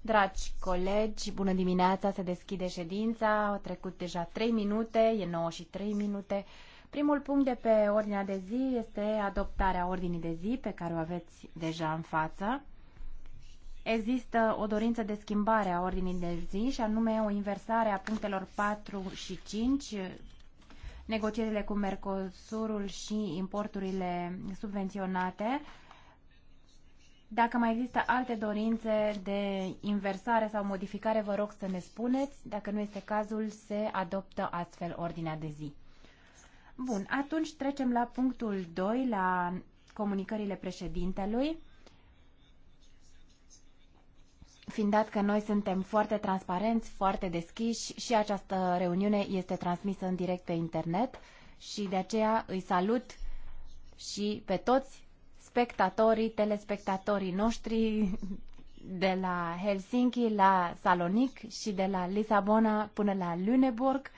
Dragi colegi, bună dimineața, se deschide ședința, au trecut deja 3 minute, e 9 și 3 minute. Primul punct de pe ordinea de zi este adoptarea ordinii de zi pe care o aveți deja în față. Există o dorință de schimbare a ordinii de zi și anume o inversare a punctelor 4 și 5, negocierile cu Mercosurul și importurile subvenționate, dacă mai există alte dorințe de inversare sau modificare, vă rog să ne spuneți. Dacă nu este cazul, se adoptă astfel ordinea de zi. Bun, atunci trecem la punctul 2, la comunicările președintelui. Fiind dat că noi suntem foarte transparenți, foarte deschiși și această reuniune este transmisă în direct pe internet și de aceea îi salut și pe toți spectatorii, telespectatorii noștri de la Helsinki la Salonic și de la Lisabona până la Lüneburg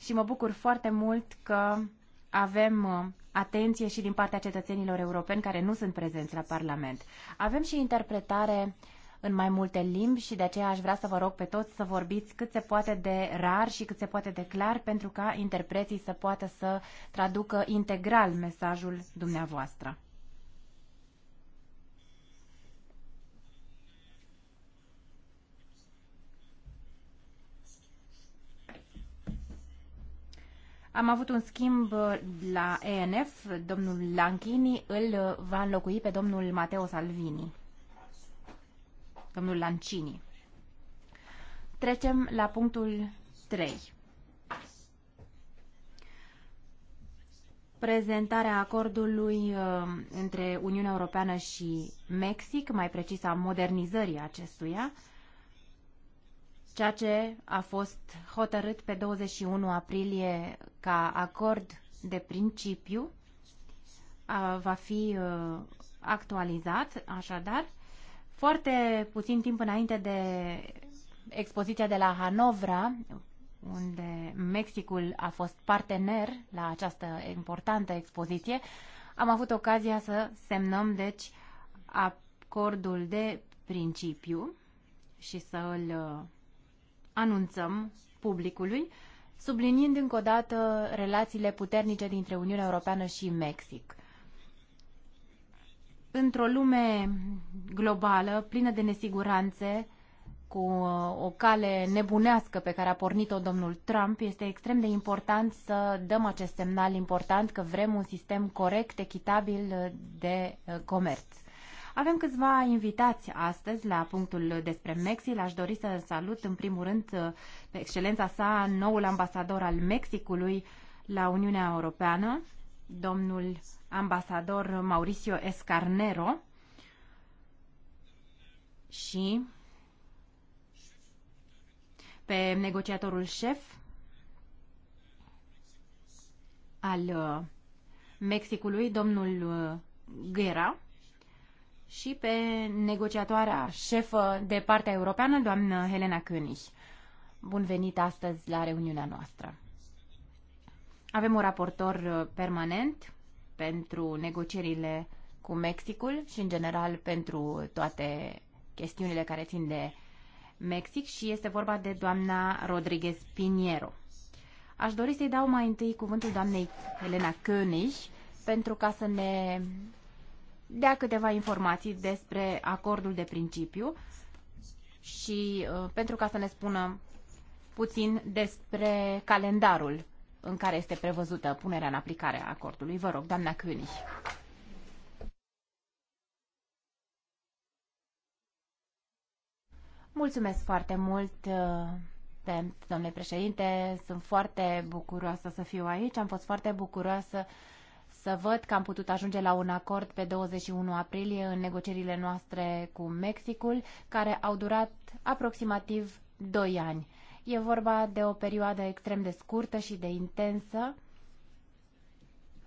și mă bucur foarte mult că avem uh, atenție și din partea cetățenilor europeni care nu sunt prezenți la Parlament. Avem și interpretare în mai multe limbi și de aceea aș vrea să vă rog pe toți să vorbiți cât se poate de rar și cât se poate de clar pentru ca interpreții să poată să traducă integral mesajul dumneavoastră. Am avut un schimb uh, la ENF, domnul Lanchini îl uh, va înlocui pe domnul Mateo Salvini, domnul Lancini. Trecem la punctul 3. Prezentarea acordului uh, între Uniunea Europeană și Mexic, mai precis a modernizării acestuia, ceea ce a fost hotărât pe 21 aprilie ca acord de principiu va fi ă, actualizat, așadar, foarte puțin timp înainte de expoziția de la Hanovra, unde Mexicul a fost partener la această importantă expoziție, am avut ocazia să semnăm, deci, acordul de principiu și să îl ă, anunțăm publicului, subliniind încă o dată relațiile puternice dintre Uniunea Europeană și Mexic. Într-o lume globală, plină de nesiguranțe, cu uh, o cale nebunească pe care a pornit-o domnul Trump, este extrem de important să dăm acest semnal important că vrem un sistem corect, echitabil uh, de uh, comerț avem câțiva invitați astăzi la punctul despre Mexic. Aș dori să salut în primul rând uh, pe excelența sa noul ambasador al Mexicului la Uniunea Europeană, domnul ambasador Mauricio Escarnero și pe negociatorul șef al uh, Mexicului, domnul uh, Guerra și pe negociatoarea șefă de partea europeană, doamnă Helena König. Bun venit astăzi la reuniunea noastră. Avem un raportor uh, permanent pentru negocierile cu Mexicul și, în general, pentru toate chestiunile care țin de Mexic și este vorba de doamna Rodriguez Piniero. Aș dori să-i dau mai întâi cuvântul doamnei Helena König pentru ca să ne dea câteva informații despre acordul de principiu și uh, pentru ca să ne spună puțin despre calendarul în care este prevăzută punerea în aplicare a acordului. Vă rog, doamna Cuny. Mulțumesc foarte mult, uh, domnule președinte. Sunt foarte bucuroasă să fiu aici. Am fost foarte bucuroasă să văd că am putut ajunge la un acord pe 21 aprilie în negocierile noastre cu Mexicul, care au durat aproximativ 2 ani. E vorba de o perioadă extrem de scurtă și de intensă.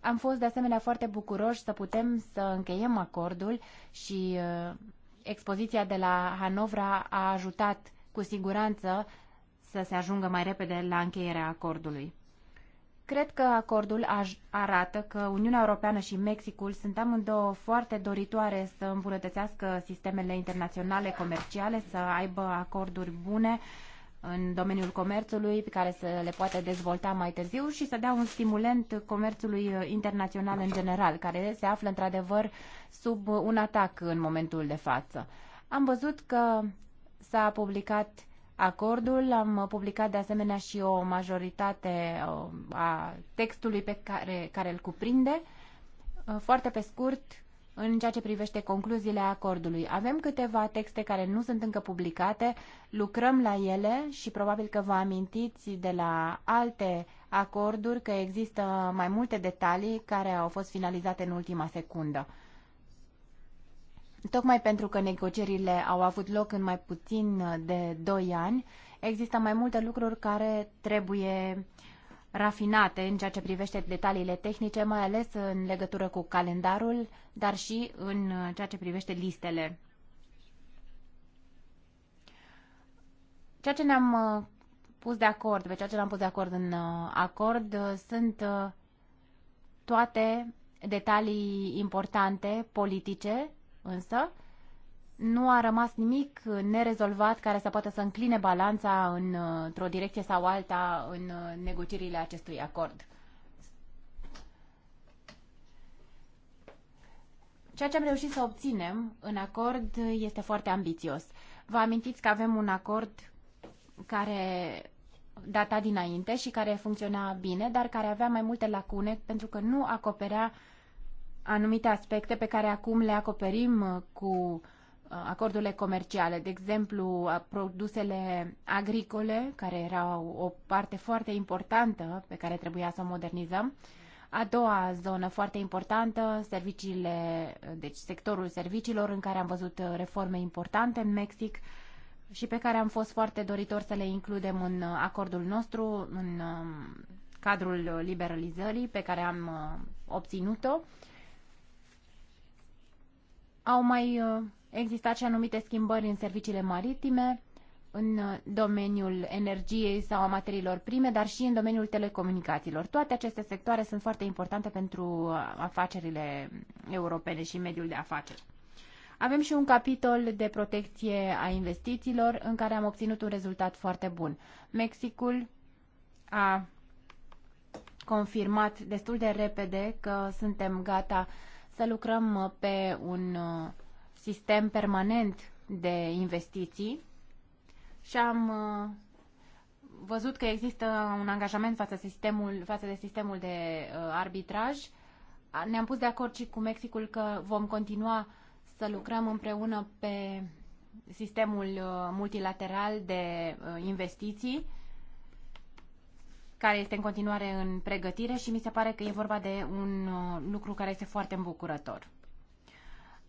Am fost de asemenea foarte bucuroși să putem să încheiem acordul și uh, expoziția de la Hanovra a ajutat cu siguranță să se ajungă mai repede la încheierea acordului. Cred că acordul arată că Uniunea Europeană și Mexicul sunt amândouă foarte doritoare să îmbunătățească sistemele internaționale comerciale, să aibă acorduri bune în domeniul comerțului pe care să le poată dezvolta mai târziu și să dea un stimulent comerțului internațional în general, care se află într-adevăr sub un atac în momentul de față. Am văzut că s-a publicat acordul. Am publicat de asemenea și o majoritate uh, a textului pe care, care îl cuprinde. Uh, foarte pe scurt, în ceea ce privește concluziile acordului. Avem câteva texte care nu sunt încă publicate, lucrăm la ele și probabil că vă amintiți de la alte acorduri că există mai multe detalii care au fost finalizate în ultima secundă. Tocmai pentru că negocierile au avut loc în mai puțin uh, de 2 ani, există mai multe lucruri care trebuie rafinate în ceea ce privește detaliile tehnice, mai ales în legătură cu calendarul, dar și în uh, ceea ce privește listele. Ceea ce ne-am uh, pus de acord, pe ceea ce ne-am pus de acord în acord, sunt toate detalii importante, politice, însă nu a rămas nimic nerezolvat care să poată să încline balanța într-o direcție sau alta în uh, negocierile acestui acord. Ceea ce am reușit să obținem în acord este foarte ambițios. Vă amintiți că avem un acord care data dinainte și care funcționa bine, dar care avea mai multe lacune pentru că nu acoperea uh, anumite aspecte pe care acum le acoperim uh, cu uh, acordurile comerciale, de exemplu uh, produsele agricole, care erau o parte foarte importantă pe care trebuia să o modernizăm. A doua zonă foarte importantă, serviciile, deci sectorul serviciilor, în care am văzut reforme importante în Mexic și pe care am fost foarte doritor să le includem în acordul nostru, în um, cadrul liberalizării pe care am obținut-o. Au mai uh, existat și anumite schimbări în serviciile maritime, în uh, domeniul energiei sau a materiilor prime, dar și în domeniul telecomunicațiilor. Toate aceste sectoare sunt foarte importante pentru uh, afacerile europene și mediul de afaceri. Avem și un capitol de protecție a investițiilor în care am obținut un rezultat foarte bun. Mexicul a confirmat destul de repede că suntem gata să lucrăm uh, pe un uh, sistem permanent de investiții și am uh, văzut că există un angajament față, de sistemul, față de sistemul de arbitraj. Ne-am pus de acord și cu Mexicul că vom continua să lucrăm împreună pe sistemul multilateral de investiții care este în continuare în pregătire și mi se pare că e vorba de un uh, lucru care este foarte îmbucurător.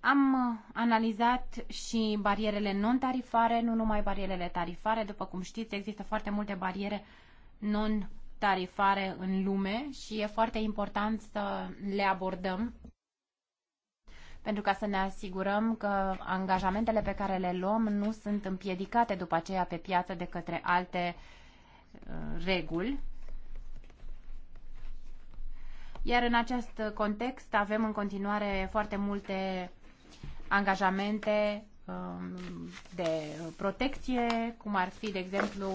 Am uh, analizat și barierele non-tarifare, nu numai barierele tarifare. După cum știți, există foarte multe bariere non-tarifare în lume și e foarte important să le abordăm pentru ca să ne asigurăm că angajamentele pe care le luăm nu sunt împiedicate după aceea pe piață de către alte uh, reguli iar în acest context avem în continuare foarte multe angajamente um, de protecție, cum ar fi, de exemplu,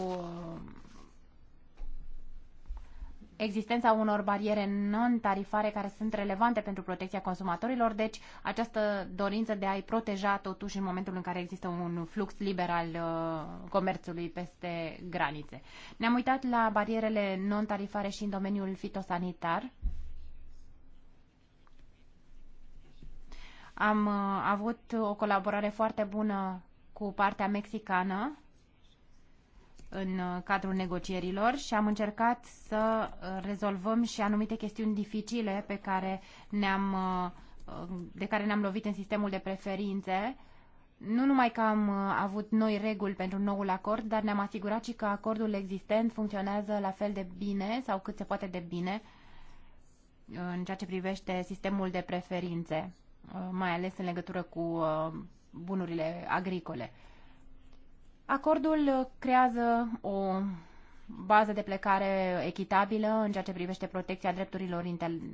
existența unor bariere non-tarifare care sunt relevante pentru protecția consumatorilor, deci această dorință de a-i proteja totuși în momentul în care există un flux liber al uh, comerțului peste granițe. Ne-am uitat la barierele non-tarifare și în domeniul fitosanitar Am uh, avut o colaborare foarte bună cu partea mexicană în uh, cadrul negocierilor și am încercat să uh, rezolvăm și anumite chestiuni dificile pe care ne-am, de care ne-am lovit în sistemul de preferințe. Nu numai că am avut noi reguli pentru noul acord, dar ne-am asigurat și că acordul existent funcționează la fel de bine sau cât se poate de bine în ceea ce privește sistemul de preferințe. Uh, mai ales în legătură cu uh, bunurile agricole. Acordul uh, creează o bază de plecare echitabilă în ceea ce privește protecția drepturilor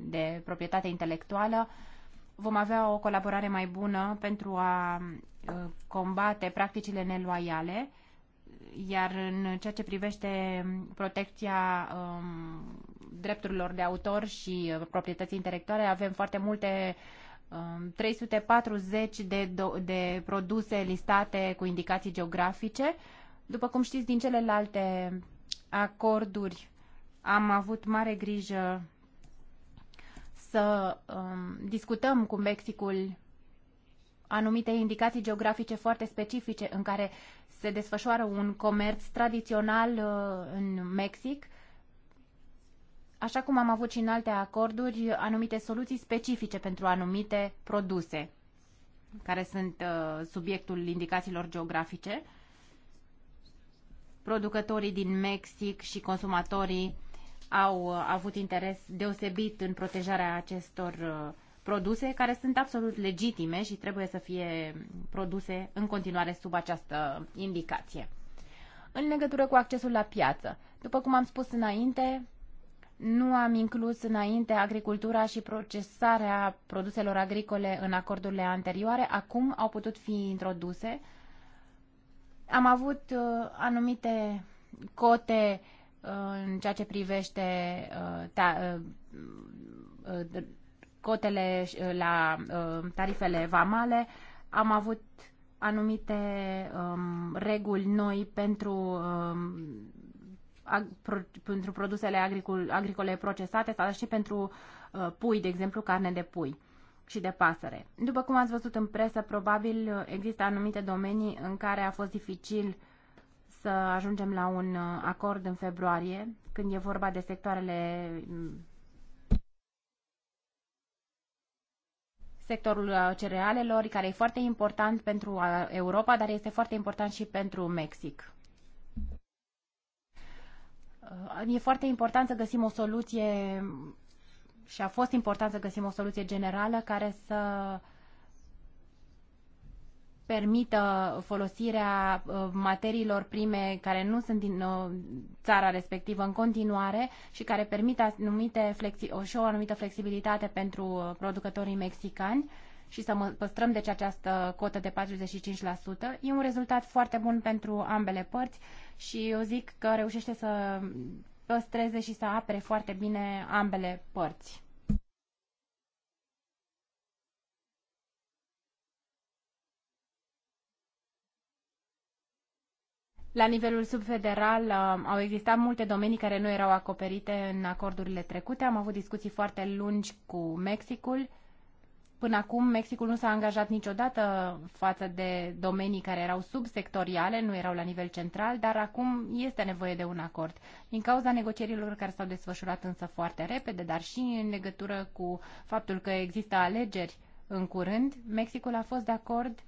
de proprietate intelectuală. Vom avea o colaborare mai bună pentru a combate practicile neloiale, iar în ceea ce privește protecția um, drepturilor de autor și proprietății intelectuale avem foarte multe uh, 340 um, de, de produse listate cu indicații geografice. După cum știți, din celelalte acorduri am avut mare grijă să um, discutăm cu Mexicul anumite indicații geografice foarte specifice în care se desfășoară un comerț tradițional uh, în Mexic așa cum am avut și în alte acorduri, anumite soluții specifice pentru anumite produse, care sunt uh, subiectul indicațiilor geografice. Producătorii din Mexic și consumatorii au uh, avut interes deosebit în protejarea acestor uh, produse care sunt absolut legitime și trebuie să fie produse în continuare sub această indicație. În legătură cu accesul la piață, după cum am spus înainte, nu am inclus înainte agricultura și procesarea produselor agricole în acordurile anterioare, acum au putut fi introduse. Am avut uh, anumite cote uh, în ceea ce privește uh, ta, uh, uh, cotele uh, la uh, tarifele vamale, am avut anumite um, reguli noi pentru um, pentru produsele agricole procesate sau și pentru uh, pui, de exemplu, carne de pui și de pasăre. După cum ați văzut în presă, probabil uh, există anumite domenii în care a fost dificil să ajungem la un uh, acord în februarie, când e vorba de sectoarele mm, sectorul cerealelor, care e foarte important pentru Europa, dar este foarte important și pentru Mexic. Uh, e foarte important să găsim o soluție și a fost important să găsim o soluție generală care să permită folosirea uh, materiilor prime care nu sunt din uh, țara respectivă în continuare și care permită anumite flexi- o, și o anumită flexibilitate pentru producătorii mexicani și să păstrăm deci această cotă de 45%. E un rezultat foarte bun pentru ambele părți și eu zic că reușește să păstreze și să apere foarte bine ambele părți. La nivelul subfederal um, au existat multe domenii care nu erau acoperite în acordurile trecute. Am avut discuții foarte lungi cu Mexicul Până acum, Mexicul nu s-a angajat niciodată față de domenii care erau subsectoriale, nu erau la nivel central, dar acum este nevoie de un acord. Din cauza negocierilor care s-au desfășurat însă foarte repede, dar și în legătură cu faptul că există alegeri în curând, Mexicul a fost de acord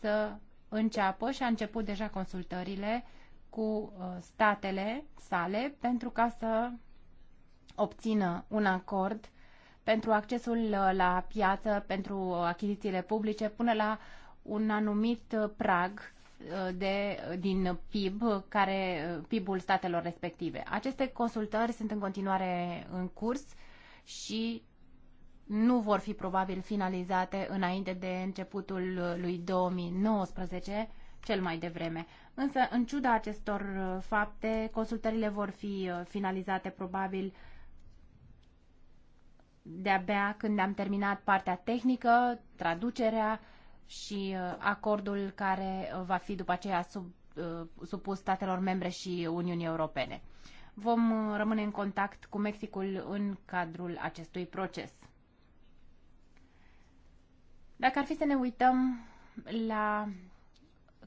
să înceapă și a început deja consultările cu uh, statele sale pentru ca să obțină un acord pentru accesul uh, la piață, pentru uh, achizițiile publice, până la un anumit uh, prag de, din PIB, care, PIB-ul statelor respective. Aceste consultări sunt în continuare în curs și nu vor fi probabil finalizate înainte de începutul lui 2019, cel mai devreme. Însă, în ciuda acestor fapte, consultările vor fi finalizate probabil de-abia când am terminat partea tehnică, traducerea și uh, acordul care uh, va fi după aceea sub, uh, supus statelor membre și Uniunii Europene. Vom rămâne în contact cu Mexicul în cadrul acestui proces. Dacă ar fi să ne uităm la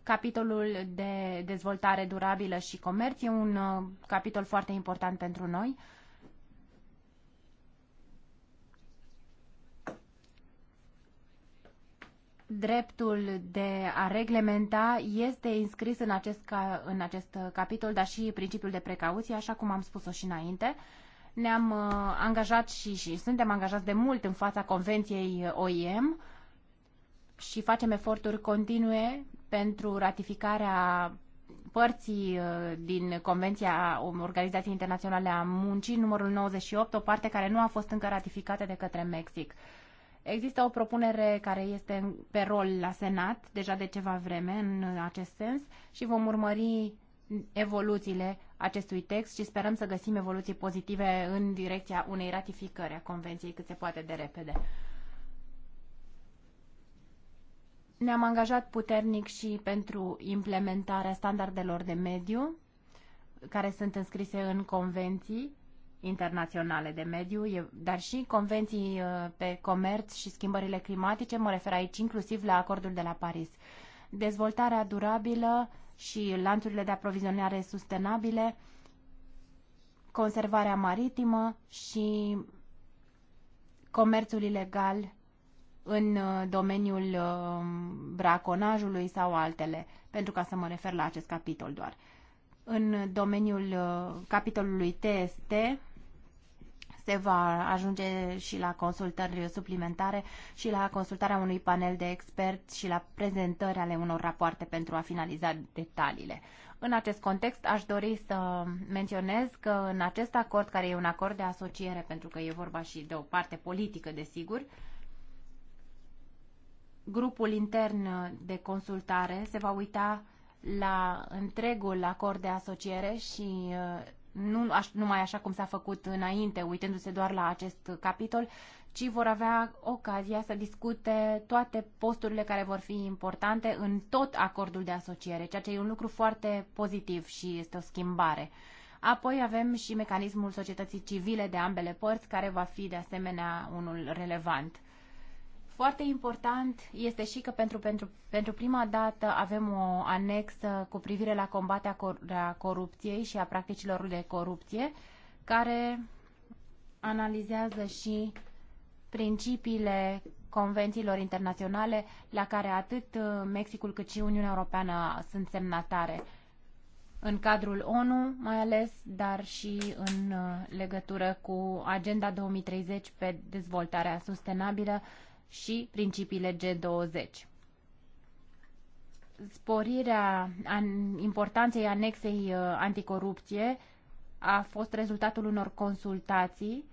capitolul de dezvoltare durabilă și comerț, e un capitol foarte important pentru noi. dreptul de a reglementa este inscris în acest, ca, în acest capitol, dar și principiul de precauție, așa cum am spus-o și înainte. Ne-am uh, angajat și, și suntem angajați de mult în fața Convenției OIM și facem eforturi continue pentru ratificarea părții uh, din Convenția Organizației Internaționale a Muncii, numărul 98, o parte care nu a fost încă ratificată de către Mexic. Există o propunere care este pe rol la Senat deja de ceva vreme în acest sens și vom urmări evoluțiile acestui text și sperăm să găsim evoluții pozitive în direcția unei ratificări a Convenției cât se poate de repede. Ne-am angajat puternic și pentru implementarea standardelor de mediu care sunt înscrise în convenții internaționale de mediu, dar și convenții uh, pe comerț și schimbările climatice, mă refer aici inclusiv la acordul de la Paris. Dezvoltarea durabilă și lanțurile de aprovizionare sustenabile, conservarea maritimă și comerțul ilegal în uh, domeniul uh, braconajului sau altele, pentru ca să mă refer la acest capitol doar. În domeniul capitolului TST, se va ajunge și la consultări suplimentare și la consultarea unui panel de experți și la prezentări ale unor rapoarte pentru a finaliza detaliile. În acest context, aș dori să menționez că în acest acord, care e un acord de asociere, pentru că e vorba și de o parte politică, desigur, grupul intern de consultare se va uita la întregul acord de asociere și uh, nu aș, numai așa cum s-a făcut înainte, uitându-se doar la acest capitol, ci vor avea ocazia să discute toate posturile care vor fi importante în tot acordul de asociere, ceea ce e un lucru foarte pozitiv și este o schimbare. Apoi avem și mecanismul societății civile de ambele părți, care va fi de asemenea unul relevant. Foarte important este și că pentru, pentru, pentru prima dată avem o anexă cu privire la combaterea cor- corupției și a practicilor de corupție, care analizează și principiile convențiilor internaționale la care atât uh, Mexicul cât și Uniunea Europeană sunt semnatare în cadrul ONU mai ales, dar și în uh, legătură cu Agenda 2030 pe dezvoltarea sustenabilă și principiile G20. Sporirea importanței anexei uh, anticorupție a fost rezultatul unor consultații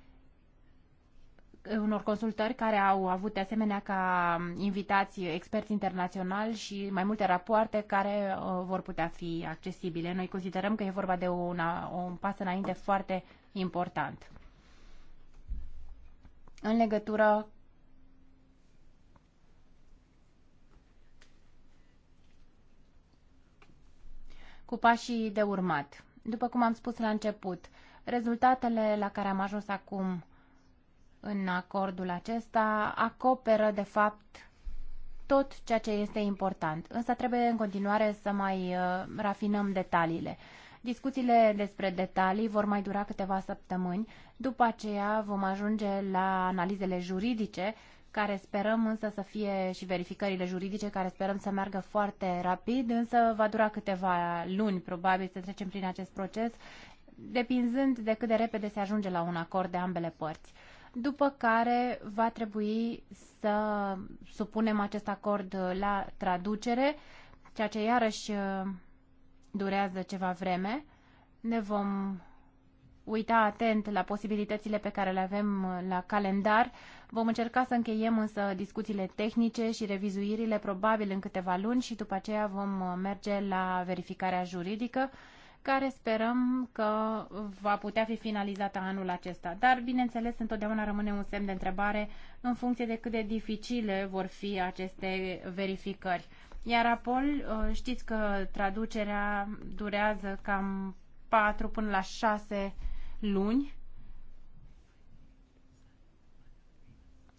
unor consultări care au avut de asemenea ca invitați experți internaționali și mai multe rapoarte care uh, vor putea fi accesibile. Noi considerăm că e vorba de una, un pas înainte foarte important. În legătură cu pașii de urmat. După cum am spus la început, rezultatele la care am ajuns acum în acordul acesta acoperă, de fapt, tot ceea ce este important. Însă trebuie în continuare să mai uh, rafinăm detaliile. Discuțiile despre detalii vor mai dura câteva săptămâni, după aceea vom ajunge la analizele juridice care sperăm însă să fie și verificările juridice, care sperăm să meargă foarte rapid, însă va dura câteva luni probabil să trecem prin acest proces, depinzând de cât de repede se ajunge la un acord de ambele părți. După care va trebui să supunem acest acord la traducere, ceea ce iarăși durează ceva vreme. Ne vom uita atent la posibilitățile pe care le avem uh, la calendar. Vom încerca să încheiem însă discuțiile tehnice și revizuirile probabil în câteva luni și după aceea vom uh, merge la verificarea juridică care sperăm că va putea fi finalizată anul acesta. Dar, bineînțeles, întotdeauna rămâne un semn de întrebare în funcție de cât de dificile vor fi aceste verificări. Iar Apol, uh, știți că traducerea durează cam 4 până la 6 luni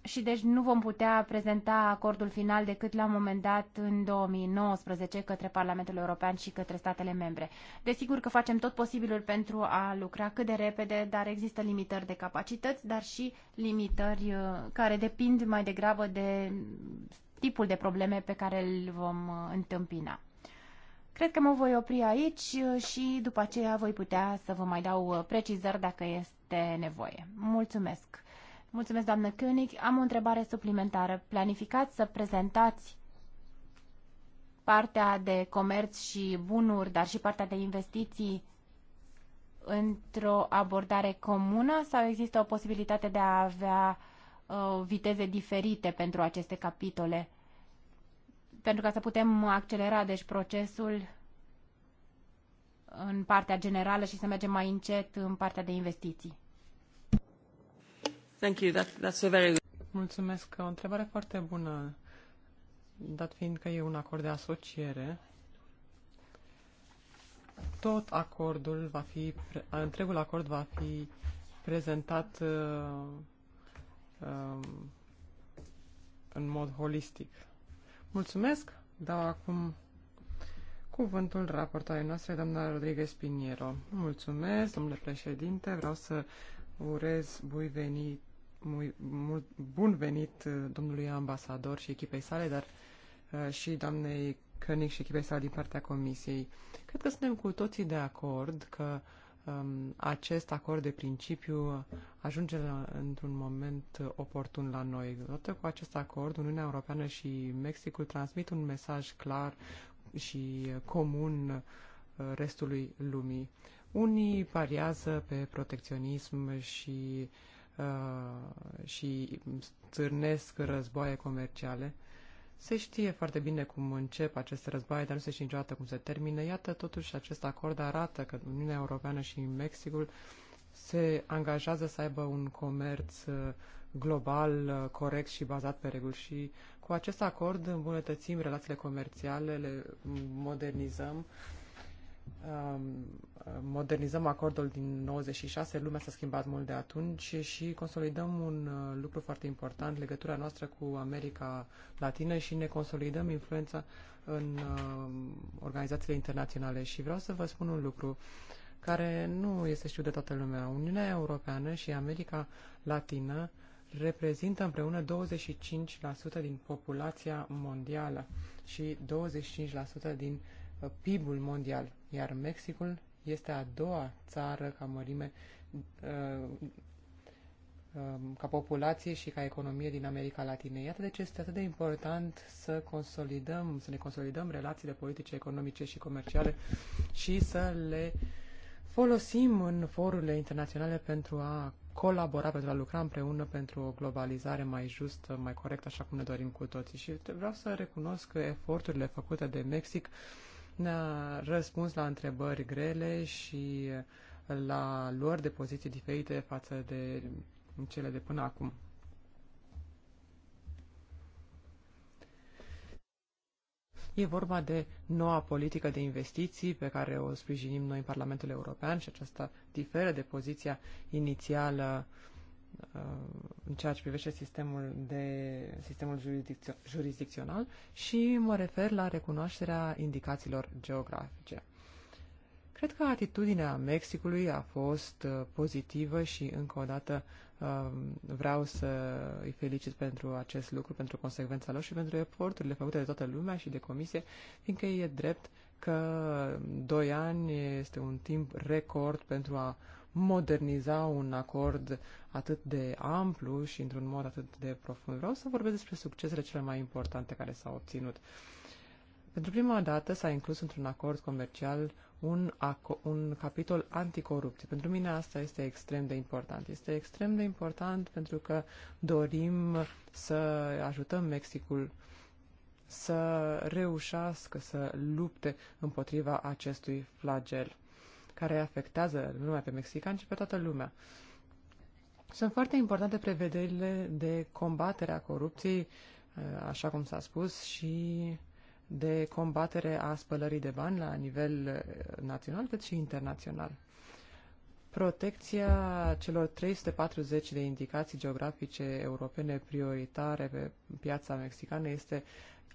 și deci nu vom putea prezenta acordul final decât la un moment dat în 2019 către Parlamentul European și către statele membre. Desigur că facem tot posibilul pentru a lucra cât de repede, dar există limitări de capacități, dar și limitări uh, care depind mai degrabă de tipul de probleme pe care îl vom uh, întâmpina. Cred că mă voi opri aici uh, și după aceea voi putea să vă mai dau uh, precizări dacă este nevoie. Mulțumesc! Mulțumesc, doamnă König. Am o întrebare suplimentară. Planificați să prezentați partea de comerț și bunuri, dar și partea de investiții într-o abordare comună sau există o posibilitate de a avea uh, viteze diferite pentru aceste capitole? pentru ca să putem accelera deci procesul în partea generală și să mergem mai încet în partea de investiții. Thank you. That, that's a very good... Mulțumesc. O întrebare foarte bună, dat fiind că e un acord de asociere. Tot acordul va fi, întregul acord va fi prezentat uh, uh, în mod holistic. Mulțumesc. Dau acum cuvântul raportoarei noastre, doamna Rodriguez Piniero. Mulțumesc, domnule președinte. Vreau să urez bui venit, mult, bun venit uh, domnului ambasador și echipei sale, dar uh, și doamnei König și echipei sale din partea comisiei. Cred că suntem cu toții de acord că uh, Um, acest acord de principiu ajunge la, într-un moment oportun la noi. Odată cu acest acord, Uniunea Europeană și Mexicul transmit un mesaj clar și comun uh, restului lumii. Unii pariază pe protecționism și, uh, și stârnesc războaie comerciale, se știe foarte bine cum încep aceste războaie, dar nu se știe niciodată cum se termină. Iată, totuși, acest acord arată că Uniunea Europeană și Mexicul se angajează să aibă un comerț uh, global, uh, corect și bazat pe reguli și cu acest acord îmbunătățim relațiile comerciale, le modernizăm Um, modernizăm acordul din 96, lumea s-a schimbat mult de atunci și consolidăm un uh, lucru foarte important, legătura noastră cu America Latină și ne consolidăm influența în um, organizațiile internaționale. Și vreau să vă spun un lucru care nu este știut de toată lumea. Uniunea Europeană și America Latină reprezintă împreună 25% din populația mondială și 25% din PIB-ul mondial, iar Mexicul este a doua țară ca mărime, uh, um, ca populație și ca economie din America Latină. Iată de ce este atât de important să consolidăm, să ne consolidăm relațiile politice, economice și comerciale și să le folosim în forurile internaționale pentru a colabora, pentru a lucra împreună pentru o globalizare mai justă, mai corectă, așa cum ne dorim cu toții. Și vreau să recunosc eforturile făcute de Mexic uh, ne-a răspuns la întrebări grele și la luări de poziții diferite față de cele de până acum. E vorba de noua politică de investiții pe care o sprijinim noi în Parlamentul European și aceasta diferă de poziția inițială uh, Uh, în ceea ce privește sistemul, de, sistemul jurisdicțio, jurisdicțional și mă refer la recunoașterea indicațiilor geografice. Cred că atitudinea Mexicului a fost uh, pozitivă și încă o dată um, vreau să îi felicit pentru acest lucru, pentru consecvența lor și pentru eforturile făcute de toată lumea și de comisie, fiindcă e drept că doi ani este un timp record pentru a moderniza un acord atât de amplu și într-un mod atât de profund. Vreau să vorbesc despre succesele cele mai importante care s-au obținut. Pentru prima dată s-a inclus într-un acord comercial un, aco- un capitol anticorupție. Pentru mine asta este extrem de important. Este extrem de important pentru că dorim să ajutăm Mexicul să reușească să lupte împotriva acestui flagel care afectează nu numai pe mexicani, ci pe toată lumea. Sunt foarte importante prevederile de combatere a corupției, uh, așa cum s-a spus, și de combatere a spălării de bani la nivel uh, național cât și internațional. Protecția celor 340 de indicații geografice europene prioritare pe piața mexicană este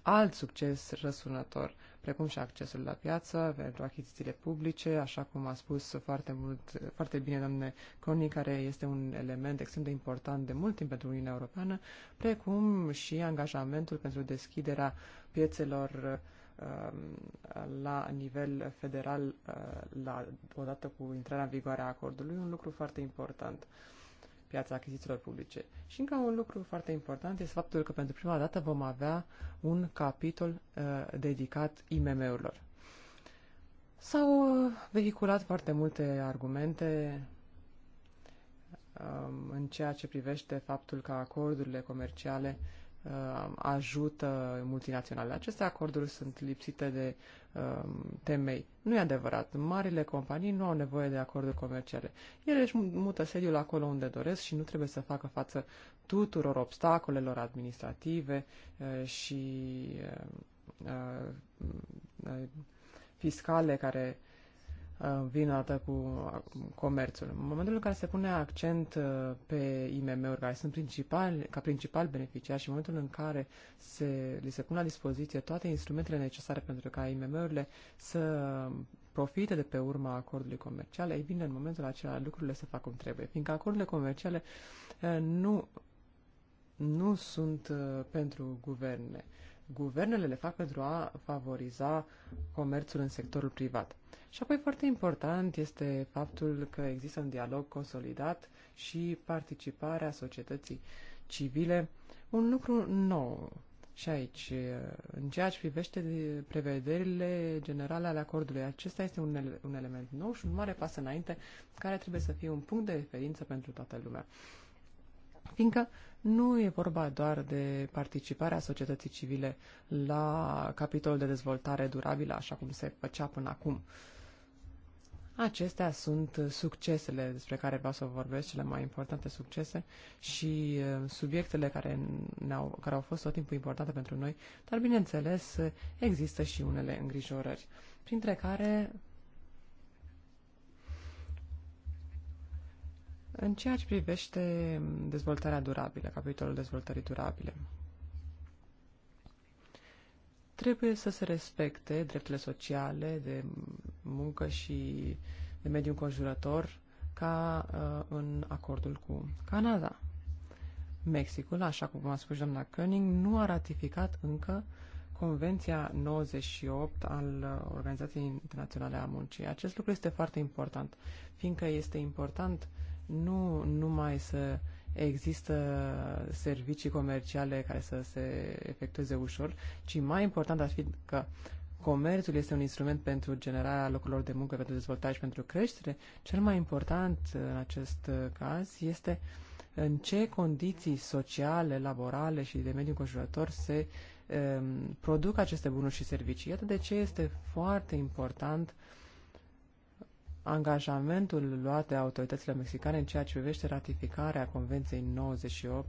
alt succes răsunător, precum și accesul la piață pentru achizițiile publice, așa cum a spus foarte, mult, foarte bine doamne Coni, care este un element extrem de important de mult timp pentru Uniunea Europeană, precum și angajamentul pentru deschiderea piețelor um, la nivel federal uh, la, odată cu intrarea în vigoare a acordului, un lucru foarte important. Uh, piața achizițiilor publice. Și încă un lucru foarte important este faptul că pentru prima dată vom avea un capitol uh, dedicat IMM-urilor. S-au uh, vehiculat foarte multe argumente uh, în ceea ce privește faptul că acordurile comerciale uh, Uh, ajută multinaționale. Aceste acorduri sunt lipsite de um, temei. Nu e adevărat. Marile companii nu au nevoie de acorduri comerciale. Ele își mută sediul acolo unde doresc și nu trebuie să facă față tuturor obstacolelor administrative uh, și uh, uh, fiscale care odată uh, cu comerțul. În momentul în care se pune accent uh, pe IMM-uri, care sunt principal, ca principal beneficiar și în momentul în care se, li se pun la dispoziție toate instrumentele necesare pentru ca IMM-urile să profite de pe urma acordului comercial, ei bine, în momentul acela lucrurile se fac cum trebuie, fiindcă acordurile comerciale uh, nu, nu sunt pentru guverne. Guvernele le fac pentru a favoriza comerțul în sectorul privat. Și apoi foarte important este faptul că există un dialog consolidat și participarea societății civile, un lucru nou. Și aici, în ceea ce privește prevederile generale ale acordului, acesta este un, ele- un element nou și un mare pas înainte care trebuie să fie un punct de referință pentru toată lumea. Fiindcă nu e vorba doar de participarea societății civile la capitolul de dezvoltare durabilă, așa cum se făcea până acum, Acestea sunt succesele despre care vreau să vorbesc, cele mai importante succese și uh, subiectele care, -au, care au fost tot timpul importante pentru noi, dar bineînțeles există și unele îngrijorări, printre care în ceea ce privește dezvoltarea durabilă, capitolul dezvoltării durabile trebuie să se respecte drepturile sociale, de muncă și de mediu înconjurător, ca uh, în acordul cu Canada. Mexicul, așa cum a spus doamna Koenig, nu a ratificat încă Convenția 98 al uh, Organizației Internaționale a Muncii. Acest lucru este foarte important, fiindcă este important nu numai să există servicii comerciale care să se efectueze ușor, ci mai important ar fi că comerțul este un instrument pentru generarea locurilor de muncă, pentru dezvoltare și pentru creștere. Cel mai important în acest caz este în ce condiții sociale, laborale și de mediu înconjurător se um, produc aceste bunuri și servicii. Iată de ce este foarte important uh, angajamentul luat de autoritățile mexicane în ceea ce privește ratificarea Convenției 98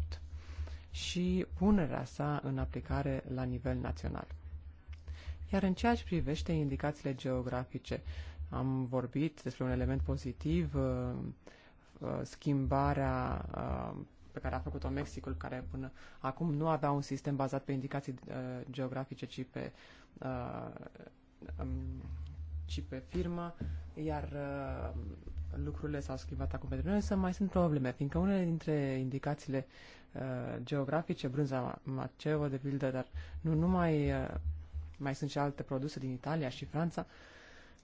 și punerea sa în aplicare la nivel național. Iar în ceea ce privește indicațiile geografice, am vorbit despre un element pozitiv, uh, uh, schimbarea uh, pe care a făcut-o Mexicul, care până acum nu avea un sistem bazat pe indicații geografice, ci pe um, ci pe firmă, iar uh, lucrurile s-au schimbat acum pentru noi, însă mai sunt probleme, fiindcă unele dintre indicațiile uh, geografice, brânza maceo de pildă, dar nu numai, uh, mai sunt și alte produse din Italia și Franța,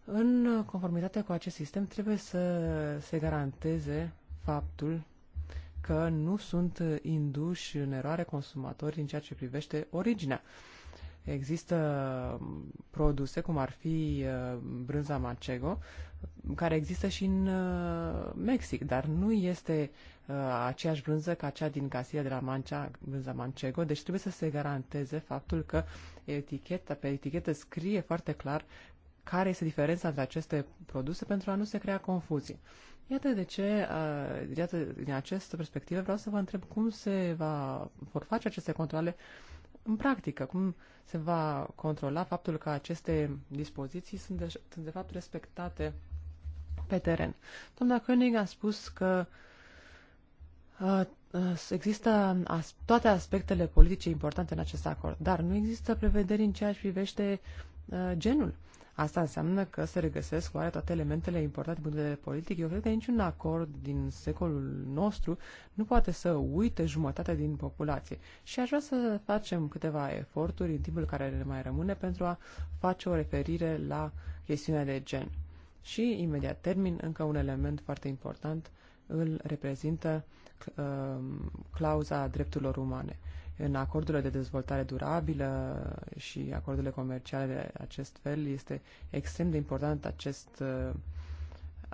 în conformitate cu acest sistem trebuie să se garanteze faptul că nu sunt induși în eroare consumatori în ceea ce privește originea. Uh, Există um, produse, cum ar fi uh, brânza macego, care există și în uh, Mexic, dar nu este uh, aceeași brânză ca cea din Casilla de la Mancha, brânza Manchego, deci trebuie să se garanteze faptul că eticheta, pe etichetă scrie foarte clar care este diferența între aceste produse pentru a nu se crea confuzie. Iată de ce, iată, din această perspectivă, vreau să vă întreb cum se va, vor face aceste controle în practică, cum se va controla faptul că aceste dispoziții sunt de, sunt de fapt respectate pe teren. Doamna König a spus că uh, există as, toate aspectele politice importante în acest acord, dar nu există prevederi în ceea ce privește uh, genul. Asta înseamnă că se regăsesc oare toate elementele importante din punct de vedere politic. Eu cred că niciun acord din secolul nostru nu poate să uite jumătate din populație. Și aș vrea să facem câteva eforturi în timpul care ne mai rămâne pentru a face o referire la chestiunea de gen. Și imediat termin, încă un element foarte important îl reprezintă uh, clauza drepturilor umane în acordurile de dezvoltare durabilă și acordurile comerciale de acest fel este extrem de important acest, uh,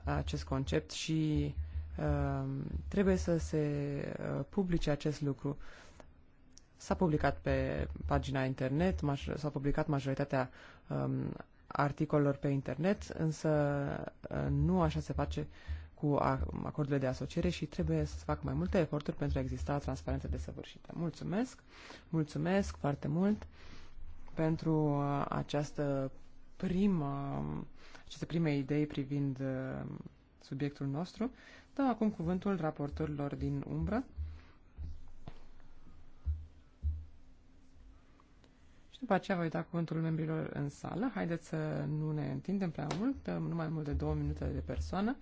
acest concept și uh, trebuie să se uh, publice acest lucru. S-a publicat pe pagina internet, s-au publicat majoritatea um, articolelor pe internet, însă nu așa se face uh, cu acordurile de asociere și trebuie să fac mai multe eforturi pentru a exista transparență desăvârșită. Mulțumesc, mulțumesc foarte mult pentru uh, această primă, aceste prime idei privind uh, subiectul nostru. Dau acum cuvântul raportorilor din umbră. Și după aceea voi da cuvântul membrilor în sală. Haideți să nu ne întindem prea mult, nu mai mult de două minute de persoană.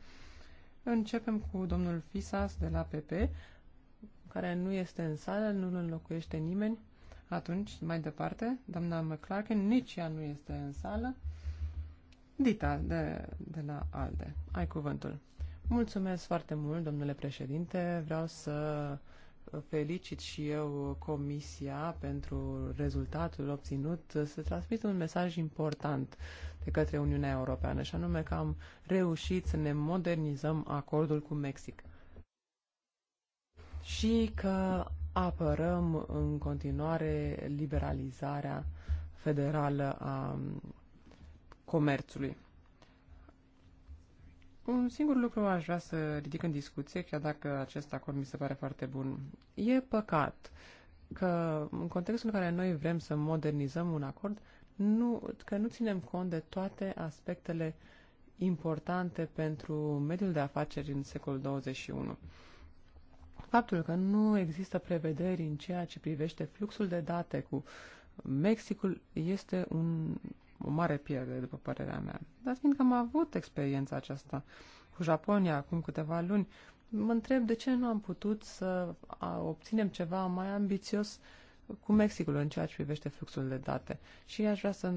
Începem cu domnul Fisas de la PP, care nu este în sală, nu îl înlocuiește nimeni. Atunci, mai departe, doamna McClarkin, nici ea nu este în sală. Dita, de, de la ALDE, ai cuvântul. Mulțumesc foarte mult, domnule președinte. Vreau să felicit și eu Comisia pentru rezultatul obținut. Se transmite un mesaj important de către Uniunea Europeană, și anume că am reușit să ne modernizăm acordul cu Mexic. Și că apărăm în continuare liberalizarea federală a comerțului. Un singur lucru aș vrea să ridic în discuție, chiar dacă acest acord mi se pare foarte bun. E păcat că în contextul în care noi vrem să modernizăm un acord, nu, că nu ținem cont de toate aspectele importante pentru mediul de afaceri în secolul 21. Faptul că nu există prevederi în ceea ce privește fluxul de date cu Mexicul este un, o mare pierdere, după părerea mea. Dar fiindcă am avut experiența aceasta cu Japonia acum câteva luni, mă întreb de ce nu am putut să obținem ceva mai ambițios uh, cu Mexicul în ceea ce privește fluxul de date și aș vrea să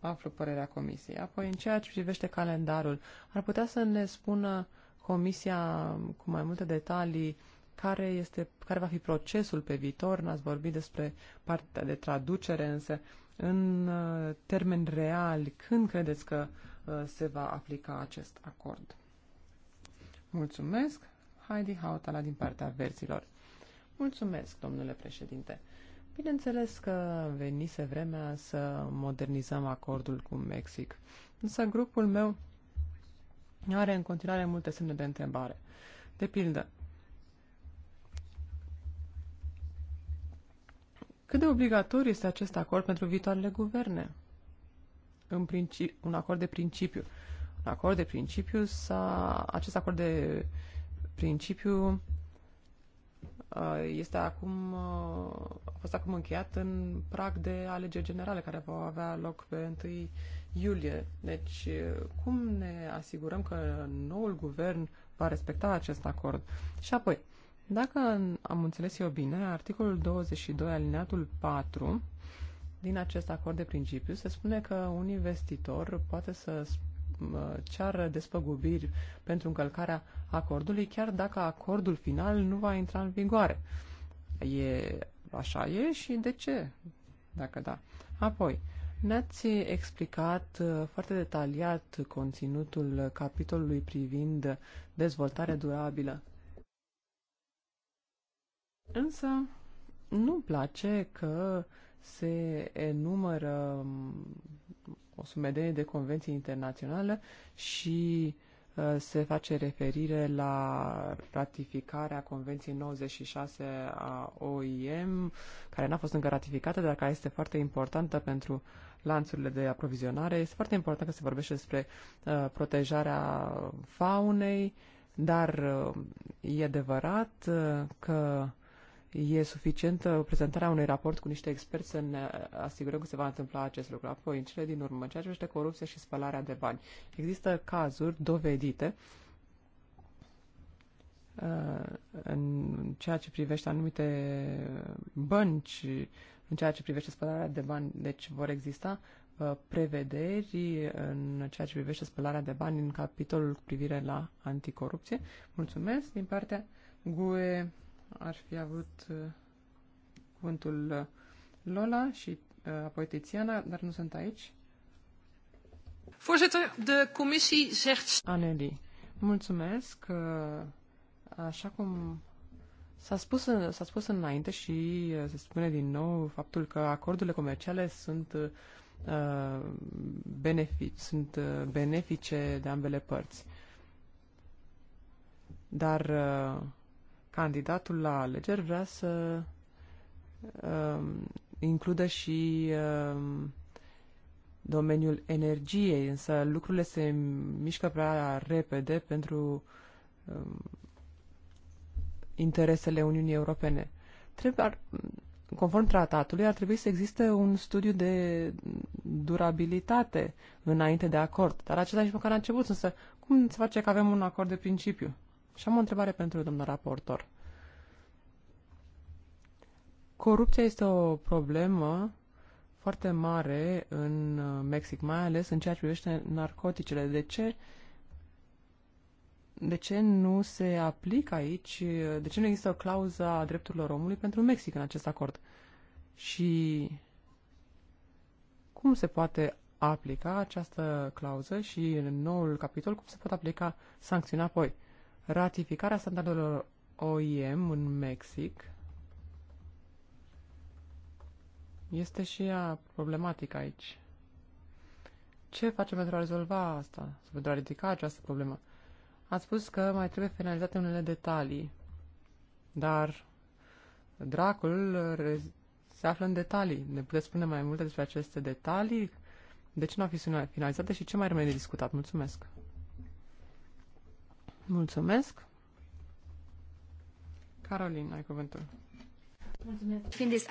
aflu părerea Comisiei. Apoi, în ceea ce privește calendarul, ar putea să ne spună Comisia cu mai multe detalii care, este, care va fi procesul pe viitor. N-ați vorbit despre partea de traducere, însă în uh, termeni reali, când credeți că uh, se va aplica acest acord? Mulțumesc, Heidi Hautala din partea verților. Mulțumesc, domnule președinte. Bineînțeles că venise vremea să modernizăm acordul cu Mexic, însă grupul meu are în continuare multe semne de întrebare. De pildă, cât de obligatoriu este acest acord pentru viitoarele guverne? În principi, un acord de principiu. Un acord de principiu sau acest acord de principiu Uh, este acum, uh, a fost acum încheiat în prag de alegeri generale care vor avea loc pe 1 iulie. Deci, uh, cum ne asigurăm că noul guvern va respecta acest acord? Și apoi, dacă am înțeles eu bine, articolul 22, alineatul 4 din acest acord de principiu se spune că un investitor poate să Uh, ceară despăgubiri pentru încălcarea acordului, chiar dacă acordul final nu va intra în vigoare. E, așa e și de ce, dacă da. Apoi, ne-ați explicat uh, foarte detaliat conținutul capitolului privind dezvoltarea durabilă. Însă, nu-mi place că se enumără o sumedenie de convenții internaționale și uh, se face referire la ratificarea Convenției 96 a OIM, care n-a fost încă ratificată, dar care este foarte importantă pentru lanțurile de aprovizionare. Este foarte important că se vorbește despre uh, protejarea faunei, dar uh, e adevărat că e suficientă prezentarea unui raport cu niște experți să ne asigurăm că se va întâmpla acest lucru. Apoi, în cele din urmă, ceea ce este corupție și spălarea de bani. Există cazuri dovedite uh, în ceea ce privește anumite bănci, în ceea ce privește spălarea de bani, deci vor exista uh, prevederi în ceea ce privește spălarea de bani în capitolul cu privire la anticorupție. Mulțumesc din partea GUE ar fi avut uh, cuvântul uh, Lola și uh, apoi Tiziana, dar nu sunt aici. Voorzitter, de commissie zegt... Aneli, mulțumesc. Așa cum s-a spus, s-a spus înainte și se spune din nou faptul că acordurile comerciale sunt, uh, benefic, sunt benefice de ambele părți. Dar uh, candidatul la alegeri vrea să uh, includă și uh, domeniul energiei, însă lucrurile se mișcă prea repede pentru uh, interesele Uniunii Europene. Trebuie, ar, conform tratatului, ar trebui să existe un studiu de durabilitate înainte de acord, dar acesta nici măcar a început, însă cum se face că avem un acord de principiu? Și am o întrebare pentru domnul raportor. Corupția este o problemă foarte mare în Mexic, mai ales în ceea ce privește narcoticele. De ce, de ce nu se aplică aici, de ce nu există o clauză a drepturilor omului pentru Mexic în acest acord? Și cum se poate aplica această clauză și în noul capitol cum se pot aplica sancțiuni apoi? ratificarea standardelor OIM în Mexic este și ea problematică aici. Ce facem pentru a rezolva asta? Sau pentru a ridica această problemă? Ați spus că mai trebuie finalizate unele detalii, dar dracul se află în detalii. Ne puteți spune mai multe despre aceste detalii? De ce nu au fi finalizate și ce mai rămâne de discutat? Mulțumesc! Mulțumesc. Carolina, ai cuvântul. Mulțumesc.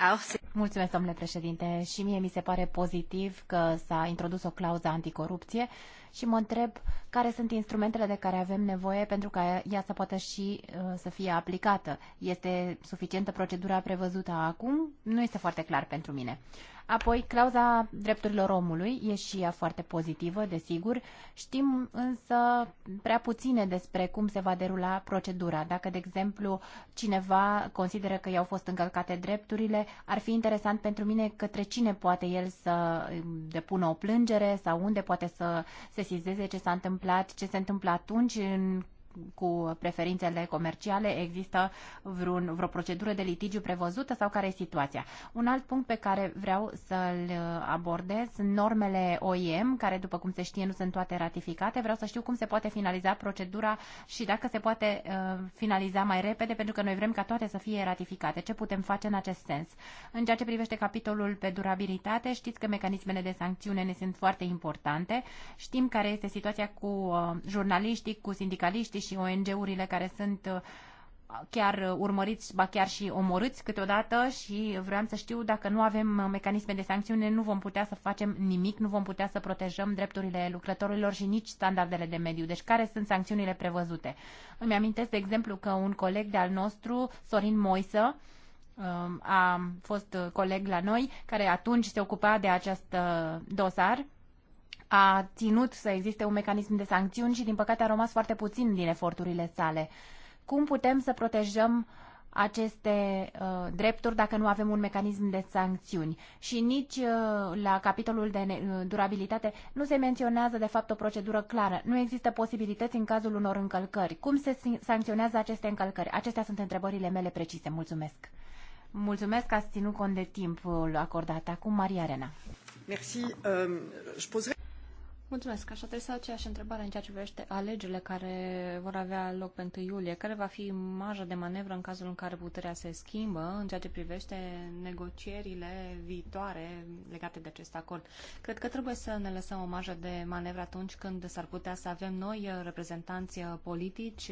Mulțumesc, domnule președinte. Și mie mi se pare pozitiv că s-a introdus o clauză anticorupție și mă întreb care sunt instrumentele de care avem nevoie pentru ca ea să poată și uh, să fie aplicată. Este suficientă procedura prevăzută acum? Nu este foarte clar pentru mine. Apoi, clauza drepturilor omului e și ea foarte pozitivă, desigur. Știm însă prea puține despre cum se va derula procedura. Dacă, de exemplu, cineva consideră că i-au fost încălcate drepturile, ar fi interesant pentru mine către cine poate el să um, depună o plângere sau unde poate să se sesizeze ce s-a întâmplat, ce se întâmplă atunci în cu preferințele comerciale? Există vreun, vreo procedură de litigiu prevăzută sau care e situația? Un alt punct pe care vreau să-l abordez, normele OIM, care după cum se știe nu sunt toate ratificate. Vreau să știu cum se poate finaliza procedura și dacă se poate uh, finaliza mai repede, pentru că noi vrem ca toate să fie ratificate. Ce putem face în acest sens? În ceea ce privește capitolul pe durabilitate, știți că mecanismele de sancțiune ne sunt foarte importante. Știm care este situația cu uh, jurnaliștii, cu sindicaliștii și ONG-urile care sunt uh, chiar urmăriți, ba chiar și omorâți câteodată și vreau să știu dacă nu avem uh, mecanisme de sancțiune, nu vom putea să facem nimic, nu vom putea să protejăm drepturile lucrătorilor și nici standardele de mediu. Deci care sunt sancțiunile prevăzute? Îmi amintesc, de exemplu, că un coleg de-al nostru, Sorin Moisă, um, a fost uh, coleg la noi, care atunci se ocupa de acest dosar a ținut să existe un mecanism de sancțiuni și, din păcate, a rămas foarte puțin din eforturile sale. Cum putem să protejăm aceste uh, drepturi dacă nu avem un mecanism de sancțiuni. Și nici uh, la capitolul de uh, durabilitate nu se menționează de fapt o procedură clară. Nu există posibilități în cazul unor încălcări. Cum se sancționează aceste încălcări? Acestea sunt întrebările mele precise. Mulțumesc. Mulțumesc că ați ținut cont de timpul acordat. Acum Maria Arena. Merci. Um, je poserai... Mulțumesc. Aș adresa aceeași întrebare în ceea ce privește alegerile care vor avea loc pe 1 iulie. Care va fi marja de manevră în cazul în care puterea se schimbă în ceea ce privește negocierile viitoare legate de acest acord? Cred că trebuie să ne lăsăm o marjă de manevră atunci când s-ar putea să avem noi reprezentanți politici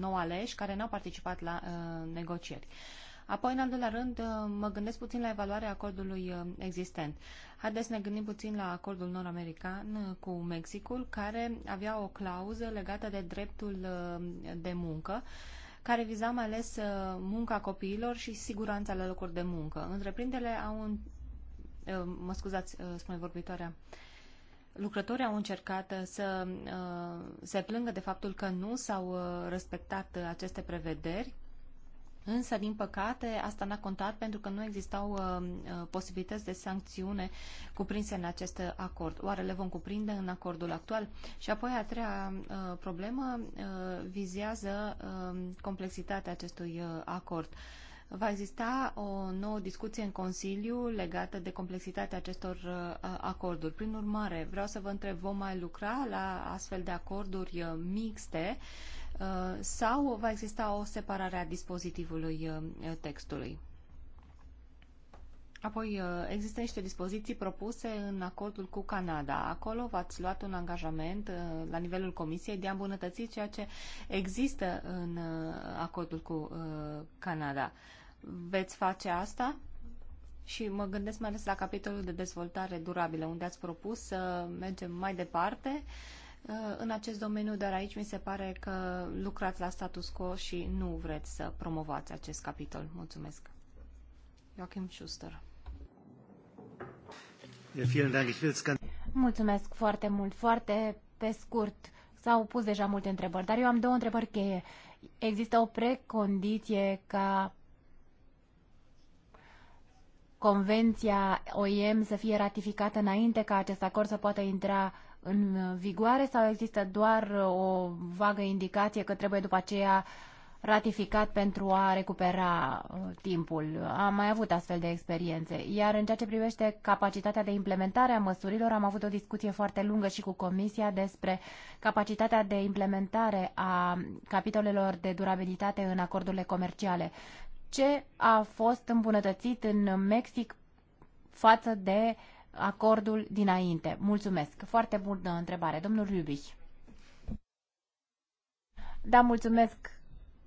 nou aleși care n-au participat la uh, negocieri. Uh, Apoi, în al doilea rând, uh, mă gândesc puțin la evaluarea acordului uh, existent. Haideți să ne gândim puțin la acordul nord-american uh, cu Mexicul, care avea o clauză legată de dreptul de muncă care viza mai ales munca copiilor și siguranța la locuri de muncă. Întreprinderile au un... mă scuzați, spune vorbitoarea. Lucrătorii au încercat să se plângă de faptul că nu s-au respectat aceste prevederi Însă, din păcate, asta n-a contat pentru că nu existau uh, uh, posibilități de sancțiune cuprinse în acest acord. Oare le vom cuprinde în acordul actual? Și apoi, a treia uh, problemă uh, vizează uh, complexitatea acestui uh, acord. Va exista o nouă discuție în Consiliu legată de complexitatea acestor uh, acorduri. Prin urmare, vreau să vă întreb, vom mai lucra la astfel de acorduri uh, mixte? Uh, Uh, sau va exista o separare a dispozitivului uh, textului. Apoi uh, există niște dispoziții propuse în acordul cu Canada. Acolo v-ați luat un angajament la nivelul Comisiei de a îmbunătăți ceea ce există în acordul cu Canada. Veți face asta? Și mă gândesc mai ales la capitolul de dezvoltare durabilă, unde ați propus să mergem mai departe uh, Uh, în acest domeniu, dar aici mi se pare că lucrați la status quo și nu vreți să promovați acest capitol. Mulțumesc. Joachim Schuster. Mulțumesc foarte mult, foarte pe scurt. S-au pus deja multe întrebări, dar eu am două întrebări cheie. Există o precondiție ca convenția OIM să fie ratificată înainte ca acest acord să poată intra în vigoare sau există doar o vagă indicație că trebuie după aceea ratificat pentru a recupera uh, timpul. Am mai avut astfel de experiențe. Iar în ceea ce privește capacitatea de implementare a măsurilor, am avut o discuție foarte lungă și cu Comisia despre capacitatea de implementare a capitolelor de durabilitate în acordurile comerciale. Ce a fost îmbunătățit în Mexic față de uh, acordul dinainte. Mulțumesc. Foarte bună întrebare. Domnul Rubich. Da, mulțumesc.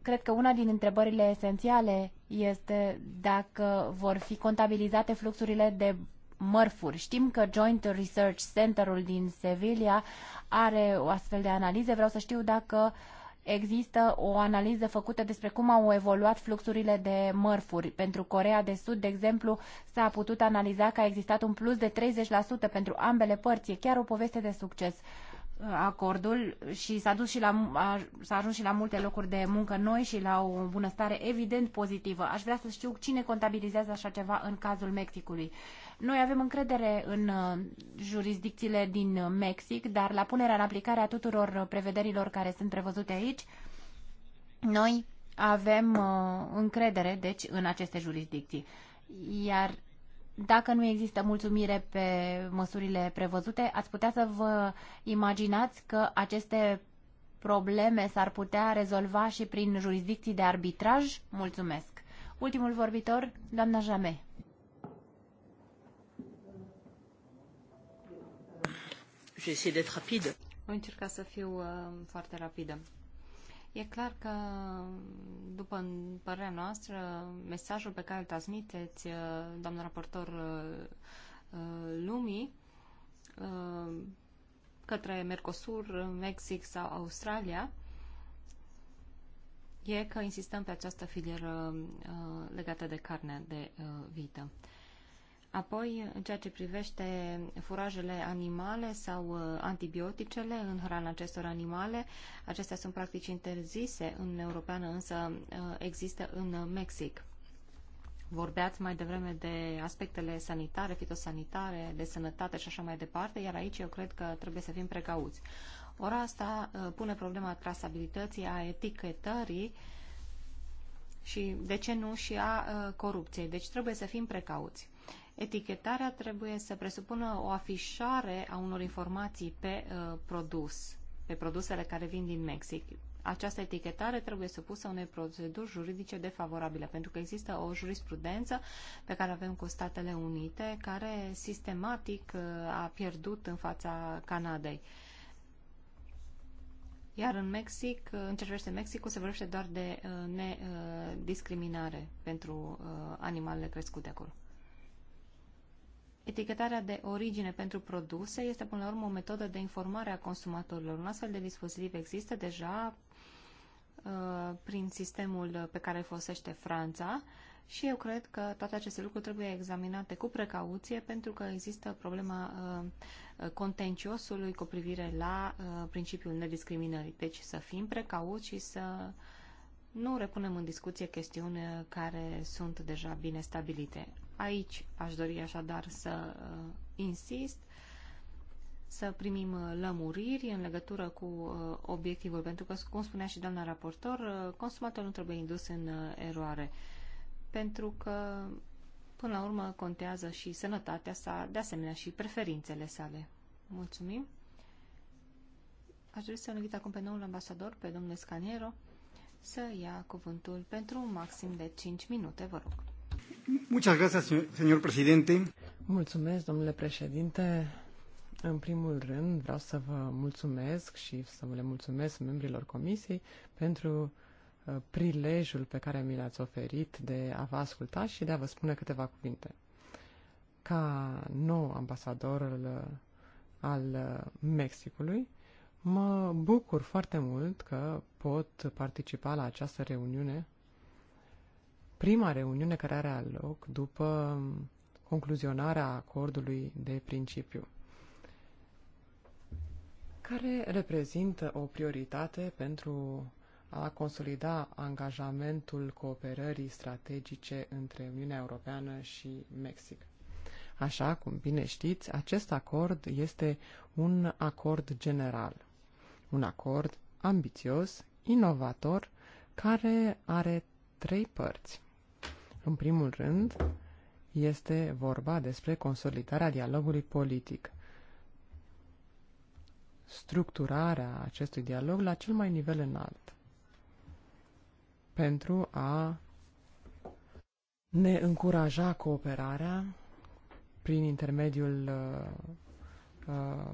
Cred că una din întrebările esențiale este dacă vor fi contabilizate fluxurile de mărfuri. Știm că Joint Research Center-ul din Sevilla are o astfel de analize. Vreau să știu dacă există o analiză făcută despre cum au evoluat fluxurile de mărfuri. Pentru Corea de Sud, de exemplu, s-a putut analiza că a existat un plus de 30% pentru ambele părți. E chiar o poveste de succes acordul și s-a dus și la, s-a ajuns și la multe locuri de muncă noi și la o bunăstare evident pozitivă. Aș vrea să știu cine contabilizează așa ceva în cazul Mexicului. Noi avem încredere în uh, jurisdicțiile din uh, Mexic, dar la punerea în aplicare a tuturor uh, prevederilor care sunt prevăzute aici, noi avem încredere, deci, în aceste jurisdicții. Iar dacă nu există mulțumire pe măsurile prevăzute, ați putea să vă imaginați că aceste probleme s-ar putea rezolva și prin jurisdicții de arbitraj? Mulțumesc! Ultimul vorbitor, doamna Jamei. Je vais essayer d'être rapide. Voi încerca să fiu uh, foarte rapidă. E clar că, după părerea noastră, mesajul pe care îl transmiteți, uh, doamnă raportor uh, uh, lumii, către Mercosur, Mexic sau Australia, e că insistăm pe această filieră legată de carne de vită. Apoi, în ceea ce privește furajele animale sau uh, antibioticele în hrana acestor animale, acestea sunt practici interzise în Europeană, însă uh, există în Mexic. Vorbeați mai devreme de aspectele sanitare, fitosanitare, de sănătate și așa mai departe, iar aici eu cred că trebuie să fim precauți. Ora asta uh, pune problema trasabilității, a etichetării și, de ce nu, și a corupției. Deci trebuie să fim precauți. Etichetarea trebuie să presupună o afișare a unor informații pe uh, produs, pe produsele care vin din Mexic. Această etichetare trebuie supusă unei proceduri juridice defavorabile, pentru că există o jurisprudență pe care avem cu Statele Unite, care sistematic uh, a pierdut în fața Canadei. Iar în Mexic, uh, în ce privește Mexicul, se vorbește doar de uh, nediscriminare pentru animalele crescute acolo. Etichetarea de origine pentru produse este până la urmă o metodă de informare a consumatorilor. Un astfel de dispozitiv există deja uh, prin sistemul pe care îl folosește Franța și eu cred că toate aceste lucruri trebuie examinate cu precauție pentru că există problema uh, contenciosului cu privire la uh, principiul nediscriminării. Deci să fim precauți și să nu repunem în discuție chestiuni care sunt deja bine stabilite. Aici aș dori așadar să uh, insist să primim uh, lămuriri în legătură cu uh, obiectivul, pentru că, cum spunea și doamna raportor, consumatorul nu trebuie indus în eroare, pentru că, până la urmă, contează și sănătatea sa, de asemenea și preferințele sale. Mulțumim! Aș dori să invit acum pe noul ambasador, pe domnul Scaniero, să ia cuvântul pentru un maxim de 5 minute, vă rog. Muchas gracias, señor presidente. Mulțumesc, domnule președinte. În primul rând, vreau să vă mulțumesc și să le mulțumesc membrilor comisiei pentru uh, prilejul pe care mi l-ați oferit de a vă asculta și de a vă spune câteva cuvinte. Ca nou ambasador al uh, uh, Mexicului, mă bucur foarte mult că pot participa la această reuniune prima reuniune care are loc după concluzionarea acordului de principiu, care reprezintă o prioritate pentru a consolida angajamentul cooperării strategice între Uniunea Europeană și Mexic. Așa cum bine știți, acest acord este un acord general, un acord ambițios, inovator, care are trei părți. În primul rând, este vorba despre consolidarea dialogului politic. Structurarea acestui dialog la cel mai nivel înalt pentru a ne încuraja cooperarea prin intermediul uh, uh,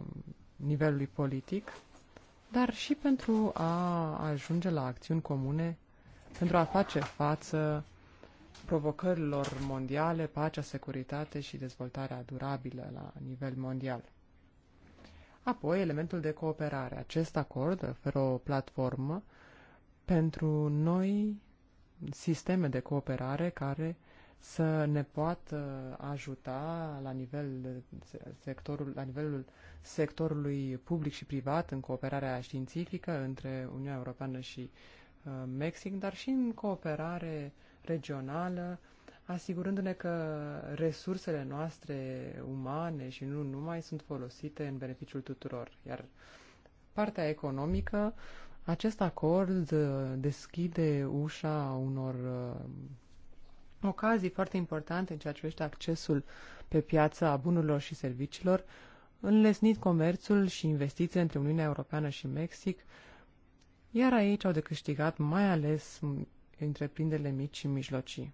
nivelului politic, dar și pentru a ajunge la acțiuni comune, pentru a face față provocărilor mondiale, pacea, securitate și dezvoltarea durabilă la nivel mondial. Apoi, elementul de cooperare. Acest acord oferă o platformă pentru noi sisteme de cooperare care să ne poată ajuta la, nivel sectorul, la nivelul sectorului public și privat în cooperarea științifică între Uniunea Europeană și uh, Mexic, dar și în cooperare uh, regională, asigurându-ne că resursele noastre umane și nu numai sunt folosite în beneficiul tuturor. Iar partea economică, acest acord deschide ușa unor uh, ocazii foarte importante în ceea ce privește accesul pe piața bunurilor și serviciilor, înlesnit comerțul și investițiile între Uniunea Europeană și Mexic, iar aici au de câștigat mai ales întreprinderile mici și mijlocii.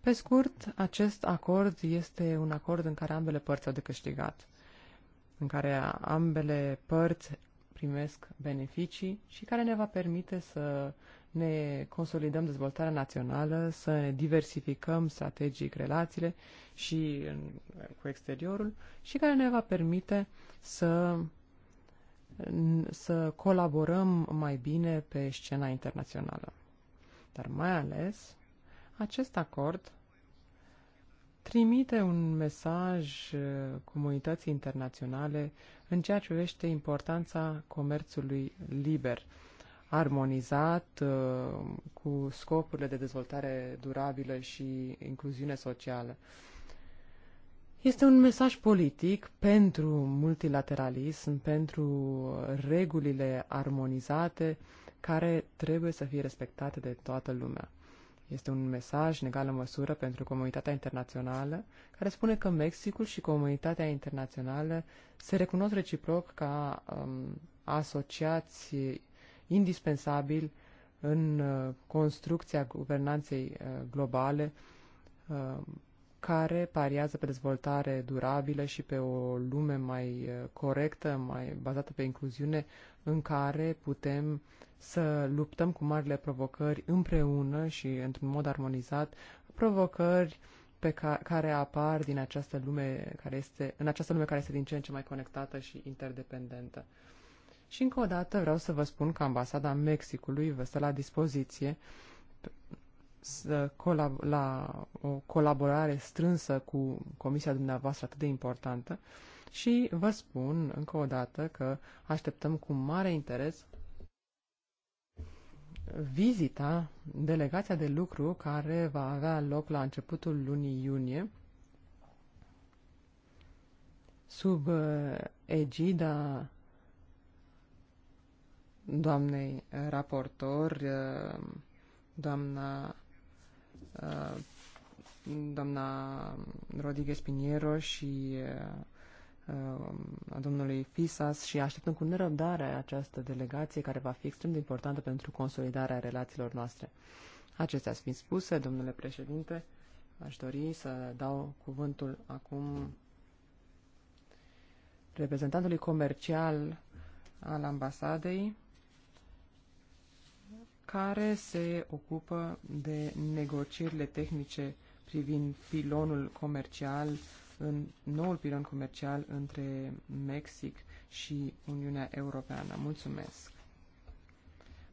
Pe scurt, acest acord este un acord în care ambele părți au de câștigat, în care ambele părți primesc beneficii și care ne va permite să ne consolidăm dezvoltarea națională, să ne diversificăm strategic relațiile și în, cu exteriorul și care ne va permite să, să colaborăm mai bine pe scena internațională dar mai ales acest acord trimite un mesaj uh, comunității internaționale în ceea ce vește importanța comerțului liber, armonizat uh, cu scopurile de dezvoltare durabilă și incluziune socială. Este un mesaj politic pentru multilateralism, pentru uh, regulile armonizate care trebuie să fie respectate de toată lumea. Este un mesaj în egală măsură pentru comunitatea internațională care spune că Mexicul și comunitatea internațională se recunosc reciproc ca um, asociați indispensabili în uh, construcția guvernanței uh, globale, uh, care pariază pe dezvoltare durabilă și pe o lume mai uh, corectă, mai bazată pe incluziune, în care putem să luptăm cu marile provocări împreună și într-un mod armonizat, provocări pe ca, care apar din această lume care este, în această lume care este din ce în ce mai conectată și interdependentă. Și încă o dată vreau să vă spun că ambasada Mexicului vă stă la dispoziție uh, să colab- la o colaborare strânsă cu comisia dumneavoastră atât de importantă și vă spun încă o dată că așteptăm cu mare interes vizita, delegația de lucru care va avea loc la începutul lunii iunie sub uh, egida doamnei raportor, uh, doamna Uh, doamna Rodriguez Piniero și uh, a domnului Fisas și așteptăm cu nerăbdare această delegație care va fi extrem de importantă pentru consolidarea relațiilor noastre. Acestea fiind spuse, domnule președinte, aș dori să dau cuvântul acum reprezentantului comercial al ambasadei care se ocupă de negocierile tehnice privind pilonul comercial, în noul pilon comercial între Mexic și Uniunea Europeană. Mulțumesc!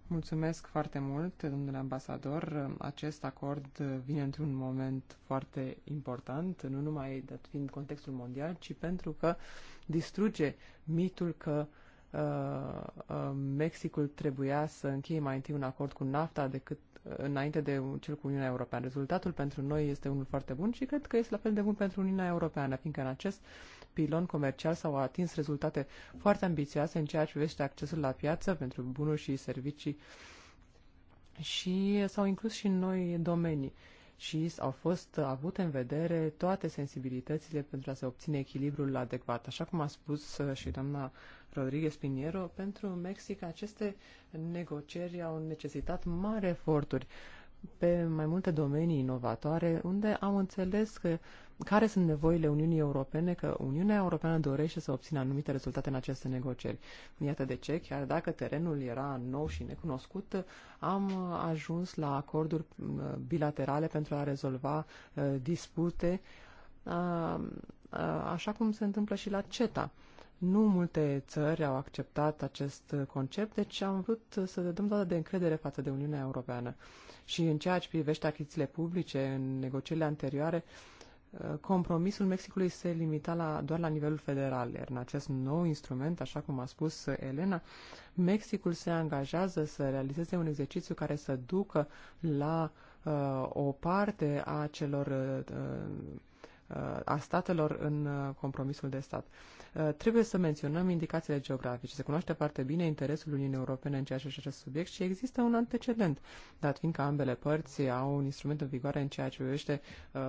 Mulțumesc foarte mult, domnule ambasador. Acest acord vine într-un moment foarte important, nu numai dat fiind contextul mondial, ci pentru că distruge mitul că uh, Uh, uh, Mexicul trebuia să încheie mai întâi un acord cu NAFTA decât uh, înainte de cel cu Uniunea Europeană. Rezultatul pentru noi este unul foarte bun și cred că este la fel de bun pentru Uniunea Europeană, fiindcă în acest pilon comercial s-au atins rezultate foarte ambițioase în ceea ce privește accesul la piață pentru bunuri și servicii și s-au inclus și noi domenii și au fost avute în vedere toate sensibilitățile pentru a se obține echilibrul adecvat. Așa cum a spus uh, și doamna Rodriguez Piniero, pentru Mexic aceste negocieri au necesitat mari eforturi pe mai multe domenii inovatoare unde am înțeles că care sunt nevoile Uniunii Europene, că Uniunea Europeană dorește să obțină anumite rezultate în aceste negocieri. Iată de ce, chiar dacă terenul era nou și necunoscut, am ajuns la acorduri uh, bilaterale pentru a rezolva uh, dispute, uh, așa cum se întâmplă și la CETA. Nu multe țări au acceptat acest concept, deci am vrut să dăm dată de încredere față de Uniunea Europeană. Și în ceea ce privește achizițiile publice, în negocierile anterioare, compromisul Mexicului se limita la, doar la nivelul federal, iar în acest nou instrument, așa cum a spus Elena, Mexicul se angajează să realizeze un exercițiu care să ducă la uh, o parte a celor uh, Uh, a statelor în uh, compromisul de stat. Uh, trebuie să menționăm indicațiile geografice. Se cunoaște foarte bine interesul Uniunii Europene în ceea ce acest subiect și există un antecedent, dat fiindcă ambele părți au un instrument în vigoare în ceea ce privește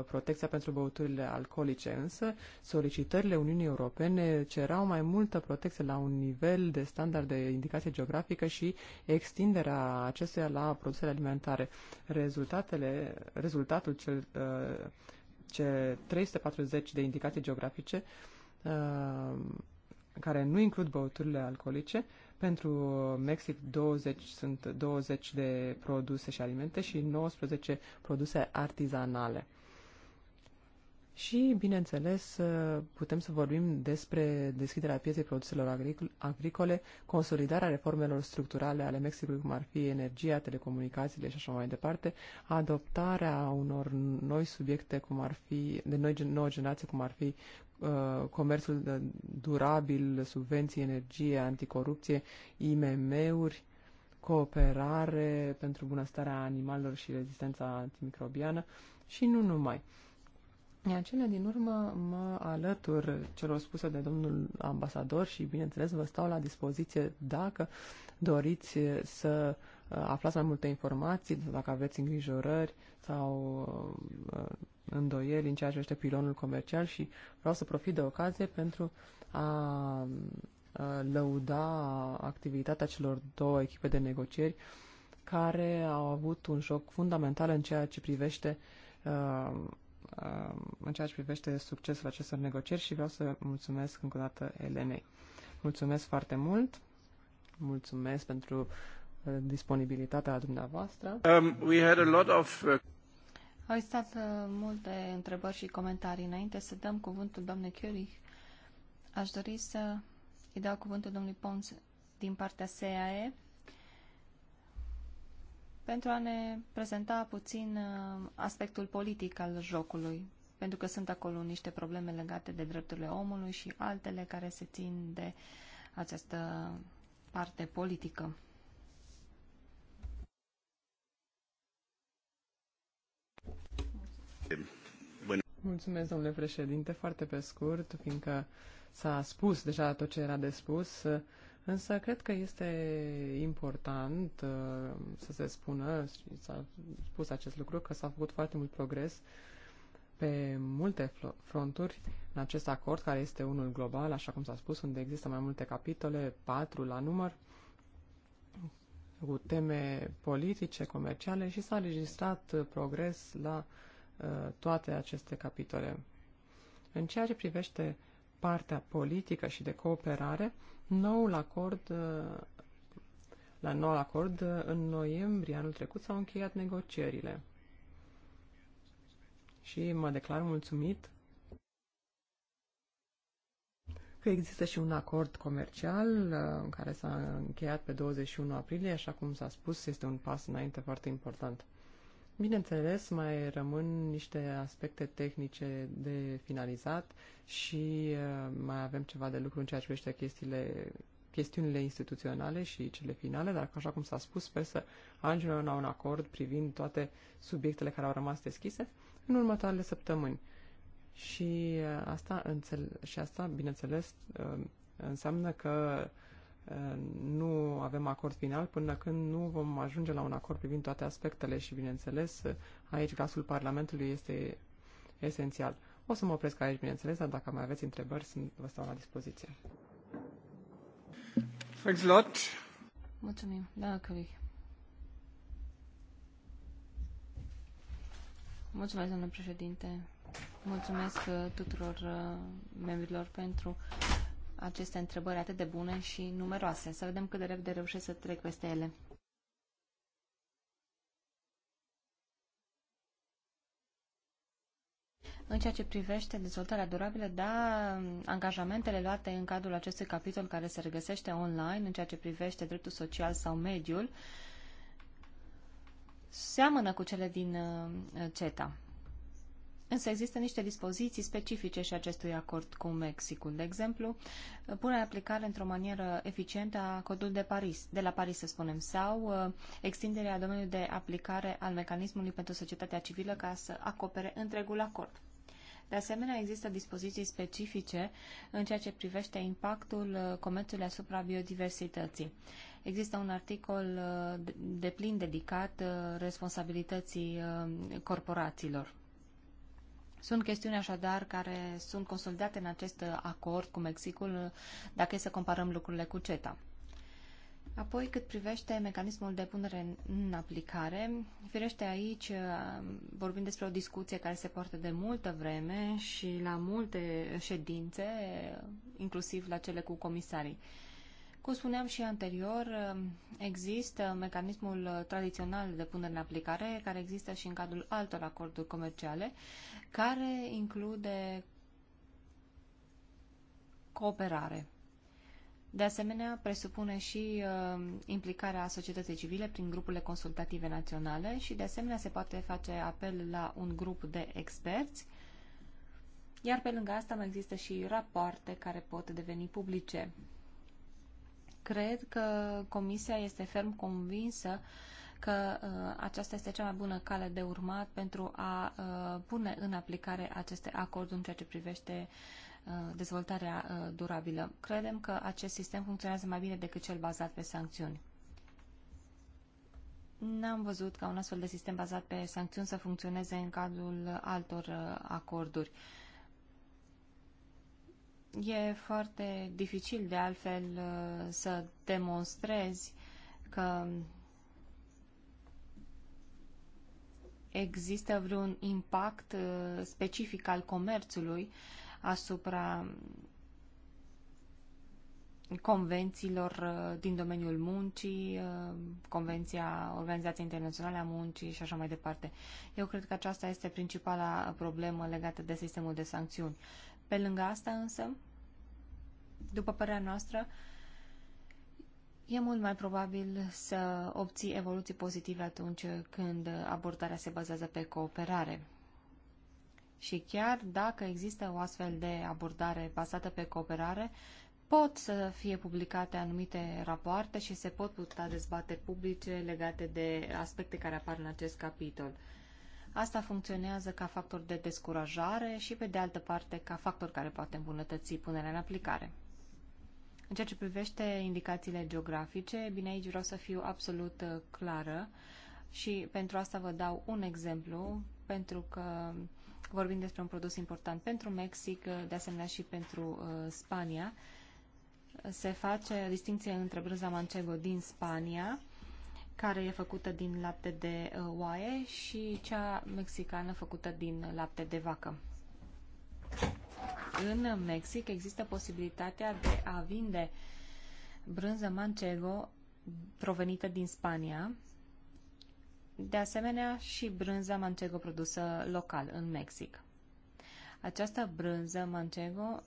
protecția pentru băuturile alcoolice, însă solicitările Uniunii Europene cerau mai multă protecție la un nivel de standard de indicație geografică și extinderea acestuia la produsele alimentare. Rezultatele, rezultatul cel uh, ce 340 de indicații geografice uh, care nu includ băuturile alcoolice. Pentru Mexic 20 sunt 20 de produse și alimente și 19 produse artizanale. Și, bineînțeles, uh, putem să vorbim despre deschiderea pieței produselor agricole, consolidarea reformelor structurale ale Mexicului, cum ar fi energia, telecomunicațiile și așa mai departe, adoptarea unor noi subiecte, cum ar fi, de noi, nouă generație, cum ar fi uh, comerțul uh, durabil, subvenții, energie, anticorupție, IMM-uri, cooperare pentru bunăstarea animalelor și rezistența antimicrobiană și nu numai. În cele din urmă mă alătur celor spuse de domnul ambasador și, bineînțeles, vă stau la dispoziție dacă doriți să uh, aflați mai multe informații, dacă aveți îngrijorări sau uh, îndoieli în ceea ce este pilonul comercial și vreau să profit de ocazie pentru a uh, lăuda activitatea celor două echipe de negocieri care au avut un joc fundamental în ceea ce privește în ceea ce privește succesul acestor negocieri și vreau să mulțumesc încă o dată Elenei. Mulțumesc foarte mult, mulțumesc pentru uh, disponibilitatea dumneavoastră. Um, we had a lot of... Uh, Au existat uh, multe întrebări și comentarii. Înainte să dăm cuvântul doamnei Curie, aș dori să îi dau cuvântul domnului Pons din partea SAE pentru a ne prezenta puțin uh, aspectul politic al jocului, pentru că sunt acolo niște probleme legate de drepturile omului și altele care se țin de această parte politică. Mulțumesc, domnule președinte. Foarte pe scurt, fiindcă s-a spus deja tot ce era de spus, Însă cred că este important uh, să se spună, și s-a spus acest lucru, că s-a făcut foarte mult progres pe multe fronturi în acest acord, care este unul global, așa cum s-a spus, unde există mai multe capitole, patru la număr, cu teme politice, comerciale și s-a registrat uh, progres la uh, toate aceste capitole. În ceea ce privește partea politică și de cooperare, noul acord, uh, la noul acord, uh, în noiembrie anul trecut s-au încheiat negocierile. Și mă declar mulțumit că există și un acord comercial uh, în care s-a încheiat pe 21 aprilie, așa cum s-a spus, este un pas înainte foarte important. Bineînțeles, mai rămân niște aspecte tehnice de finalizat și uh, mai avem ceva de lucru în ceea ce privește chestiile chestiunile instituționale și cele finale, dar așa cum s-a spus, sper să ajungem la un acord privind toate subiectele care au rămas deschise în următoarele săptămâni. Și uh, asta, înțel- și asta bineînțeles, uh, înseamnă că nu avem acord final până când nu vom ajunge la un acord privind toate aspectele și, bineînțeles, aici gasul Parlamentului este esențial. O să mă opresc aici, bineînțeles, dar dacă mai aveți întrebări, sunt, vă stau la dispoziție. Thanks a lot. Mulțumim. Da, Călic. Mulțumesc, domnule președinte. Mulțumesc uh, tuturor uh, membrilor pentru aceste întrebări atât de bune și numeroase. Să vedem cât de repede reușesc să trec peste ele. În ceea ce privește dezvoltarea durabilă, da, angajamentele luate în cadrul acestui capitol care se regăsește online, în ceea ce privește dreptul social sau mediul, seamănă cu cele din uh, CETA. Însă există niște dispoziții specifice și acestui acord cu Mexicul. De exemplu, pune aplicare într-o manieră eficientă a codului de Paris, de la Paris să spunem, sau uh, extinderea domeniului de aplicare al mecanismului pentru societatea civilă ca să acopere întregul acord. De asemenea, există dispoziții specifice în ceea ce privește impactul uh, comerțului asupra biodiversității. Există un articol uh, de plin dedicat responsabilității corporațiilor. Sunt chestiuni așadar care sunt consolidate în acest acord cu Mexicul, dacă e să comparăm lucrurile cu CETA. Apoi, cât privește mecanismul de punere în aplicare, firește aici vorbim despre o discuție care se poartă de multă vreme și la multe ședințe, inclusiv la cele cu comisarii. Cum spuneam și anterior, um, există mecanismul uh, tradițional de punere în aplicare, care există și în cadrul altor acorduri comerciale, care include cooperare. De asemenea, presupune și uh, implicarea societății civile prin grupurile consultative naționale și, de asemenea, se poate face apel la un grup de experți, iar pe lângă asta mai există și rapoarte care pot deveni publice cred că Comisia este ferm convinsă că uh, aceasta este cea mai bună cale de urmat pentru a uh, pune în aplicare aceste acorduri în ceea ce privește uh, dezvoltarea uh, durabilă. Credem că acest sistem funcționează mai bine decât cel bazat pe sancțiuni. N-am văzut ca un astfel de sistem bazat pe sancțiuni să funcționeze în cadrul uh, altor acorduri. Uh, E foarte dificil de altfel uh, să demonstrezi că există vreun impact uh, specific al comerțului asupra convențiilor uh, din domeniul muncii, Convenția Organizației Internaționale a Muncii și așa mai departe. Eu cred că aceasta este principala problemă legată de sistemul de sancțiuni. Pe lângă asta însă, după părerea noastră, e mult mai probabil să obții evoluții pozitive atunci când abordarea se bazează pe cooperare. Și chiar dacă există o astfel de abordare bazată pe cooperare, pot să fie publicate anumite rapoarte și se pot putea dezbate publice legate de aspecte care apar în acest capitol. Asta funcționează ca factor de descurajare și, pe de altă parte, ca factor care poate îmbunătăți punerea în aplicare. În ceea ce privește indicațiile geografice, bine, aici vreau să fiu absolut uh, clară și pentru asta vă dau un exemplu, pentru că vorbim despre un produs important pentru Mexic, uh, de asemenea și pentru uh, Spania. Se face o distinție între brânza manchego din Spania, care e făcută din lapte de uh, oaie, și cea mexicană făcută din lapte de vacă în Mexic există posibilitatea de a vinde brânză manchego provenită din Spania, de asemenea și brânza manchego produsă local în Mexic. Această brânză manchego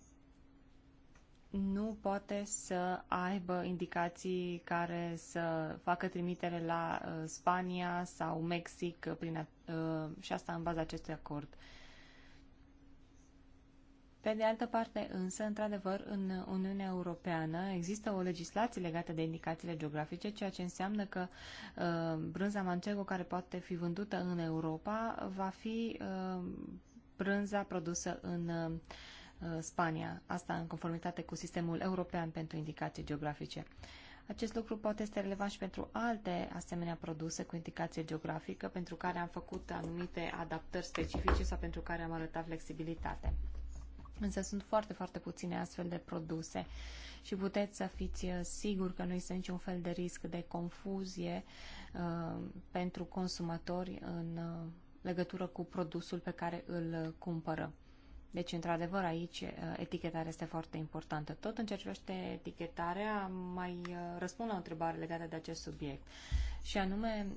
nu poate să aibă indicații care să facă trimitere la uh, Spania sau Mexic prin, uh, și asta în baza acestui acord. Uh, pe de altă parte, însă, într-adevăr, în Uniunea Europeană există o legislație legată de indicațiile geografice, ceea ce înseamnă că uh, brânza Manchego care poate fi vândută în Europa va fi uh, brânza produsă în uh, Spania, asta în conformitate cu sistemul european pentru indicații geografice. Acest lucru poate este relevant și pentru alte asemenea produse cu indicație geografică pentru care am făcut anumite adaptări specifice sau pentru care am arătat flexibilitate. Însă sunt foarte, foarte puține astfel de produse și puteți să fiți uh, siguri că nu este niciun fel de risc de confuzie uh, pentru consumatori în uh, legătură cu produsul pe care îl uh, cumpără. Deci, într-adevăr, aici etichetarea este foarte importantă. Tot în ceea ce privește etichetarea, mai răspund la o întrebare legată de acest subiect. Și anume,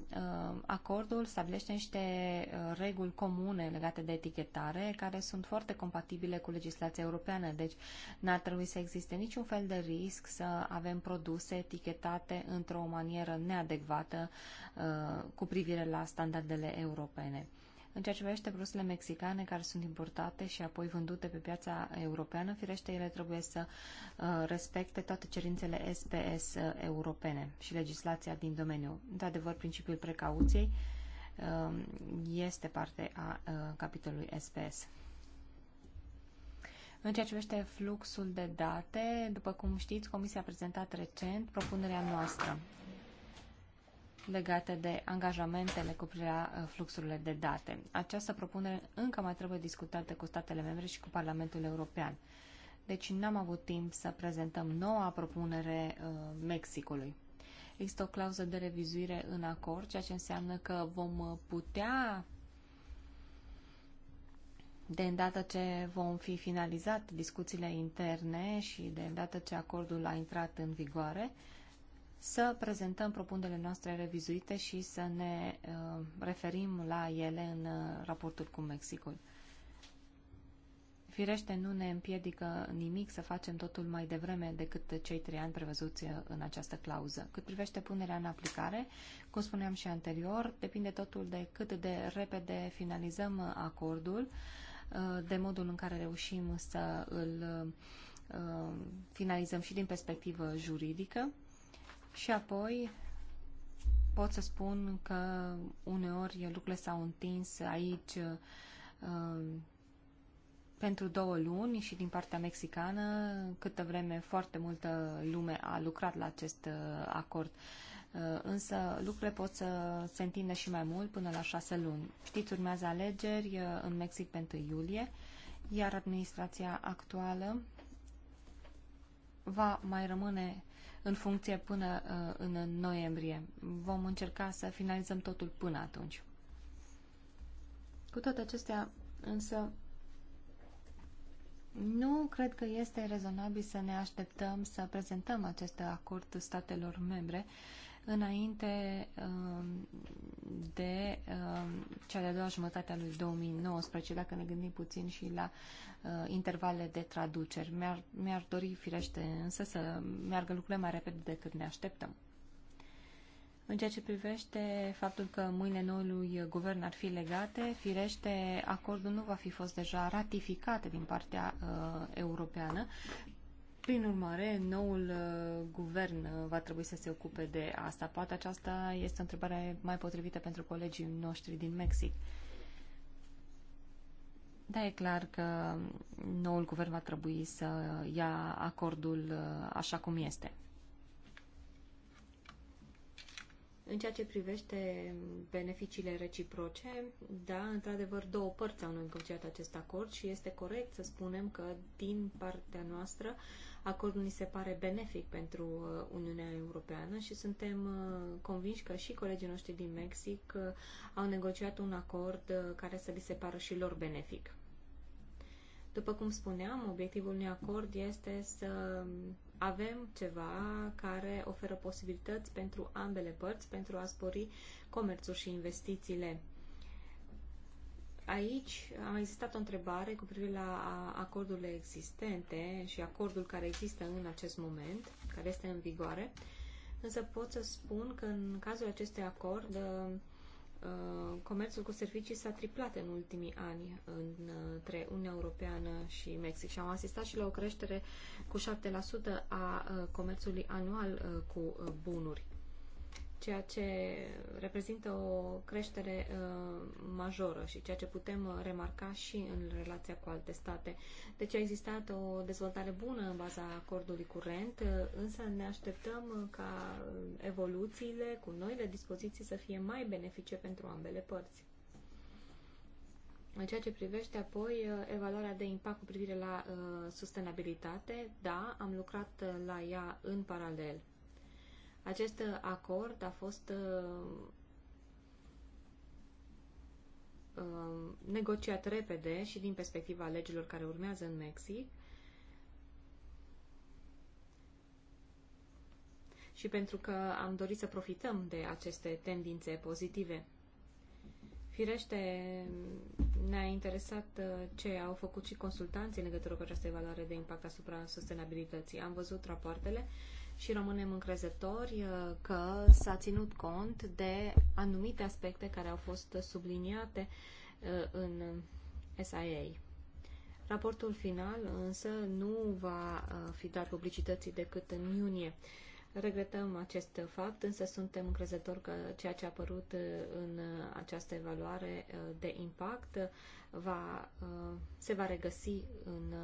acordul stabilește niște reguli comune legate de etichetare care sunt foarte compatibile cu legislația europeană. Deci, n-ar trebui să existe niciun fel de risc să avem produse etichetate într-o manieră neadecvată cu privire la standardele europene. În ceea ce privește produsele mexicane care sunt importate și apoi vândute pe piața europeană, firește ele trebuie să uh, respecte toate cerințele SPS uh, europene și legislația din domeniu. De adevăr, principiul precauției uh, este parte a capitolului SPS. În ceea ce privește fluxul de date, după cum știți, Comisia a prezentat recent propunerea noastră legate de angajamentele cu privire la uh, fluxurile de date. Această propunere încă mai trebuie discutată cu statele membre și cu Parlamentul European. Deci n-am avut timp să prezentăm noua propunere uh, Mexicului. Există o clauză de revizuire în acord, ceea ce înseamnă că vom uh, putea de îndată ce vom fi finalizat discuțiile interne și de îndată ce acordul a intrat în vigoare, uh, să prezentăm propunerile noastre revizuite și să ne uh, referim la ele în uh, raportul cu Mexicul. Firește, nu ne împiedică nimic să facem totul mai devreme decât cei trei ani prevăzuți uh, în această clauză. Cât privește punerea în aplicare, cum spuneam și anterior, depinde totul de cât de repede finalizăm acordul, de modul în care reușim să îl finalizăm și din perspectivă juridică și apoi pot să spun că uneori lucrurile s-au întins aici uh, pentru două luni și din partea mexicană, câtă vreme foarte multă lume a lucrat la acest uh, acord. Uh, însă lucrurile pot să se întindă și mai mult până la șase luni. Știți, urmează alegeri uh, în Mexic pentru iulie, iar administrația actuală va mai rămâne în funcție până uh, în noiembrie. Vom încerca să finalizăm totul până atunci. Cu toate acestea, însă, nu cred că este rezonabil să ne așteptăm să prezentăm acest acord statelor membre uh, înainte um, de um, cea de-a doua jumătate a lui 2019, dacă ne gândim puțin și la uh, intervale de traduceri. Mi-ar, mi-ar dori, firește, însă să meargă lucrurile mai repede decât ne așteptăm. În ceea ce privește faptul că mâinile noului guvern ar fi legate, firește, acordul nu va fi fost deja ratificat din partea uh, europeană, prin urmare, noul uh, guvern uh, va trebui să se ocupe de asta. Poate aceasta este o întrebare mai potrivită pentru colegii noștri din Mexic. Da, e clar că noul guvern va trebui să ia acordul uh, așa cum este. În ceea ce privește beneficiile reciproce, da, într-adevăr, două părți au negociat acest acord și este corect să spunem că din partea noastră uh, Acordul ni se pare benefic pentru uh, Uniunea Europeană și suntem uh, convinși că și colegii noștri din Mexic uh, au negociat un acord care să li se pară și lor benefic. După cum spuneam, obiectivul unui acord este să avem ceva care oferă posibilități pentru ambele părți pentru a spori comerțul și investițiile Aici a existat o întrebare cu privire la acordurile existente și acordul care există în acest moment, care este în vigoare, însă pot să spun că în cazul acestui acord uh, uh, comerțul cu servicii s-a triplat în ultimii ani între Uniunea Europeană și Mexic și am asistat și la o creștere cu 7% a uh, comerțului anual cu bunuri ceea ce reprezintă o creștere uh, majoră și ceea ce putem uh, remarca și în relația cu alte state. Deci a existat o dezvoltare bună în baza acordului curent, uh, însă ne așteptăm uh, ca evoluțiile cu noile dispoziții să fie mai benefice pentru ambele părți. În ceea ce privește apoi evaluarea de impact cu privire la uh, sustenabilitate, da, am lucrat la ea în paralel. Acest uh, acord a fost uh, uh, negociat repede și din perspectiva legilor care urmează în Mexic. Și pentru că am dorit să profităm de aceste tendințe pozitive. Firește, ne-a interesat ce au făcut și consultanții în legătură cu această evaluare de impact asupra sustenabilității. Am văzut rapoartele și rămânem încrezători uh, că s-a ținut cont de anumite aspecte care au fost subliniate uh, în SIA. Raportul final însă nu va uh, fi dat publicității decât în iunie. Regretăm acest fapt, însă suntem încrezători că ceea ce a apărut în această evaluare de impact va, se va regăsi în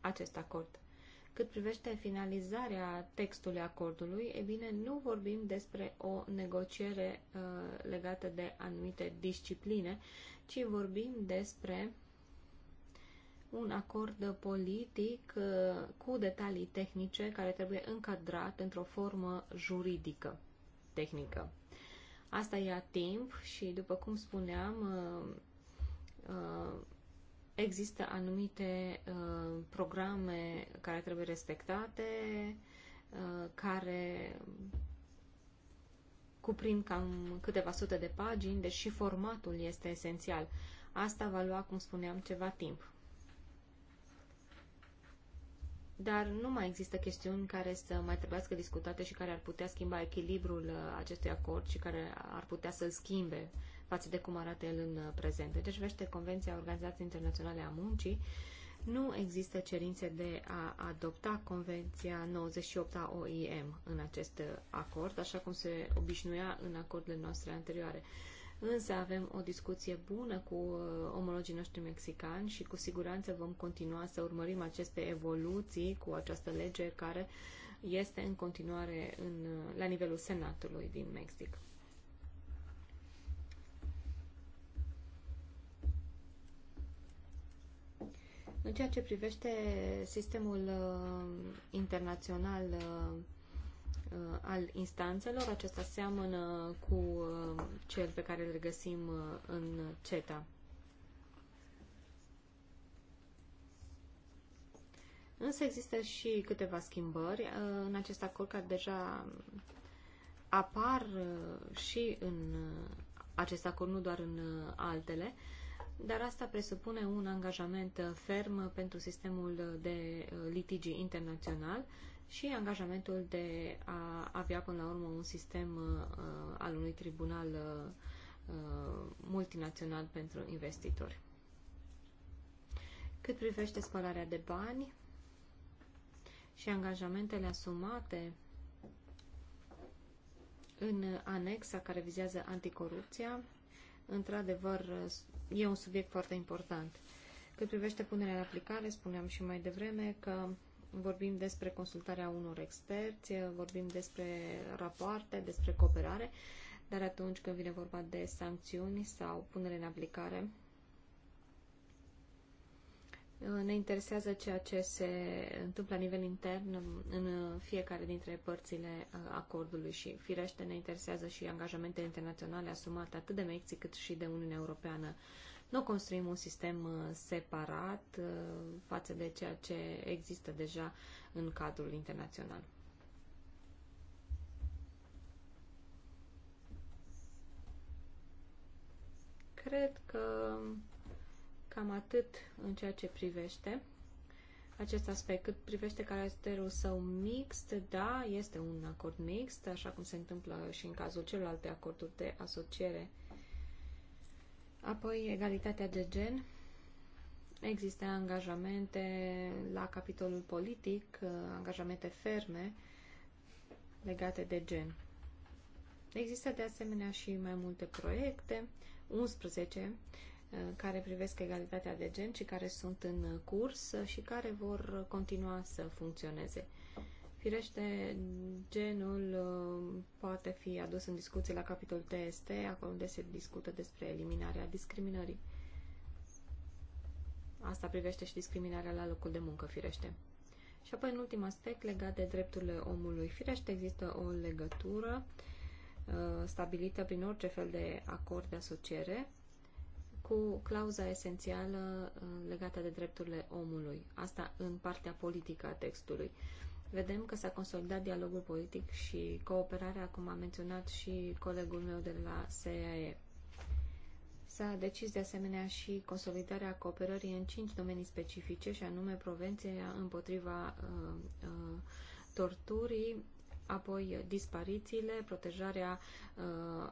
acest acord. Cât privește finalizarea textului acordului, e bine, nu vorbim despre o negociere uh, legată de anumite discipline, ci vorbim despre un acord politic uh, cu detalii tehnice care trebuie încadrat într-o formă juridică, tehnică. Asta ia timp și, după cum spuneam, uh, uh există anumite uh, programe care trebuie respectate, uh, care cuprind cam câteva sute de pagini, deci și formatul este esențial. Asta va lua, cum spuneam, ceva timp. Dar nu mai există chestiuni care să mai trebuiască discutate și care ar putea schimba echilibrul uh, acestui acord și care ar putea să-l schimbe față de cum arată el în uh, prezent. Deci, vește Convenția Organizației Internaționale a Muncii, nu există cerințe de a adopta Convenția 98 a OIM în acest uh, acord, așa cum se obișnuia în acordurile noastre anterioare. Însă avem o discuție bună cu uh, omologii noștri mexicani și cu siguranță vom continua să urmărim aceste evoluții cu această lege care este în continuare în, la nivelul Senatului din Mexic. În ceea ce privește sistemul uh, internațional uh, uh, al instanțelor, acesta seamănă cu uh, cel pe care îl găsim uh, în CETA. Însă există și câteva schimbări uh, în acest acord care deja apar uh, și în uh, acest acord, nu doar în altele. Uh, dar asta presupune un angajament uh, ferm uh, pentru sistemul uh, de litigi internațional și angajamentul de a avea până la urmă un sistem al unui tribunal multinațional pentru investitori. Cât privește spălarea de bani și angajamentele asumate în anexa care vizează anticorupția, într-adevăr e un subiect foarte important. Cât privește punerea în aplicare, spuneam și mai devreme că vorbim despre consultarea unor experți, vorbim despre rapoarte, despre cooperare, dar atunci când vine vorba de sancțiuni sau punere în aplicare, ne interesează ceea ce se întâmplă la nivel intern în fiecare dintre părțile uh, acordului și, firește, ne interesează și angajamentele internaționale asumate atât de Mexic cât și de Uniunea Europeană. Nu construim un sistem uh, separat uh, față de ceea ce există deja în cadrul internațional. Cred că Cam atât în ceea ce privește acest aspect. Cât privește caracterul său mixt, da, este un acord mixt, așa cum se întâmplă și în cazul celorlalte acorduri de asociere. Apoi, egalitatea de gen. Există angajamente la capitolul politic, uh, angajamente ferme legate de gen. Există de asemenea și mai multe proiecte, 11 Uh, care privesc egalitatea de gen și care sunt în uh, curs uh, și care vor continua să funcționeze. Firește, genul poate fi adus în discuție la capitol TST, acolo unde se discută despre eliminarea discriminării. Asta privește și discriminarea la locul de muncă, firește. Și apoi, în ultim aspect, legat de drepturile omului. Firește, există o legătură stabilită prin orice fel de acord de asociere cu clauza esențială uh, legată de drepturile omului. Asta în partea politică a textului. Vedem că s-a consolidat dialogul politic și cooperarea, cum a menționat și colegul meu de la SAE. S-a decis de asemenea și consolidarea cooperării în cinci domenii specifice, și anume prevenția împotriva uh, uh, torturii, apoi disparițiile, protejarea uh,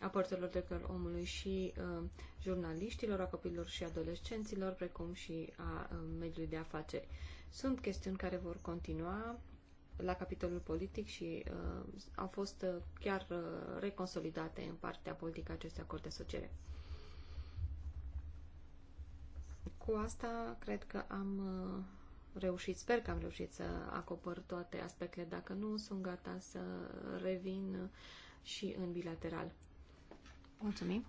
apărțelor drepturilor omului și uh, jurnaliștilor, a copiilor și adolescenților, precum și a uh, mediului de afaceri. Sunt chestiuni care vor continua la capitolul politic și uh, au fost uh, chiar uh, reconsolidate în partea politică aceste acord de asociere. Cu asta cred că am uh, reușit, sper că am reușit să acopăr toate aspectele. Dacă nu, sunt gata să revin și în bilateral. Mulțumim!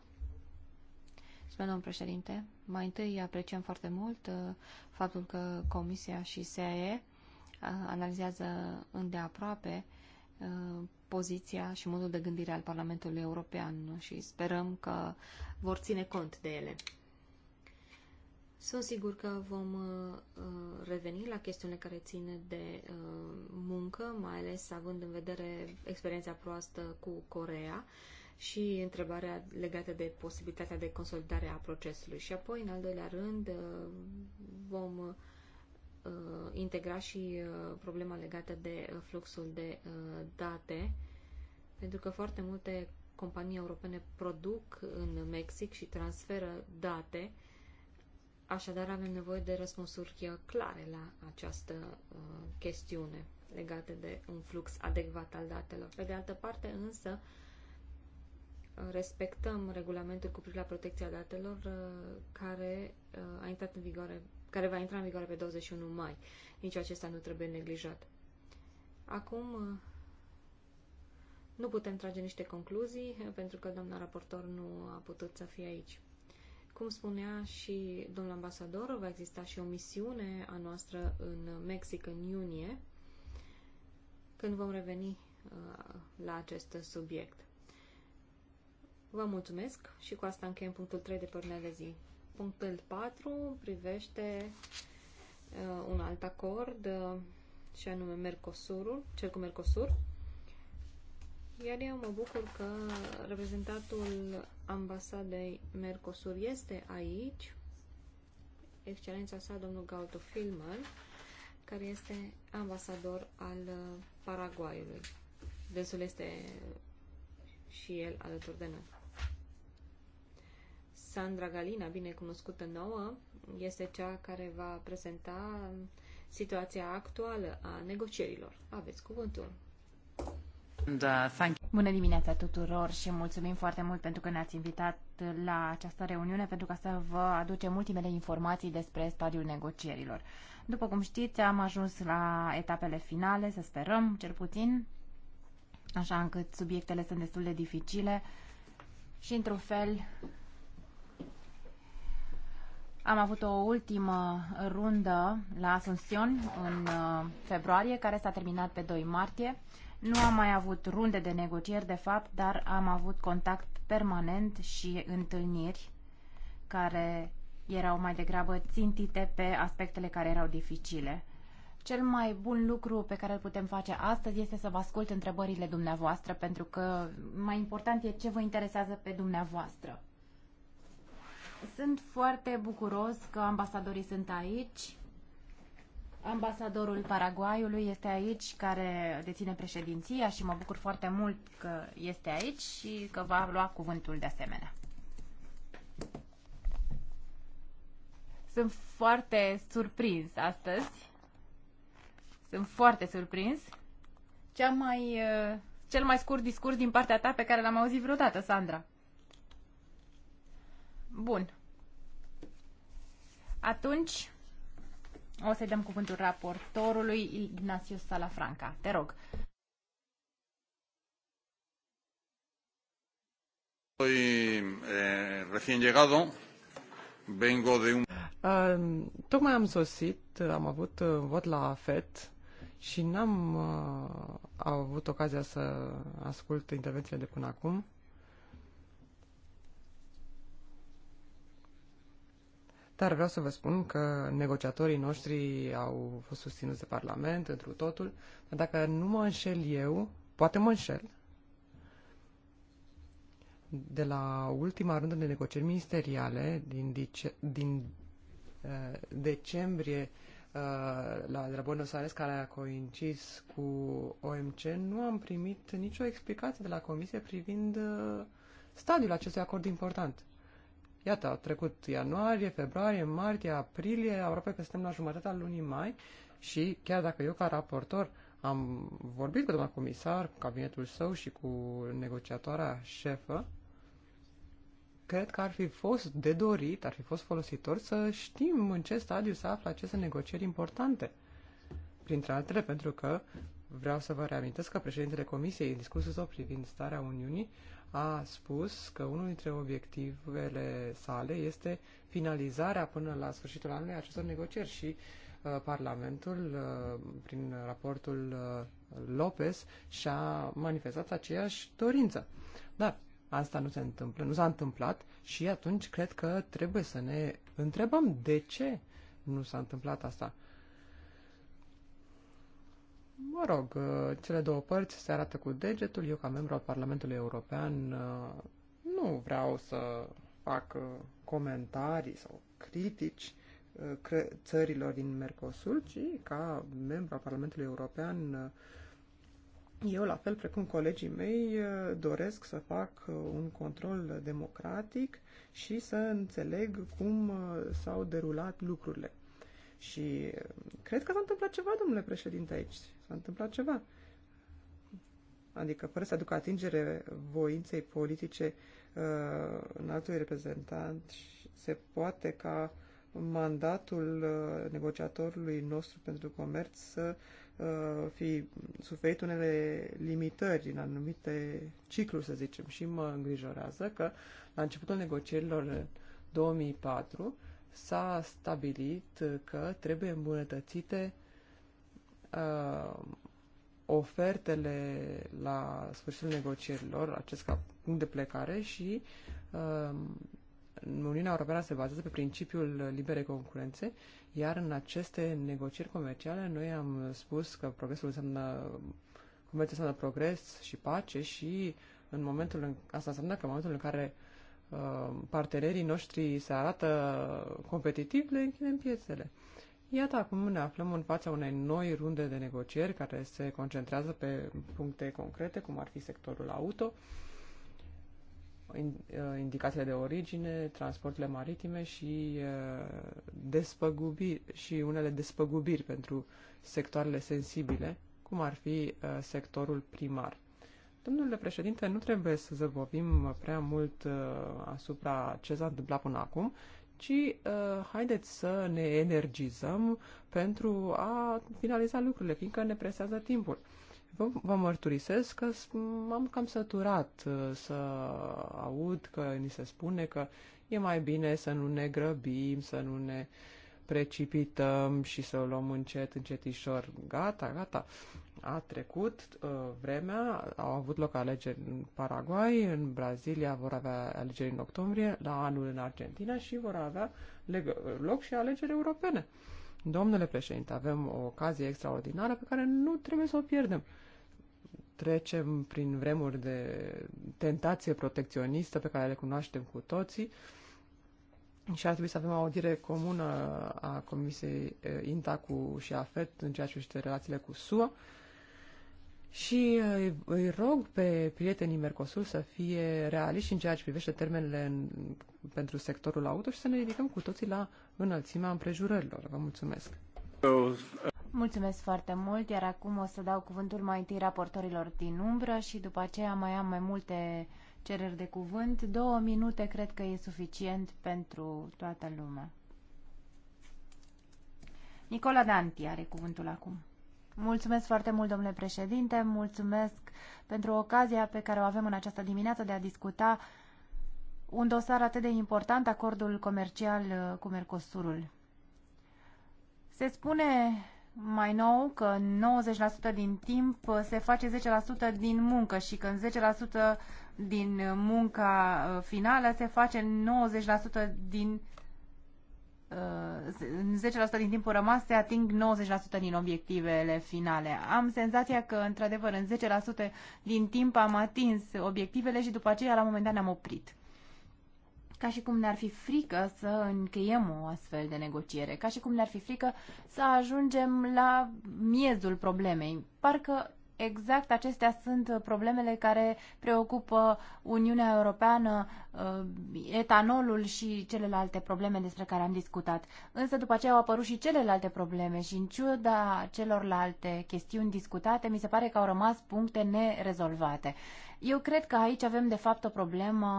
Spune domnul președinte, mai întâi apreciem foarte mult uh, faptul că Comisia și SAE uh, analizează îndeaproape uh, poziția și modul de gândire al Parlamentului European și sperăm că vor ține cont de ele. Sunt sigur că vom uh, uh, reveni la chestiunile care țin de uh, muncă, mai ales având în vedere experiența proastă cu Corea și întrebarea legată de posibilitatea de consolidare a procesului. Și apoi, în al doilea rând, vom integra și problema legată de fluxul de date, pentru că foarte multe companii europene produc în Mexic și transferă date Așadar, avem nevoie de răspunsuri clare la această uh, chestiune legată de un flux adecvat al datelor. Pe de altă parte, însă, respectăm regulamentul cu privire la protecția datelor uh, care uh, a intrat în vigoare, care va intra în vigoare pe 21 mai. Nici acesta nu trebuie neglijat. Acum, uh, nu putem trage niște concluzii pentru că doamna raportor nu a putut să fie aici. Cum spunea și domnul ambasador, va exista și o misiune a noastră în Mexic în iunie, când vom reveni uh, la acest subiect. Vă mulțumesc și cu asta încheiem punctul 3 de pe de zi. Punctul 4 privește uh, un alt acord ce uh, și anume Mercosurul, cel cu Mercosur. Iar eu mă bucur că reprezentantul ambasadei Mercosur este aici, excelența sa, domnul Gauto Filmer, care este ambasador al uh, Paraguayului. Dânsul este și el alături de noi. Sandra Galina, binecunoscută nouă, este cea care va prezenta situația actuală a negocierilor. Aveți cuvântul. Uh, Bună dimineața tuturor și mulțumim foarte mult pentru că ne-ați invitat la această reuniune pentru ca să vă aducem ultimele informații despre stadiul negocierilor. După cum știți, am ajuns la etapele finale, să sperăm, cel puțin, așa încât subiectele sunt destul de dificile și, într-un fel, am avut o ultimă rundă la Asunción în uh, februarie, care s-a terminat pe 2 martie. Nu am mai avut runde de negocieri, de fapt, dar am avut contact permanent și întâlniri care erau mai degrabă țintite pe aspectele care erau dificile. Cel mai bun lucru pe care îl putem face astăzi este să vă ascult întrebările dumneavoastră, pentru că mai important e ce vă interesează pe dumneavoastră. Sunt foarte bucuros că ambasadorii sunt aici Ambasadorul Paraguayului este aici, care deține președinția și mă bucur foarte mult că este aici și că va lua cuvântul de asemenea. Sunt foarte surprins astăzi. Sunt foarte surprins. Cea mai, uh, cel mai scurt discurs din partea ta pe care l-am auzit vreodată, Sandra. Bun. Atunci, o să-i dăm cuvântul raportorului Ignacio Salafranca. Te rog. Soy eh, recién llegado, vengo de un... Uh, tocmai am sosit, am avut uh, vot la FET și n-am uh, avut ocazia să ascult intervențiile de până acum. Dar vreau să vă spun că negociatorii noștri au fost susținuți de Parlament întru totul. Dar dacă nu mă înșel eu, poate mă înșel, de la ultima rundă de negocieri ministeriale din, dice- din uh, decembrie uh, la, de la Buenos Aires, care a coincis cu OMC, nu am primit nicio explicație de la Comisie privind uh, stadiul acestui acord important. Iată, a trecut ianuarie, februarie, martie, aprilie, aproape că suntem la jumătatea lunii mai și chiar dacă eu ca raportor am vorbit cu doamna comisar, cu cabinetul său și cu negociatoarea șefă, cred că ar fi fost de dorit, ar fi fost folositor să știm în ce stadiu se află aceste negocieri importante. Printre altele, pentru că vreau să vă reamintesc că președintele Comisiei, în discursul său privind starea Uniunii, a spus că unul dintre obiectivele sale este finalizarea până la sfârșitul anului acestor negocieri și uh, Parlamentul, uh, prin raportul uh, Lopez, și-a manifestat aceeași dorință. Dar asta nu se întâmplă, nu s-a întâmplat și atunci cred că trebuie să ne întrebăm de ce nu s-a întâmplat asta. Uh, Mă rog, uh, cele două părți se arată cu degetul. Eu, ca membru al Parlamentului European, uh, nu vreau să fac uh, comentarii sau critici țărilor din Mercosul, ci ca membru al Parlamentului European, eu, la fel precum colegii mei, doresc să fac un control democratic și să înțeleg cum s-au derulat lucrurile. Și cred că s-a întâmplat ceva, domnule președinte, aici s-a întâmplat ceva. Adică, fără să aducă atingere voinței politice uh, altui reprezentant, se poate ca mandatul uh, negociatorului nostru pentru comerț să uh, fi suferit unele limitări în anumite cicluri, să zicem. Și mă îngrijorează că la începutul negocierilor în 2004 s-a stabilit că trebuie îmbunătățite uh, ofertele la sfârșitul negocierilor, acest ca punct de plecare și uh, Uniunea Europeană se bazează pe principiul liberei concurențe, iar în aceste negocieri comerciale noi am spus că progresul înseamnă comerțul înseamnă progres și pace și în momentul în, asta înseamnă că în momentul în care uh, partenerii noștri se arată competitiv, le închidem piețele. Iată, acum ne aflăm în fața unei noi runde de negocieri care se concentrează pe puncte concrete, cum ar fi sectorul auto, uh, indicațiile de origine, transporturile maritime și, uh, despăgubiri, și unele despăgubiri pentru sectoarele sensibile, cum ar fi uh, sectorul primar. Domnule președinte, nu trebuie să zăbovim prea mult asupra ce s-a întâmplat până acum, ci uh, haideți să ne energizăm pentru a finaliza lucrurile, fiindcă ne presează timpul. Vă, vă mărturisesc că m-am cam săturat uh, să aud că ni se spune că e mai bine să nu ne grăbim, să nu ne uh, precipităm și să o luăm încet, încetișor. Gata, gata. A trecut uh, vremea, au avut loc alegeri în Paraguay, în Brazilia vor avea alegeri în octombrie, la anul în Argentina și vor avea loc și alegeri europene. Domnule președinte, avem o ocazie extraordinară pe care nu trebuie să o pierdem trecem prin vremuri de tentație protecționistă pe care le cunoaștem cu toții și ar trebui să avem o audiere comună a Comisiei eh, INTA cu și AFET în ceea ce privește relațiile cu SUA. Și eh, îi rog pe prietenii Mercosur să fie realiști în ceea ce privește termenele în, pentru sectorul auto și să ne ridicăm cu toții la înălțimea împrejurărilor. Vă mulțumesc! Mulțumesc foarte mult, iar acum o să dau cuvântul mai întâi raportorilor din umbră și după aceea mai am mai multe uh, cereri de cuvânt. Două minute cred că e suficient pentru toată lumea. Nicola Danti are cuvântul acum. Mulțumesc foarte mult, domnule președinte, mulțumesc pentru ocazia pe care o avem în această dimineață de a discuta un dosar atât de important, acordul comercial cu Mercosurul. Se spune mai nou că 90% din timp se face 10% din muncă și că în 10% din munca uh, finală se face 90% din uh, în 10% din timpul rămas se ating 90% din obiectivele finale. Am senzația că, într-adevăr, în 10% din timp am atins obiectivele și după aceea, la un moment dat, ne-am oprit. Ca și cum ne-ar fi frică să încheiem o astfel de negociere, ca și cum ne-ar fi frică să ajungem la miezul problemei. Parcă exact acestea sunt uh, problemele care preocupă Uniunea Europeană, uh, etanolul și celelalte probleme despre care am discutat. Însă după aceea au apărut și celelalte probleme și în ciuda celorlalte chestiuni discutate, mi se pare că au rămas puncte nerezolvate. Eu cred că aici avem de fapt o problemă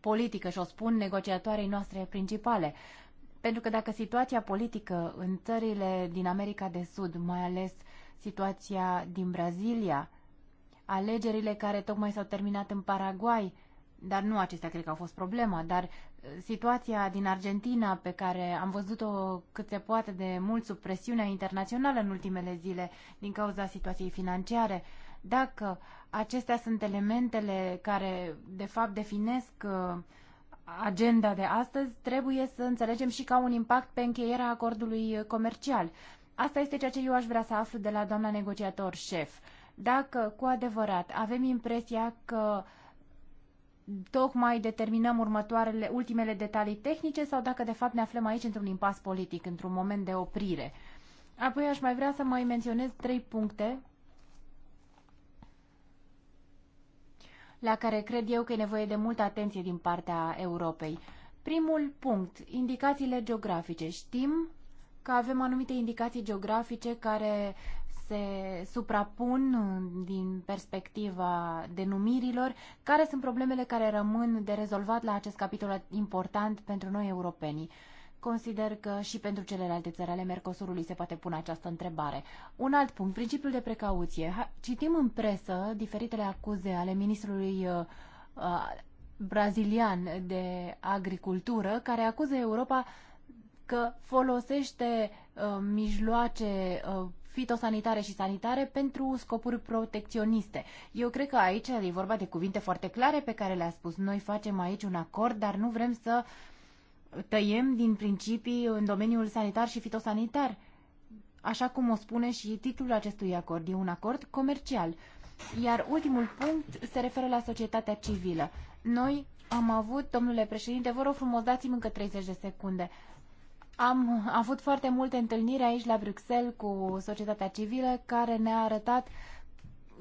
politică și o spun negociatoarei noastre principale. Pentru că dacă situația politică în țările din America de Sud, mai ales uh, situația din Brazilia, alegerile care tocmai s-au terminat în Paraguay, dar nu acestea cred că au fost problema, dar uh, situația din Argentina pe care am văzut-o cât se poate de mult sub presiunea internațională în ultimele zile din cauza situației financiare, dacă acestea sunt elementele care de fapt definesc uh, agenda de astăzi, trebuie să înțelegem și ca un impact pe încheierea acordului comercial. Asta este ceea ce eu aș vrea să aflu de la doamna negociator șef. Dacă cu adevărat avem impresia că tocmai determinăm următoarele, ultimele detalii tehnice sau dacă de fapt ne aflăm aici într-un impas politic, într-un moment de oprire. Apoi aș mai vrea să mai menționez trei puncte la care cred eu că e nevoie de multă atenție din partea Europei. Primul punct, indicațiile geografice. Știm că avem anumite indicații geografice care se suprapun uh, din perspectiva denumirilor. Care sunt problemele care rămân de rezolvat la acest capitol important pentru noi europenii? Consider că și pentru celelalte țări ale Mercosurului se poate pune această întrebare. Un alt punct, principiul de precauție. Citim în presă diferitele acuze ale ministrului uh, uh brazilian de agricultură care acuză Europa uh, că folosește uh, mijloace uh, fitosanitare și sanitare pentru scopuri protecționiste. Eu cred că aici e vorba de cuvinte foarte clare pe care le-a spus. Noi facem aici un acord, dar nu vrem să tăiem din principii în domeniul sanitar și fitosanitar. Așa cum o spune și titlul acestui acord, e un acord comercial. Iar ultimul punct se referă la societatea civilă. Noi am avut, domnule președinte, vă rog frumos, dați-mi încă 30 de secunde. Am avut foarte multe întâlniri aici la Bruxelles cu societatea civilă care ne-a arătat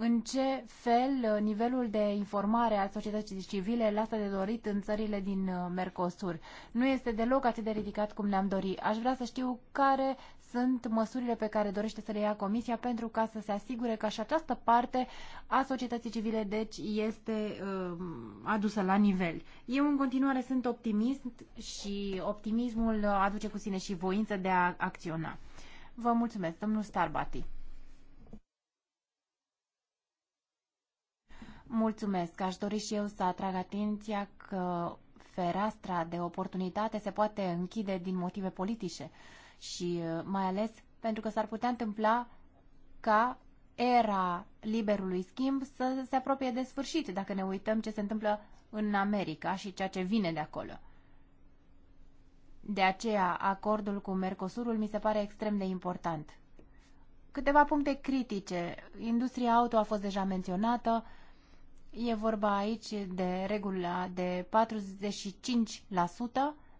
în ce fel uh, nivelul de informare al societății civile lasă de dorit în țările din uh, Mercosur. Nu este deloc atât de ridicat cum ne-am dorit. Aș vrea să știu care sunt măsurile pe care dorește să le ia Comisia pentru ca să se asigure că și această parte a societății civile, deci, este uh, adusă la nivel. Eu, în continuare, sunt optimist și optimismul aduce cu sine și voință de a acționa. Vă mulțumesc, domnul Starbati. Mulțumesc. Aș dori și eu să atrag atenția că fereastra de oportunitate se poate închide din motive politice și uh, mai ales pentru că s-ar putea întâmpla ca era liberului schimb să se apropie de sfârșit, dacă ne uităm ce se întâmplă în America și ceea ce vine de acolo. De aceea, acordul cu Mercosurul mi se pare extrem de important. Câteva puncte critice. Industria auto a fost deja menționată. E vorba aici de regula de 45%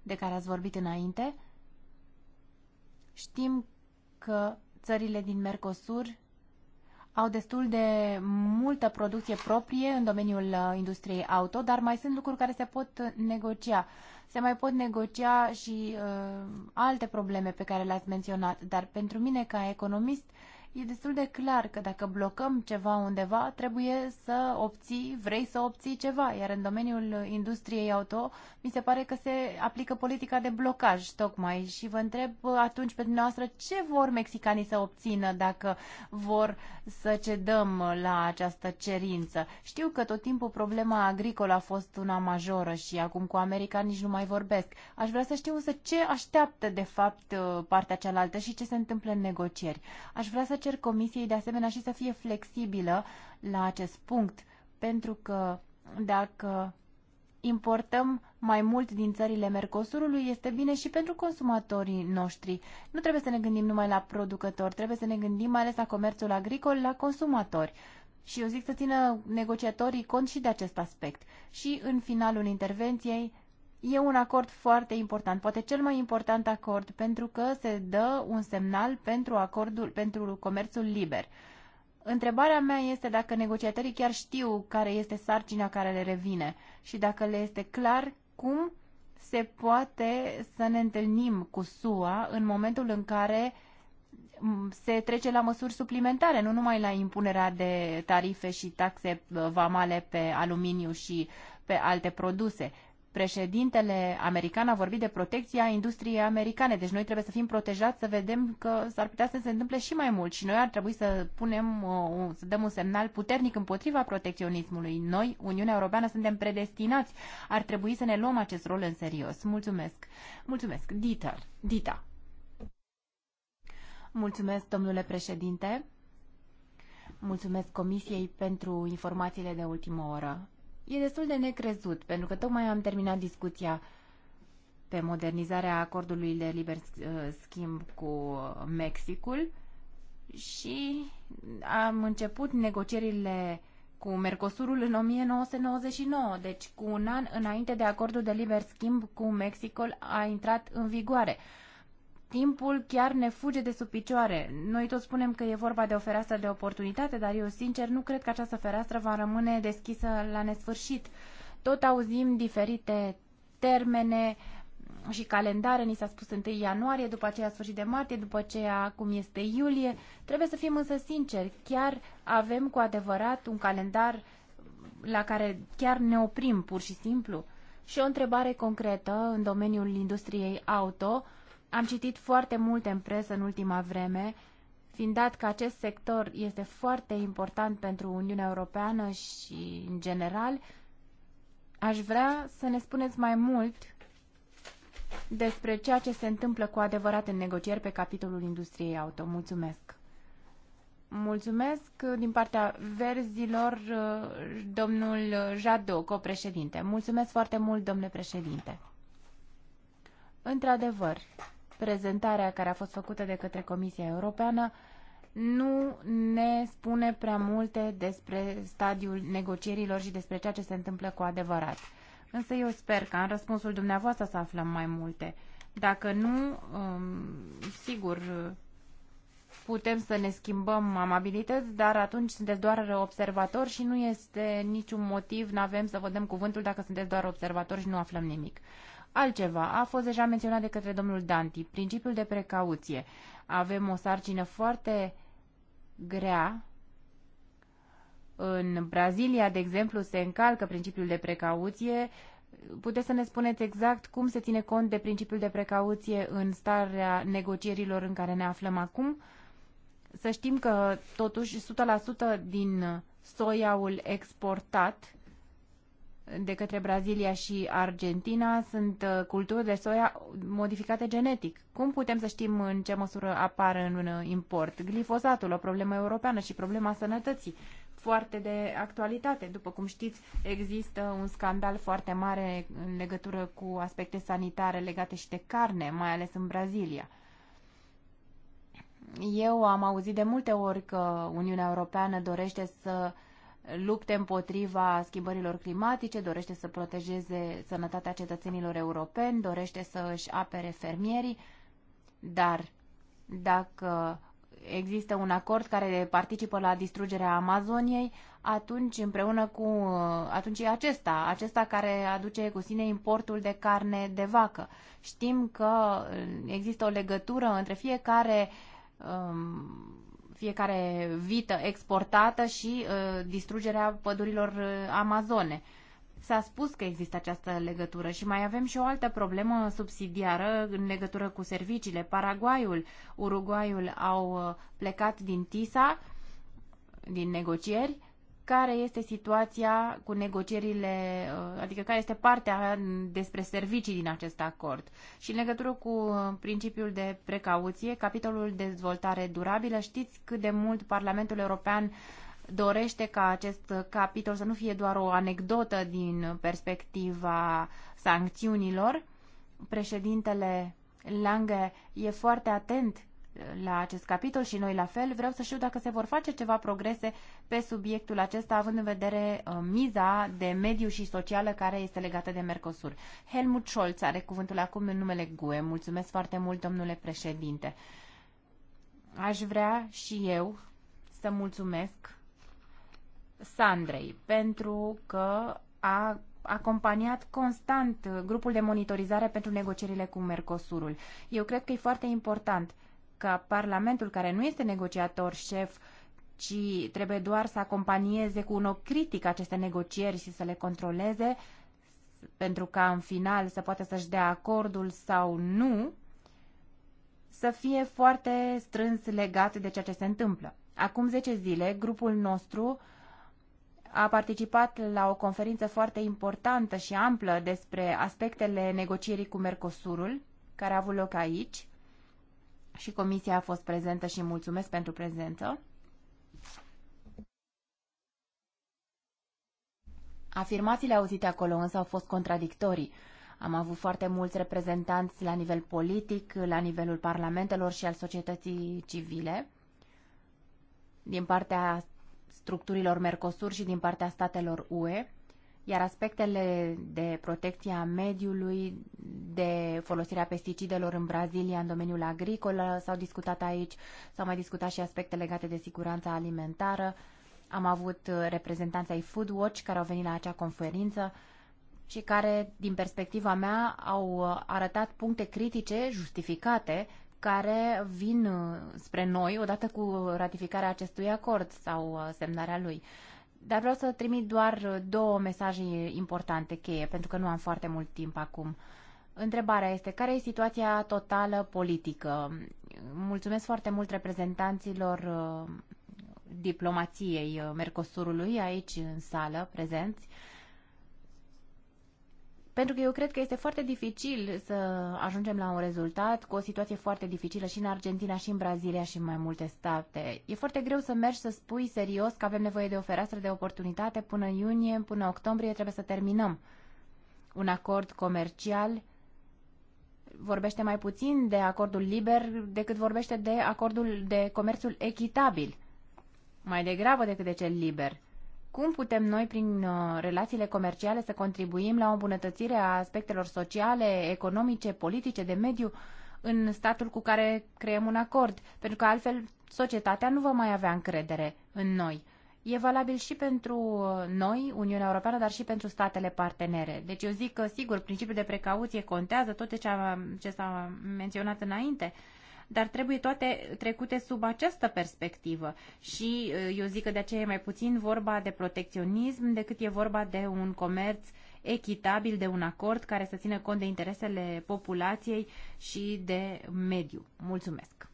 de care ați vorbit înainte. Știm că țările din Mercosur au destul de multă producție proprie în domeniul uh, industriei auto, dar mai sunt lucruri care se pot negocia. Se mai pot negocia și uh, alte probleme pe care le-ați menționat, dar pentru mine ca economist uh, e destul de clar că dacă blocăm ceva undeva, trebuie să obții, vrei să obții ceva. Iar în domeniul industriei auto, mi se pare că se aplică politica de blocaj tocmai. Și vă întreb atunci pe dumneavoastră ce vor mexicanii să obțină dacă vor să cedăm la această cerință. Știu că tot timpul problema agricolă a fost una majoră și acum cu America nici nu mai vorbesc. Aș vrea să știu însă ce așteaptă de fapt partea cealaltă și ce se întâmplă în negocieri. Aș vrea să cer comisiei de asemenea și să fie flexibilă la acest punct, pentru că dacă importăm mai mult din țările Mercosurului este bine și pentru consumatorii noștri. Nu trebuie să ne gândim numai la producători, trebuie să ne gândim mai ales la comerțul agricol, la consumatori. Și eu zic să țină negociatorii cont și de acest aspect. Și în finalul intervenției E un acord foarte important, poate cel mai important acord, pentru că se dă un semnal pentru acordul pentru comerțul liber. Întrebarea mea este dacă negociatorii chiar știu care este sarcina care le revine și dacă le este clar cum se poate să ne întâlnim cu SUA în momentul în care se trece la măsuri suplimentare, nu numai la impunerea de tarife și taxe uh, vamale pe aluminiu și pe alte produse președintele american a vorbit de protecția industriei americane, deci noi trebuie să fim protejați, să vedem că s-ar putea să se întâmple și mai mult și noi ar trebui să punem, uh, să dăm un semnal puternic împotriva protecționismului. Noi, Uniunea Europeană, suntem predestinați. Ar trebui să ne luăm acest rol în serios. Mulțumesc. Mulțumesc. Dita. Dita. Mulțumesc, domnule președinte. Mulțumesc Comisiei pentru informațiile de ultimă oră e destul de necrezut, pentru că tocmai am terminat discuția pe modernizarea acordului de liber uh, schimb cu Mexicul și am început negocierile cu Mercosurul în 1999, deci cu un an înainte de acordul de liber schimb cu Mexicul a intrat în vigoare timpul chiar ne fuge de sub picioare. Noi tot spunem că e vorba de o fereastră de oportunitate, dar eu sincer nu cred că această fereastră va rămâne deschisă la nesfârșit. Tot auzim diferite termene și calendare, ni s-a spus 1 ianuarie, după aceea sfârșit de martie, după aceea acum este iulie. Trebuie să fim însă sinceri, chiar avem cu adevărat un calendar la care chiar ne oprim pur și simplu? Și o întrebare concretă în domeniul industriei auto, am citit foarte multe în presă în ultima vreme, fiind dat că acest sector este foarte important pentru Uniunea Europeană și în general, aș vrea să ne spuneți mai mult despre ceea ce se întâmplă cu adevărat în negocieri pe capitolul industriei auto. Mulțumesc! Mulțumesc din partea verzilor domnul Jadot, copreședinte. Mulțumesc foarte mult, domnule președinte. Într-adevăr, prezentarea care a fost făcută de către Comisia Europeană nu ne spune prea multe despre stadiul negocierilor și despre ceea ce se întâmplă cu adevărat. Însă eu sper că în răspunsul dumneavoastră să aflăm mai multe. Dacă nu, um, sigur, putem să ne schimbăm amabilități, dar atunci sunteți doar observatori și nu este niciun motiv, nu avem să vă dăm cuvântul dacă sunteți doar observatori și nu aflăm nimic. Altceva a fost deja menționat de către domnul Danti, principiul de precauție. Avem o sarcină foarte grea. În Brazilia, de exemplu, se încalcă principiul de precauție. Puteți să ne spuneți exact cum se ține cont de principiul de precauție în starea negocierilor în care ne aflăm acum? Să știm că, totuși, 100% din soiaul exportat de către Brazilia și Argentina sunt uh, culturi de soia modificate genetic. Cum putem să știm în ce măsură apar în import? Glifosatul, o problemă europeană și problema sănătății foarte de actualitate. După cum știți, există un scandal foarte mare în legătură cu aspecte sanitare legate și de carne, mai ales în Brazilia. Eu am auzit de multe ori că Uniunea Europeană dorește să uh, lupte împotriva schimbărilor climatice, dorește să protejeze sănătatea cetățenilor europeni, dorește să își apere fermierii, dar dacă există un acord care participă la distrugerea Amazoniei, atunci împreună cu atunci acesta, acesta care aduce cu sine importul de carne de vacă. Știm că există o legătură între fiecare um, fiecare vită exportată și uh, distrugerea pădurilor uh, amazone. S-a spus că există această legătură și mai avem și o altă problemă subsidiară în legătură cu serviciile. Paraguayul, Uruguayul au uh, plecat din TISA, din negocieri, care este situația cu negocierile, uh, adică care este partea despre servicii din acest acord. Și în legătură cu uh, principiul de precauție, capitolul dezvoltare durabilă, știți cât de mult Parlamentul European dorește ca acest capitol să nu fie doar o anecdotă din perspectiva sancțiunilor. Președintele Lange e foarte atent la acest capitol și noi la fel. Vreau să știu dacă se vor face ceva progrese pe subiectul acesta, având în vedere uh, miza de mediu și socială care este legată de Mercosur. Helmut Scholz are cuvântul acum în numele GUE. Mulțumesc foarte mult, domnule președinte. Aș vrea și eu să mulțumesc Sandrei pentru că a acompaniat constant grupul de monitorizare pentru negocierile cu Mercosurul. Eu cred că e foarte important ca Parlamentul, care nu este negociator șef, ci trebuie doar să acompanieze cu un ochi critic aceste negocieri și să le controleze, pentru ca în final să poată să-și dea acordul sau nu, să fie foarte strâns legat de ceea ce se întâmplă. Acum 10 zile, grupul nostru a participat la o conferință foarte importantă și amplă despre aspectele negocierii cu Mercosurul, care a avut loc aici, și comisia a fost prezentă și mulțumesc pentru prezență. Afirmațiile auzite acolo însă au fost contradictorii. Am avut foarte mulți reprezentanți la nivel politic, la nivelul parlamentelor și al societății civile, din partea structurilor Mercosur și din partea statelor UE iar aspectele de protecție a mediului, de folosirea pesticidelor în Brazilia, în domeniul agricol, s-au discutat aici, s-au mai discutat și aspecte legate de siguranța alimentară. Am avut uh, reprezentanța ai Food Watch care au venit la acea conferință și care, din perspectiva mea, au uh, arătat puncte critice justificate care vin uh, spre noi odată cu ratificarea acestui acord sau semnarea lui. Dar vreau să trimit doar uh, două mesaje importante cheie, pentru că nu am foarte mult timp acum. Întrebarea este, care e situația totală politică? Mulțumesc foarte mult reprezentanților uh, diplomației uh, Mercosurului aici în sală, prezenți. Uh, pentru că eu cred că este foarte dificil să ajungem la un rezultat cu o situație foarte dificilă și în Argentina, și în Brazilia, și în mai multe state. E foarte greu să mergi să spui serios că avem nevoie de o fereastră de oportunitate până iunie, până octombrie trebuie să terminăm un acord comercial vorbește mai puțin de acordul liber decât vorbește de acordul de comerțul echitabil, mai degrabă decât de cel liber. Cum putem noi, prin uh, relațiile comerciale, să contribuim la o îmbunătățire a aspectelor sociale, economice, politice, de mediu în statul cu care creăm un acord? Pentru că altfel societatea nu va mai avea încredere în noi. E valabil și pentru uh, noi, Uniunea Europeană, dar și pentru statele partenere. Deci eu zic că, sigur, principiul de precauție contează tot ce, ce s-a menționat înainte, dar trebuie toate trecute sub această perspectivă. Și uh, eu zic că de aceea e mai puțin vorba de protecționism decât e vorba de un comerț echitabil, de un acord care să țină cont de interesele populației și de mediu. Mulțumesc!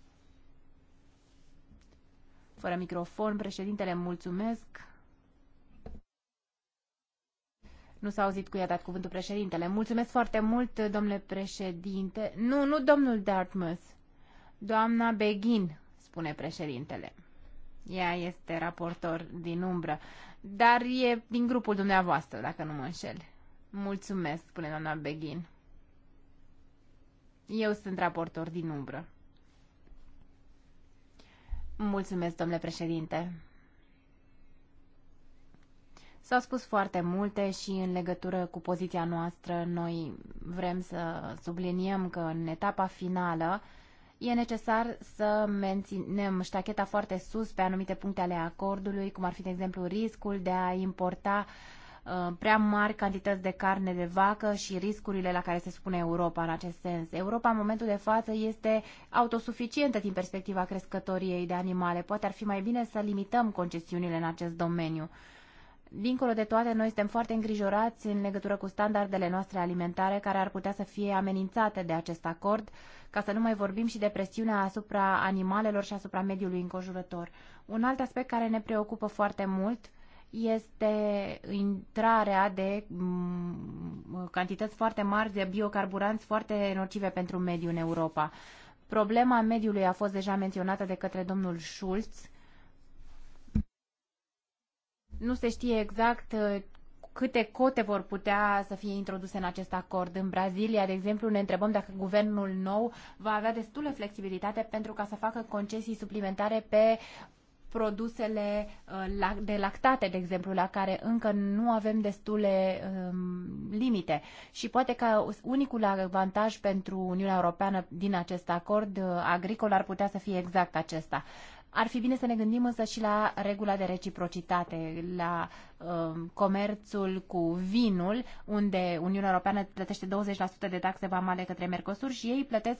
Fără microfon, președintele, mulțumesc! Nu s-a auzit cu i-a dat cuvântul președintele. Mulțumesc foarte mult, domnule președinte. Nu, nu domnul Dartmouth. Doamna Beghin, spune președintele. Ea este raportor din umbră, dar e din grupul dumneavoastră, dacă nu mă înșel. Mulțumesc, spune doamna Beghin. Eu sunt raportor din umbră. Mulțumesc, domnule președinte. S-au spus foarte multe și în legătură cu poziția noastră, noi vrem să subliniem că în etapa finală, uh, E necesar să menținem ștacheta foarte sus pe anumite puncte ale acordului, cum ar fi, de exemplu, riscul de a importa uh, prea mari cantități de carne de vacă și riscurile la care se spune Europa în acest sens. Europa în momentul de față este autosuficientă din perspectiva crescătoriei de animale. Poate ar fi mai bine să limităm concesiunile în acest domeniu. Dincolo de toate, noi suntem foarte îngrijorați în legătură cu standardele noastre alimentare care ar putea să fie amenințate de acest acord, ca să nu mai vorbim și de presiunea asupra animalelor și asupra mediului înconjurător. Un alt aspect care ne preocupă foarte mult este intrarea de mm, cantități foarte mari de biocarburanți foarte nocive pentru mediu în Europa. Problema mediului a fost deja menționată de către domnul Schulz nu se știe exact uh, câte cote vor putea să fie introduse în acest acord. În Brazilia, de exemplu, ne întrebăm dacă guvernul nou va avea destulă flexibilitate pentru ca să facă concesii suplimentare pe produsele uh, de lactate, de exemplu, la care încă nu avem destule um, limite. Și poate că unicul avantaj pentru Uniunea Europeană din acest acord uh, agricol ar putea să fie exact acesta. Ar fi bine să ne gândim însă și la regula de reciprocitate, la Um, comerțul cu vinul, unde Uniunea Europeană plătește 20% de taxe vamale către Mercosur și ei plătesc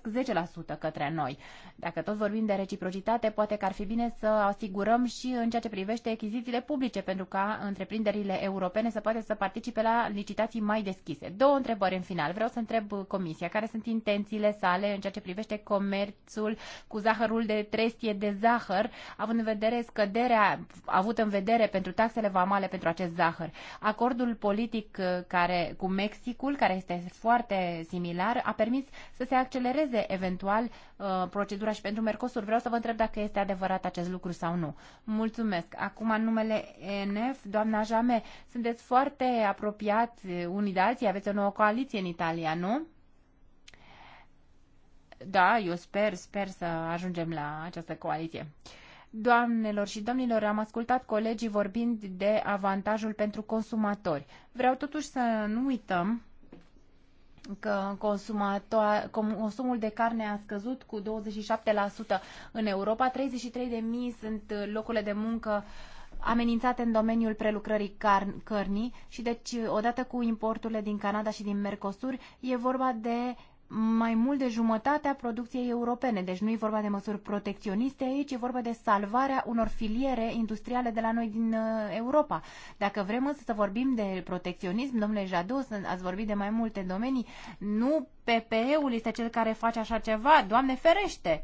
10% către noi. Dacă tot vorbim de reciprocitate, poate că ar fi bine să asigurăm și în ceea ce privește achizițiile publice, pentru ca întreprinderile europene să poată să participe la licitații mai deschise. Două întrebări în final. Vreau să întreb Comisia, care sunt intențiile sale în ceea ce privește comerțul cu zahărul de trestie de zahăr, având în vedere scăderea avută în vedere pentru taxele vamale pentru acest zahăr. Acordul politic uh, care, cu Mexicul, care este foarte similar, a permis să se accelereze eventual uh, procedura și pentru Mercosur. Vreau să vă întreb dacă este adevărat acest lucru sau nu. Mulțumesc. Acum, în numele ENF, doamna Jame, sunteți foarte apropiați uh, unii de alții, aveți o nouă coaliție în Italia, nu? Da, eu sper, sper să ajungem la această coaliție. Uh, Doamnelor și domnilor, am ascultat colegii vorbind de avantajul pentru consumatori. Vreau totuși să nu uităm că consumul de carne a scăzut cu 27% în Europa. 33.000 sunt locurile de muncă amenințate în domeniul prelucrării car- cărnii și deci odată cu importurile din Canada și din Mercosur e vorba de mai mult de jumătatea producției europene. Deci nu e vorba de măsuri protecționiste aici, e vorba de salvarea unor filiere industriale de la noi din uh, Europa. Dacă vrem să vorbim de protecționism, domnule Jadot, ați vorbit de mai multe domenii, nu PPE-ul este cel care face așa ceva, Doamne ferește!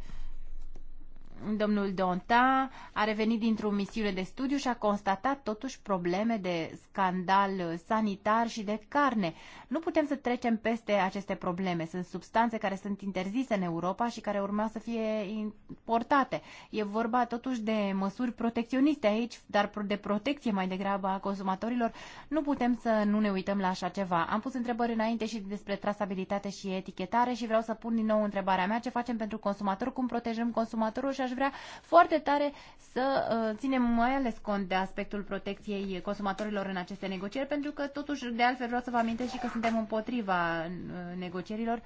Domnul Donta a revenit dintr-o misiune de studiu și a constatat totuși probleme de scandal sanitar și de carne. Nu putem să trecem peste aceste probleme. Sunt substanțe care sunt interzise în Europa și care urma să fie importate. E vorba totuși de măsuri protecționiste aici, dar de protecție mai degrabă a consumatorilor. Nu putem să nu ne uităm la așa ceva. Am pus întrebări înainte și despre trasabilitate și etichetare și vreau să pun din nou întrebarea mea ce facem pentru consumator, cum protejăm consumatorul și aș aș vrea foarte tare să uh, ținem mai ales cont de aspectul protecției consumatorilor în aceste negocieri, pentru că totuși, de altfel, vreau să vă amintesc și că suntem împotriva uh, negocierilor.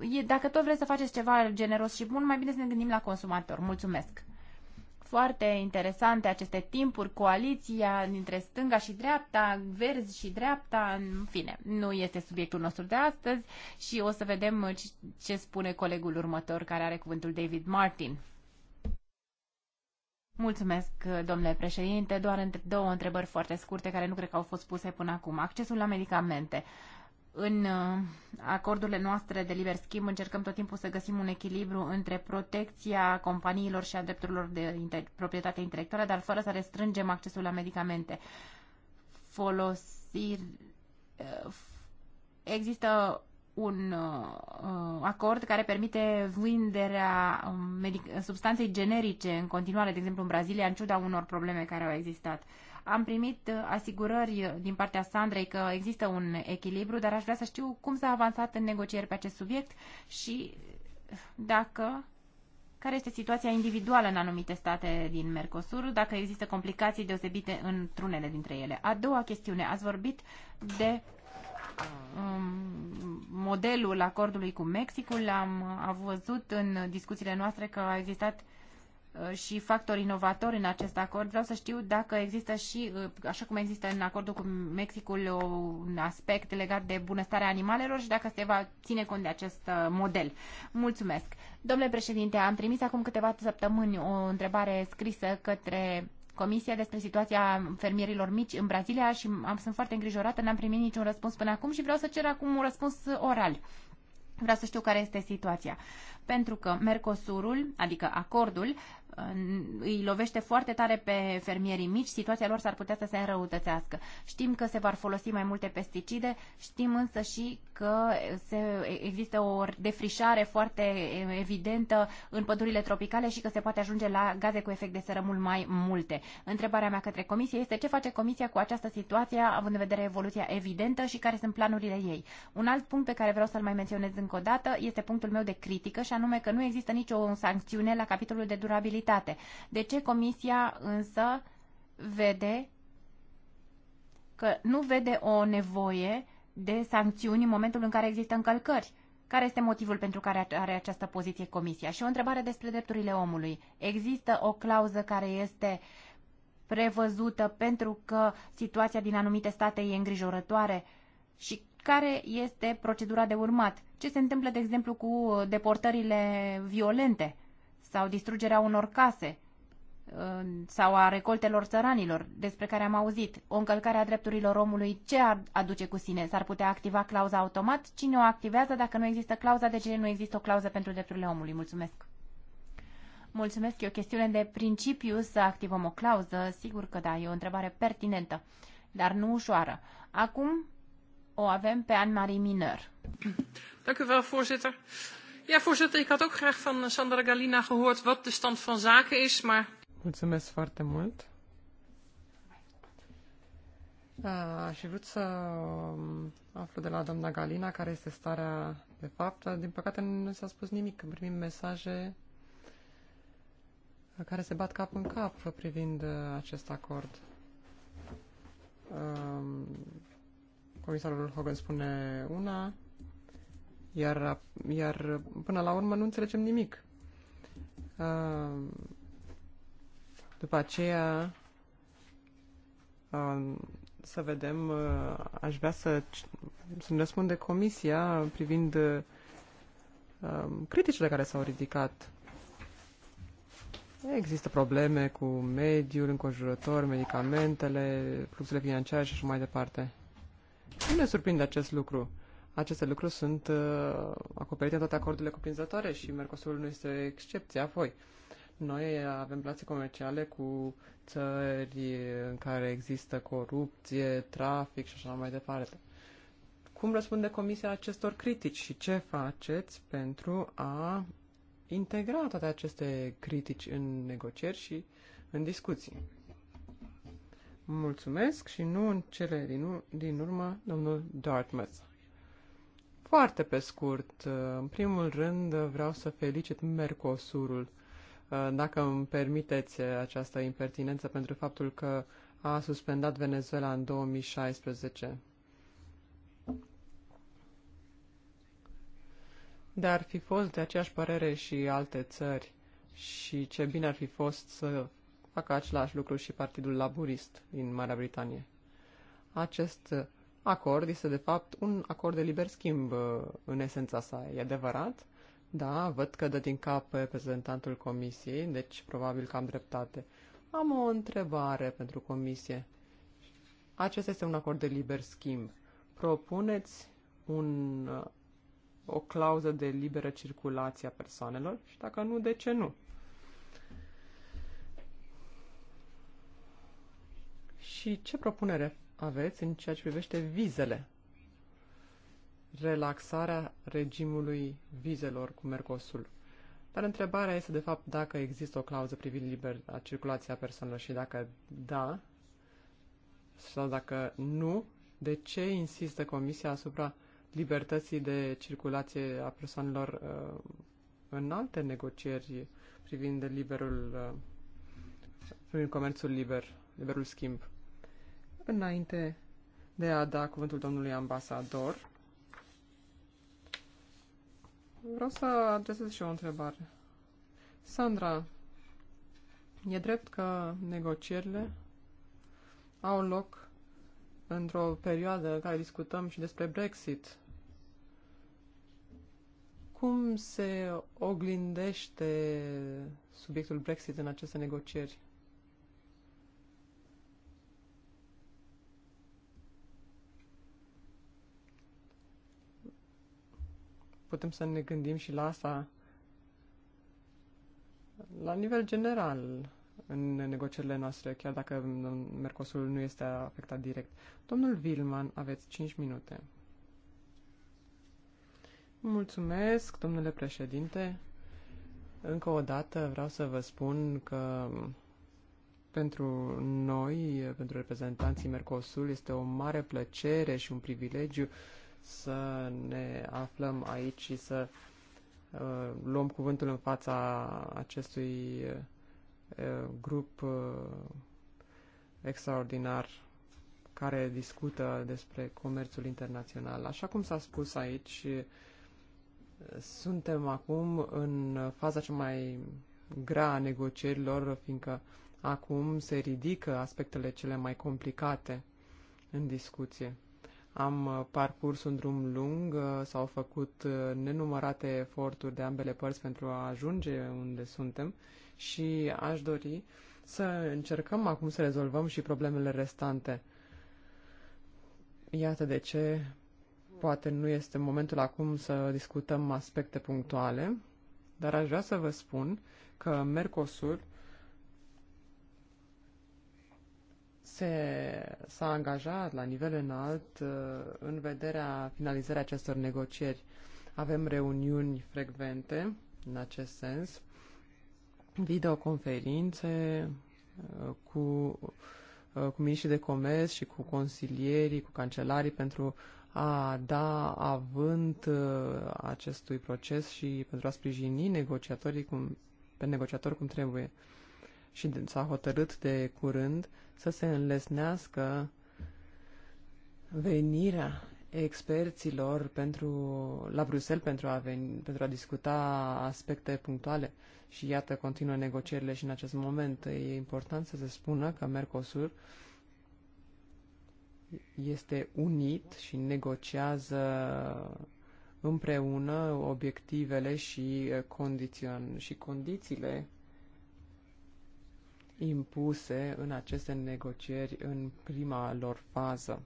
Uh, dacă tot vreți să faceți ceva generos și bun, mai bine să ne gândim la consumator. Mulțumesc! foarte interesante aceste timpuri, coaliția dintre stânga și dreapta, verzi și dreapta, în fine, nu este subiectul nostru de astăzi și o să vedem ce spune colegul următor care are cuvântul David Martin. Mulțumesc, domnule președinte. Doar două întrebări foarte scurte care nu cred că au fost puse până acum. Accesul la medicamente în uh, acordurile noastre de liber schimb încercăm tot timpul să găsim un echilibru între protecția companiilor și a drepturilor de proprietate intelectuală, dar fără să restrângem accesul la medicamente. Folosir... Uh, există un uh, acord care permite vinderea um, substanței generice în continuare, de exemplu în Brazilia, în ciuda unor probleme care au existat. Uh, am primit uh, asigurări din partea Sandrei că există un echilibru, dar aș vrea să știu cum s-a avansat în negocieri pe acest subiect și uh, dacă care este situația individuală în anumite state din Mercosur, dacă există complicații deosebite în trunele dintre ele. A doua chestiune, ați vorbit de um, modelul acordului cu Mexicul. Am, am uh, văzut în discuțiile noastre că a existat Uh, și factori inovatori în acest acord. Vreau să știu dacă există și, uh, așa cum există în acordul cu Mexicul, un aspect legat de bunăstarea animalelor și dacă se va ține cont de acest uh, model. Mulțumesc. Domnule președinte, am trimis acum câteva săptămâni o întrebare scrisă către Comisia despre situația fermierilor mici în Brazilia și am, sunt foarte îngrijorată, n-am primit niciun răspuns până acum și vreau să cer acum un răspuns oral. Vreau să știu care este situația. Pentru că Mercosurul, adică acordul, îi lovește foarte tare pe fermierii mici, situația lor s-ar putea să se înrăutățească. Știm că se vor folosi mai multe pesticide, știm însă și că se, există o defrișare foarte evidentă în pădurile tropicale și că se poate ajunge la gaze cu efect de seră mult mai multe. Întrebarea mea către comisie este ce face comisia cu această situație, având în vedere evoluția evidentă și care sunt planurile ei. Un alt punct pe care vreau să-l mai menționez încă o dată este punctul meu de critică și anume că nu există nicio sancțiune la capitolul de durabil posibilitate. De ce Comisia însă vede că nu vede o nevoie de sancțiuni în momentul în care există încălcări? Care este motivul pentru care are această poziție Comisia? Și o întrebare despre drepturile omului. Există o clauză care este prevăzută pentru că situația din anumite state e îngrijorătoare? Și care este procedura de urmat? Ce se întâmplă, de exemplu, cu deportările violente? sau distrugerea unor case uh, sau a recoltelor țăranilor, despre care am auzit, o încălcare a drepturilor omului, ce ar aduce cu sine? S-ar putea activa clauza automat? Cine o activează? Dacă nu există clauza, de ce nu există o clauză pentru drepturile omului? Mulțumesc! Mulțumesc, e o chestiune de principiu să activăm o clauză, sigur că da, e o întrebare pertinentă, dar nu ușoară. Acum o avem pe Anne-Marie Miner. Dacă vă, voorzitter. Ja, voorzitter, ik had ook graag van eh, Sandra Galina gehoord wat de stand van zaken is, maar... Mulțumesc foarte mult. Eh, aș fi vrut să um, aflu de la doamna Galina care este starea de fapt. Din păcate nu s-a spus nimic. Primim mesaje care se bat cap în cap privind eh, acest acord. Um, comisarul Hogan spune una, iar, iar până la urmă nu înțelegem nimic. După aceea, să vedem, aș vrea să, să-mi răspunde comisia privind criticile care s-au ridicat. Există probleme cu mediul înconjurător, medicamentele, fluxurile financiare și așa mai departe. Nu ne surprinde acest lucru. Aceste lucruri sunt uh, acoperite în toate acordurile cuprinzătoare și Mercosurul nu este excepție. Apoi, noi avem relații comerciale cu țări în care există corupție, trafic și așa mai departe. Cum răspunde Comisia acestor critici și ce faceți pentru a integra toate aceste critici în negocieri și în discuții? Mulțumesc și nu în cele din, din urmă, domnul Dartmouth. Foarte pe scurt, în primul rând vreau să felicit Mercosurul, dacă îmi permiteți această impertinență pentru faptul că a suspendat Venezuela în 2016. Dar ar fi fost de aceeași părere și alte țări și ce bine ar fi fost să facă același lucru și Partidul Laburist din Marea Britanie. Acest acord este de fapt un acord de liber schimb uh, în esența sa. E adevărat? Da, văd că dă din cap reprezentantul comisiei, deci probabil că am dreptate. Am o întrebare pentru comisie. Acesta este un acord de liber schimb. Propuneți un, uh, o clauză de liberă circulație a persoanelor și dacă nu, de ce nu? Și ce propunere aveți în ceea ce privește vizele. Relaxarea regimului vizelor cu Mercosul. Dar întrebarea este, de fapt, dacă există o clauză privind libera circulația persoanelor și dacă da, sau dacă nu, de ce insistă Comisia asupra libertății de circulație a persoanelor uh, în alte negocieri privind liberul, uh, privind comerțul liber, liberul schimb? Înainte de a da cuvântul domnului ambasador, vreau să adresez și o întrebare. Sandra, e drept că negocierile au loc într-o perioadă în care discutăm și despre Brexit. Cum se oglindește subiectul Brexit în aceste negocieri? putem să ne gândim și la asta la nivel general în negocierile noastre, chiar dacă Mercosul nu este afectat direct. Domnul Vilman, aveți 5 minute. Mulțumesc, domnule președinte. Încă o dată vreau să vă spun că pentru noi, pentru reprezentanții Mercosul, este o mare plăcere și un privilegiu uh, să ne aflăm aici și să uh, luăm cuvântul în fața acestui uh, grup uh, extraordinar care discută despre comerțul internațional. Așa cum s-a spus aici, suntem acum în faza cea mai grea a negocierilor, fiindcă acum se ridică aspectele cele mai complicate în discuție. Am uh, parcurs un drum lung, uh, s-au făcut uh, nenumărate eforturi de ambele părți pentru a ajunge unde suntem și aș dori să încercăm acum să rezolvăm și problemele restante. Iată de ce poate nu este momentul acum să discutăm aspecte punctuale, dar aș vrea să vă spun că Mercosur se, s-a angajat la nivel înalt uh, în vederea finalizării acestor negocieri. Avem reuniuni frecvente în acest sens, videoconferințe uh, cu, uh, cu miniștrii de comerț și cu consilierii, cu cancelarii pentru a da avânt acestui proces și pentru a sprijini negociatorii cum, pe negociatori cum trebuie și s-a hotărât de curând să se înlesnească venirea experților pentru, la Bruxelles pentru a, veni, pentru a discuta aspecte punctuale. Și iată, continuă negocierile și în acest moment. E important să se spună că Mercosur este unit și negociază împreună obiectivele și, eh, condițion, și condițiile impuse în aceste negocieri în prima lor fază.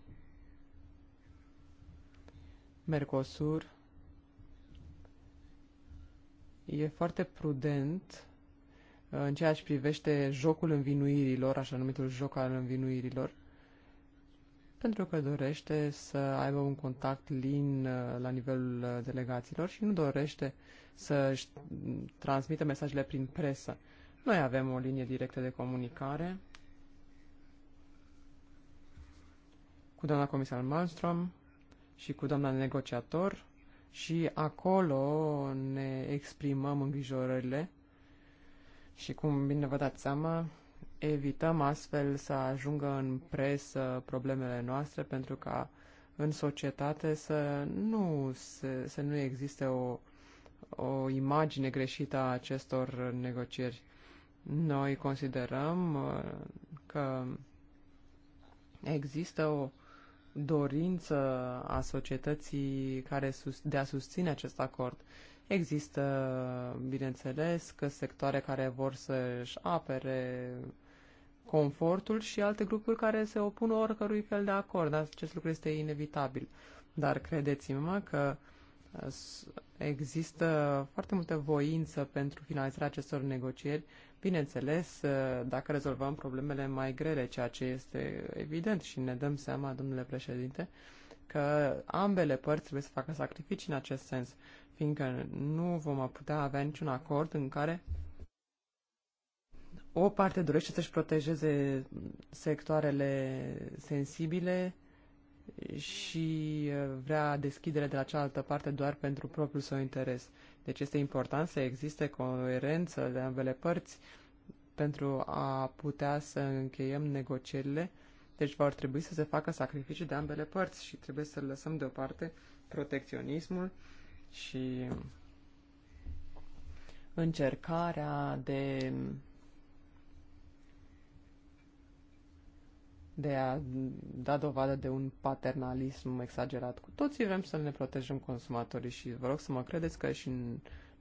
Mercosur e foarte prudent uh, în ceea ce privește jocul învinuirilor, așa numitul joc al învinuirilor, pentru că dorește să aibă un contact lin uh, la nivelul uh, delegaților și nu dorește să-și transmită mesajele prin presă. Noi avem o linie directă de comunicare cu doamna comisar Malmström și cu doamna negociator și acolo ne exprimăm îngrijorările și cum bine vă dați seama, evităm astfel să ajungă în presă problemele noastre pentru ca în societate să nu, se să nu existe o, o imagine greșită a acestor negocieri. Noi considerăm uh, că există o dorință a societății care sus de a susține acest acord. Există, bineînțeles, că sectoare care vor să-și apere confortul și alte grupuri care se opun oricărui fel de acord. Acest lucru este inevitabil. Dar credeți-mă că uh, există foarte multă voință pentru finalizarea acestor negocieri Bineînțeles, ă, dacă rezolvăm problemele mai grele, ceea ce este evident și ne dăm seama, domnule președinte, că ambele părți trebuie să facă sacrificii în acest sens, fiindcă nu vom putea avea niciun acord în care o parte dorește să-și protejeze sectoarele sensibile și ă, vrea deschidere de la cealaltă parte doar pentru propriul său interes. Deci este important să existe coerență de ambele părți pentru a putea să încheiem negocierile. Deci vor trebui să se facă sacrificii de ambele părți și trebuie să lăsăm deoparte protecționismul și încercarea de de a da dovadă de un paternalism exagerat. Cu toții vrem să ne protejăm consumatorii și vă rog să mă credeți că și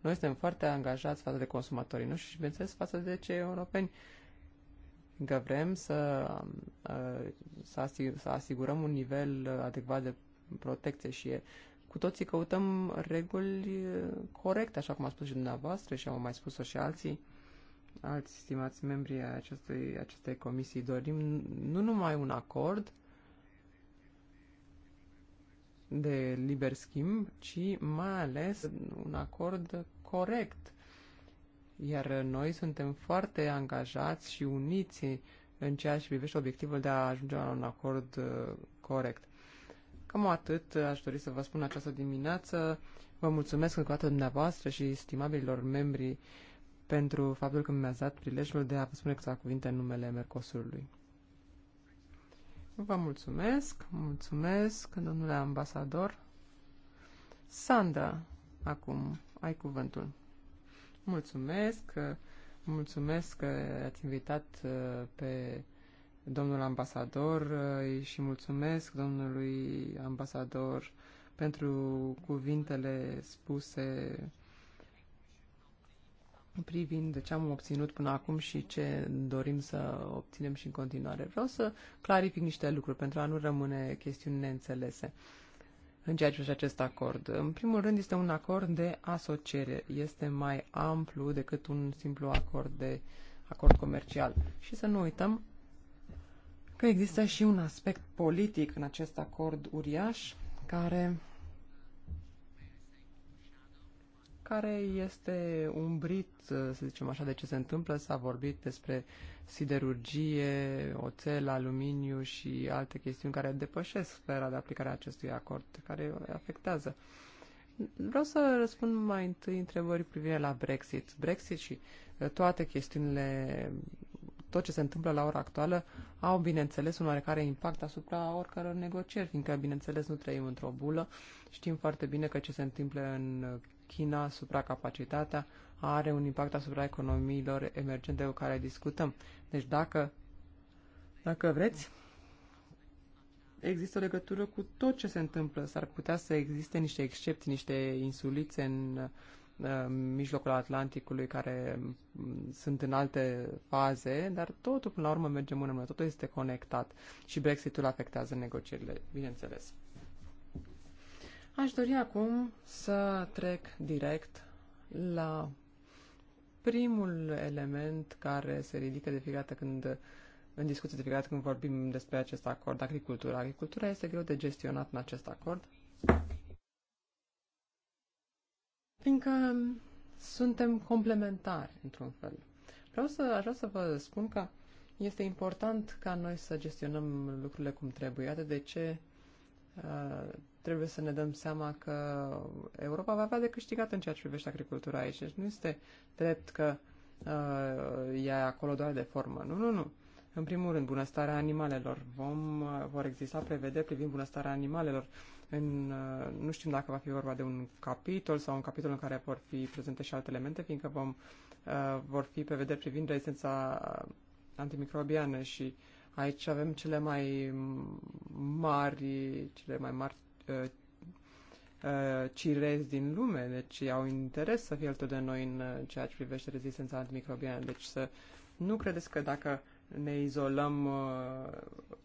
noi suntem foarte angajați față de consumatorii noștri și, bineînțeles, față de cei europeni. Că vrem să, uh, să asigurăm un nivel adecvat de protecție și cu toții căutăm reguli uh, corecte, așa cum a spus și dumneavoastră și au mai spus-o și alții alți stimați membri ai acestui, acestei comisii. Dorim nu numai un acord de liber schimb, ci mai ales un acord corect. Iar noi suntem foarte angajați și uniți în ceea ce privește obiectivul de a ajunge la un acord uh, corect. Cam atât aș dori să vă spun această dimineață. Vă mulțumesc încă o dată dumneavoastră și stimabililor membrii pentru faptul că mi-ați dat prilejul de a vă spune câteva cuvinte în numele Mercosurului. Vă mulțumesc, mulțumesc, domnule ambasador. Sandra, acum ai cuvântul. Mulțumesc, mulțumesc că ați invitat uh, pe domnul ambasador uh, și mulțumesc domnului ambasador pentru cuvintele spuse privind ce am obținut până acum și ce dorim să obținem și în continuare. Vreau să clarific niște lucruri pentru a nu rămâne chestiuni neînțelese în ceea ce acest acord. În primul rând, este un acord de asociere. Este mai amplu decât un simplu acord de acord comercial. Și să nu uităm că există și un aspect politic în acest acord uriaș care care este umbrit, să zicem așa, de ce se întâmplă. S-a vorbit despre siderurgie, oțel, aluminiu și alte chestiuni care depășesc sfera de aplicare a acestui acord, care afectează. Vreau să răspund mai întâi întrebări privire la Brexit. Brexit și toate chestiunile, tot ce se întâmplă la ora actuală, au, bineînțeles, un oarecare impact asupra oricăror negocieri, fiindcă, bineînțeles, nu trăim într-o bulă. Știm foarte bine că ce se întâmplă în China, capacitatea are un impact asupra economiilor emergente cu care discutăm. Deci dacă, dacă vreți, există o legătură cu tot ce se întâmplă. S-ar putea să existe niște excepții, niște insulițe în uh, mijlocul Atlanticului care mm, sunt în alte faze, dar totul până la urmă merge mână mână, totul este conectat și Brexitul afectează negocierile, bineînțeles. Aș dori acum să trec direct la primul element care se ridică de fiecare dată când în discuție de fiecare dată când vorbim despre acest acord, agricultura. Agricultura este greu de gestionat în acest acord, fiindcă suntem complementari, într-un fel. Vreau să, aș vrea să vă spun că este important ca noi să gestionăm lucrurile cum trebuie. Iată de ce uh, trebuie să ne dăm seama că Europa va avea de câștigat în ceea ce privește agricultura aici. Deci nu este drept că uh, e acolo doar de formă. Nu, nu, nu. În primul rând, bunăstarea animalelor. Vom, uh, vor exista prevederi privind bunăstarea animalelor. În, uh, nu știm dacă va fi vorba de un capitol sau un capitol în care vor fi prezente și alte elemente, fiindcă vom, uh, vor fi prevederi privind rezistența antimicrobiană și aici avem cele mai mari, cele mai mari Uh, uh, cirezi din lume, deci au interes să fie alături de noi în uh, ceea ce privește rezistența antimicrobiană. Deci să nu credeți că dacă ne izolăm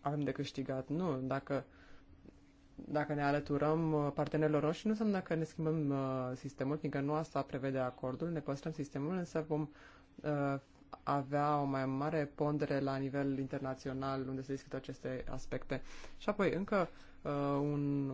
avem de câștigat. Nu, dacă dacă ne alăturăm partenerilor noștri, nu înseamnă că ne schimbăm sistemul, fiindcă nu asta prevede acordul, ne păstrăm sistemul, însă vom avea o mai mare pondere la nivel internațional unde se discută aceste aspecte. Și apoi, încă Uh, un,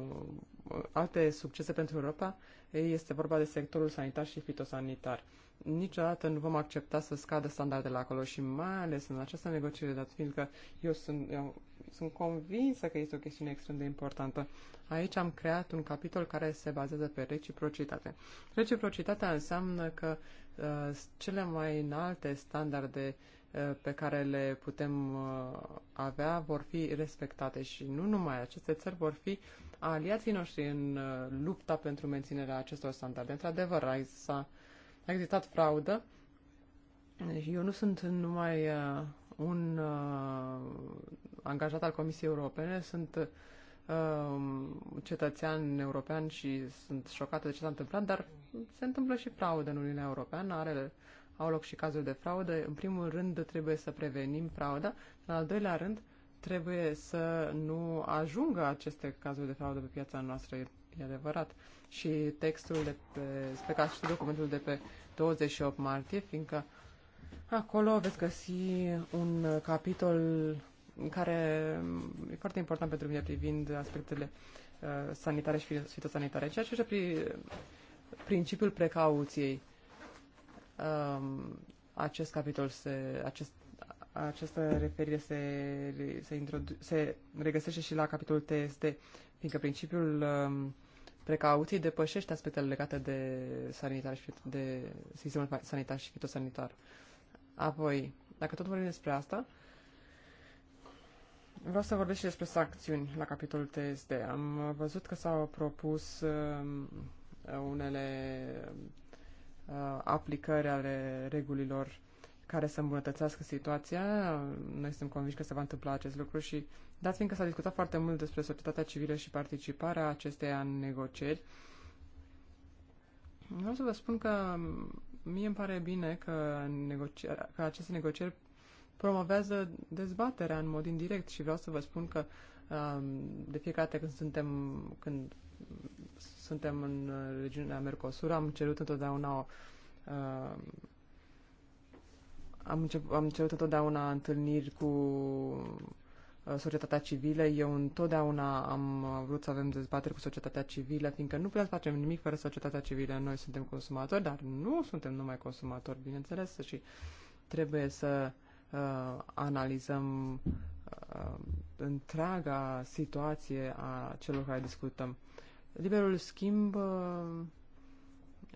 uh, alte succese pentru Europa este vorba de sectorul sanitar și fitosanitar. Niciodată nu vom accepta să scadă standardele acolo și mai ales în această negociere, dat fiind că eu sunt, eu sunt convinsă că este o chestiune extrem de importantă. Aici am creat un capitol care se bazează pe reciprocitate. Reciprocitatea înseamnă că uh, cele mai înalte standarde uh, Eh, pe care le putem eh, avea vor fi respectate și nu numai aceste țări vor fi aliații noștri în eh, lupta pentru menținerea acestor standarde. Într-adevăr, a, a existat fraudă. Eu nu sunt numai un angajat al Comisiei Europene, sunt cetățean european și sunt șocată de ce s-a întâmplat, dar se întâmplă și fraudă în Uniunea Europeană, are au loc și cazuri de fraudă. În primul rând trebuie să prevenim frauda, în al doilea rând trebuie să nu ajungă aceste cazuri de fraudă pe piața noastră, e, adevărat. Și textul de pe, pe care și documentul de pe 28 martie, fiindcă acolo veți găsi un capitol care e foarte important pentru mine privind aspectele uh, sanitare și fitosanitare, ceea ce este pri, principiul precauției um, acest capitol se, acest, această referire se, se, introdu- se regăsește și la capitolul TSD, fiindcă principiul um, precauției depășește aspectele legate de, sanitar și, de sistemul sanitar și fitosanitar. Apoi, dacă tot vorbim despre asta, vreau să vorbesc și despre sancțiuni la capitolul TSD. Am văzut că s-au propus um, unele Uh, aplicări ale regulilor care să îmbunătățească situația. Noi suntem convinși că se va întâmpla acest lucru și, dat fiindcă s-a discutat foarte mult despre societatea civilă și participarea acesteia în negocieri, vreau să vă spun că mie îmi pare bine că, negocia- că aceste negocieri promovează dezbaterea în mod indirect și vreau să vă spun că um, de fiecare dată când suntem, când suntem în uh, regiunea Mercosur, am cerut întotdeauna o, uh, am, început, am cerut întotdeauna întâlniri cu uh, societatea civilă. Eu întotdeauna am vrut să avem dezbateri cu societatea civilă, fiindcă nu putem să facem nimic fără societatea civilă. Noi suntem consumatori, dar nu suntem numai consumatori, bineînțeles, și trebuie să uh, analizăm uh, întreaga situație a celor care discutăm. Liberul schimb, uh,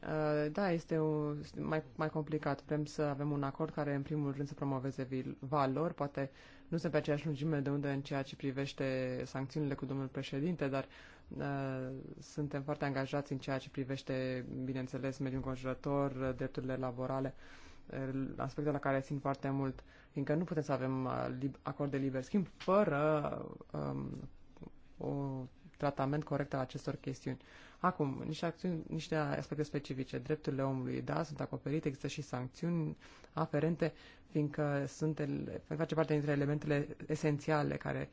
uh, da, este o, mai, mai complicat. Vrem să avem un acord care, în primul rând, să promoveze valori. Poate nu sunt pe aceeași lungime de unde în ceea ce privește sancțiunile cu domnul președinte, dar uh, suntem foarte angajați în ceea ce privește, bineînțeles, mediul înconjurător, drepturile laborale, aspecte la care țin foarte mult, fiindcă nu putem să avem acord de liber schimb fără um, o tratament corect al acestor chestiuni. Acum, niște acțiuni, niște aspecte specifice. Drepturile omului, da, sunt acoperite, există și sancțiuni aferente, fiindcă sunt, fiindcă face parte dintre elementele esențiale care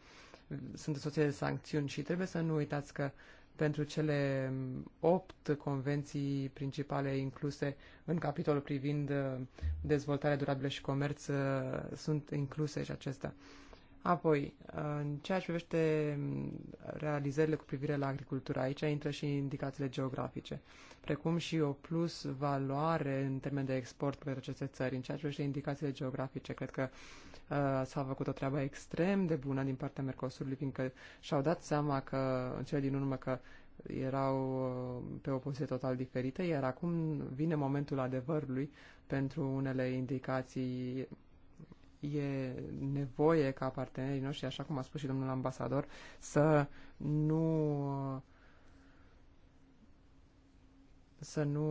sunt asociate de sancțiuni și trebuie să nu uitați că pentru cele opt convenții principale incluse în capitolul privind uh, dezvoltarea durabilă și comerț uh, sunt incluse și acestea. Apoi, uh, în ceea ce privește mm, realizările cu privire la agricultură, aici intră și indicațiile geografice, precum și o plus valoare în termen de export pentru aceste țări. În ceea ce privește indicațiile geografice, cred că uh, s-a făcut o treabă extrem de bună din partea Mercosurului, fiindcă și-au dat seama că, în cele din urmă, că erau uh, pe o poziție total diferită, iar acum vine momentul adevărului pentru unele indicații e nevoie ca partenerii noștri, așa cum a spus și domnul ambasador, să nu să nu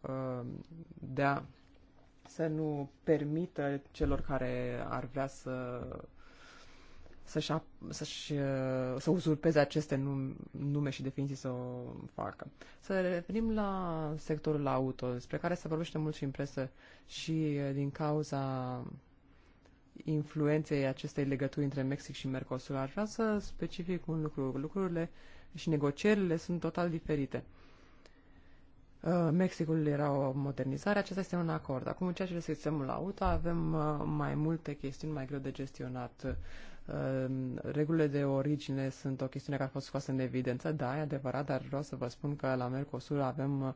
uh, dea să nu permită celor care ar vrea să să-și, să-și, uh, să uzurpeze aceste nume și definiții să o facă. Să revenim la sectorul auto, despre care se vorbește mult și în presă și uh, din cauza influenței acestei legături între Mexic și Mercosur. Ar vrea să specific un lucru. Lucrurile și negocierile sunt total diferite. Uh, Mexicul era o modernizare, acesta este un acord. Acum, în ceea ce este sistemul auto, avem mai multe chestiuni mai greu de gestionat Ehm, regulile de origine sunt o chestiune care a fost scoasă în evidență, da, e adevărat, dar vreau să vă spun că la Mercosur avem uh,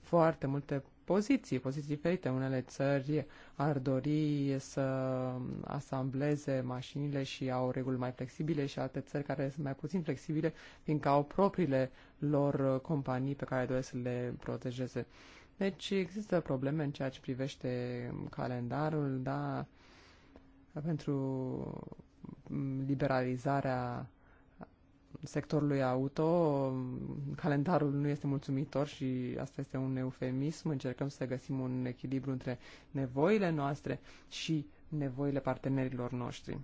foarte multe poziții, poziții diferite. Unele țări ar dori să um, asambleze mașinile și au reguli mai flexibile și alte țări care sunt mai puțin flexibile, fiindcă au propriile lor uh, companii pe care doresc să le protejeze. Deci există probleme în ceea ce privește calendarul, da, pentru liberalizarea sectorului auto, calendarul nu este mulțumitor și asta este un eufemism. Încercăm să găsim un echilibru între nevoile noastre și nevoile partenerilor noștri.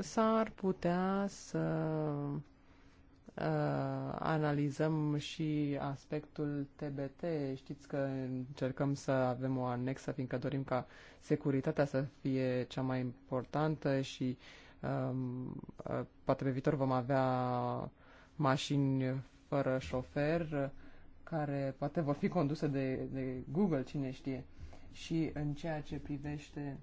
S-ar putea să Uh, analizăm și aspectul TBT. Știți că încercăm să avem o anexă, fiindcă dorim ca securitatea să fie cea mai importantă și um, uh, poate pe viitor vom avea mașini fără șofer care poate vor fi conduse de, de Google, cine știe. Și în ceea ce privește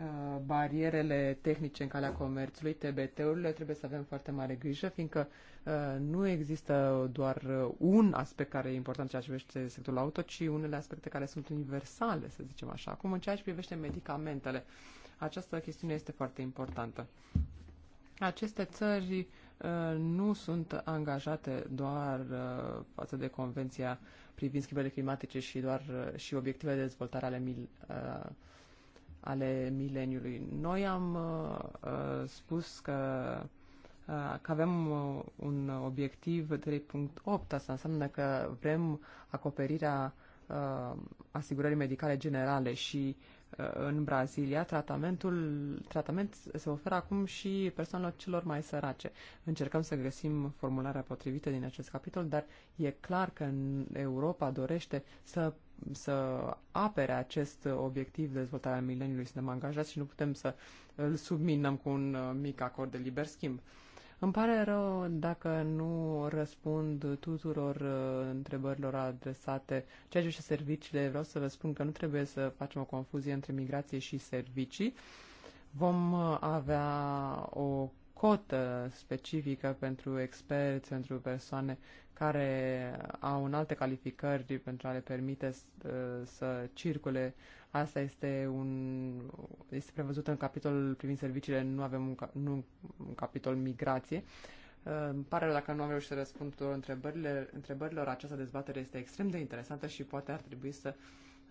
Uh, barierele tehnice în calea comerțului, TBT-urile, trebuie să avem foarte mare grijă, fiindcă uh, nu există doar un aspect care e important ceea ce privește sectorul auto, ci unele aspecte care sunt universale, să zicem așa. Acum, în ceea ce privește medicamentele, această chestiune este foarte importantă. Aceste țări uh, nu sunt angajate doar față de Convenția privind schimbările climatice și doar și obiectivele de dezvoltare ale mil, ale mileniului. Noi am uh, uh, spus că, uh, că avem uh, un obiectiv 3.8, asta înseamnă că vrem acoperirea uh, asigurării medicale generale și uh, Uh, în Brazilia, tratamentul, tratament se oferă acum și persoanelor celor mai sărace. Încercăm să găsim formularea potrivită din acest capitol, dar e clar că în Europa dorește să, să apere acest obiectiv de dezvoltare a mileniului. Suntem angajați și nu putem să îl subminăm cu un uh, mic acord de liber schimb. Îmi pare rău dacă nu răspund tuturor uh, întrebărilor adresate. Ceea ce și serviciile, vreau să vă spun că nu trebuie să facem o confuzie între migrație și servicii. Vom uh, avea o cotă specifică pentru experți, pentru persoane care au în alte calificări pentru a le permite să, uh, să circule Asta este un este prevăzut în capitol privind serviciile, nu avem un, nu, un capitol migrație. Uh, îmi pare rău dacă nu am reușit să răspund tuturor întrebările, întrebărilor. Această dezbatere este extrem de interesantă și poate ar trebui să,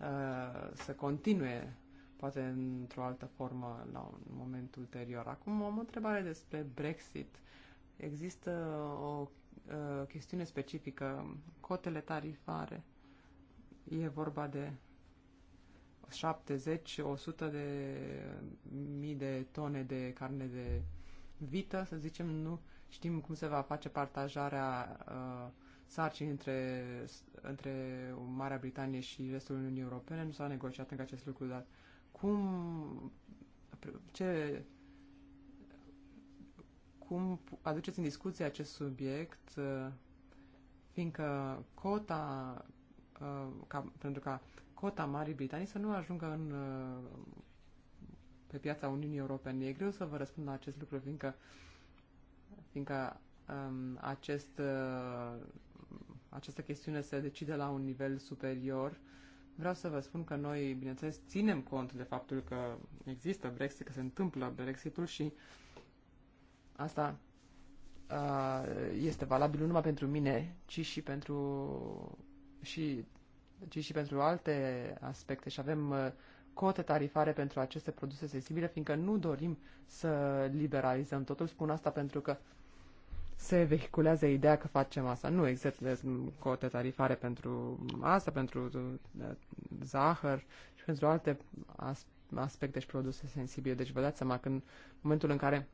uh, să continue, poate într-o altă formă, la un moment ulterior. Acum am o întrebare despre Brexit. Există o uh, chestiune specifică, cotele tarifare. E vorba de 70-100 de mii de tone de carne de vită, să zicem, nu știm cum se va face partajarea uh, sarcini între, între Marea Britanie și restul Uniunii Europene. Nu s-a negociat încă acest lucru, dar cum, ce, cum aduceți în discuție acest subiect, uh, fiindcă cota, uh, ca, pentru ca cota Marii Britanii să nu ajungă în, uh, pe piața Uniunii Europene. E greu să vă răspund la acest lucru, fiindcă, fiindcă um, acest, uh, această chestiune se decide la un nivel superior. Vreau să vă spun că noi, bineînțeles, ținem cont de faptul că există Brexit, că se întâmplă Brexitul și asta uh, este valabil nu numai pentru mine, ci și pentru și ci și pentru alte aspecte și avem uh, cote tarifare pentru aceste produse sensibile, fiindcă nu dorim să liberalizăm totul. Spun asta pentru că se vehiculează ideea că facem asta. Nu există cote tarifare pentru asta, pentru uh, zahăr și pentru alte aspecte și produse sensibile. Deci vă dați seama când în momentul în care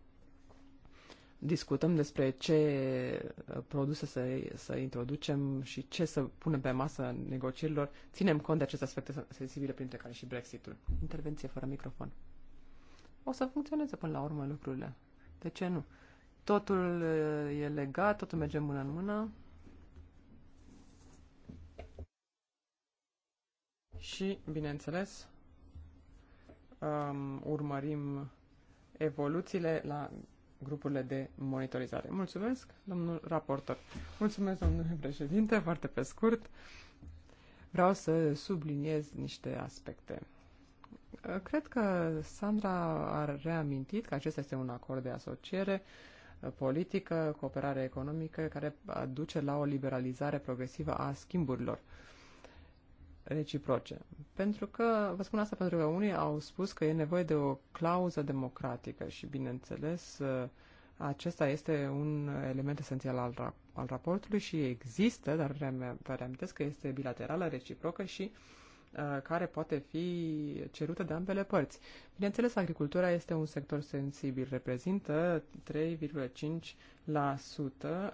discutăm despre ce uh, produse să, să introducem și ce să punem pe masă negocierilor, ținem cont de aceste aspecte sensibile, printre care și Brexitul. Intervenție fără microfon. O să funcționeze până la urmă lucrurile. De ce nu? Totul uh, e legat, totul merge mână în mână. Și, bineînțeles, um, urmărim evoluțiile la grupurile de monitorizare. Mulțumesc, domnul raportor. Mulțumesc, domnule președinte, foarte pe scurt. Vreau să subliniez niște aspecte. Cred că Sandra a reamintit că acesta este un acord de asociere politică, cooperare economică, care duce la o liberalizare progresivă a schimburilor. Uh, reciproce. Pentru că, vă spun asta pentru că unii au spus că e nevoie de o clauză democratică și, bineînțeles, acesta este un element esențial al, ra- al raportului și există, dar vă reamintesc că este bilaterală, reciprocă și uh, care poate fi cerută de ambele părți. Bineînțeles, agricultura este un sector sensibil, reprezintă 3,5% uh,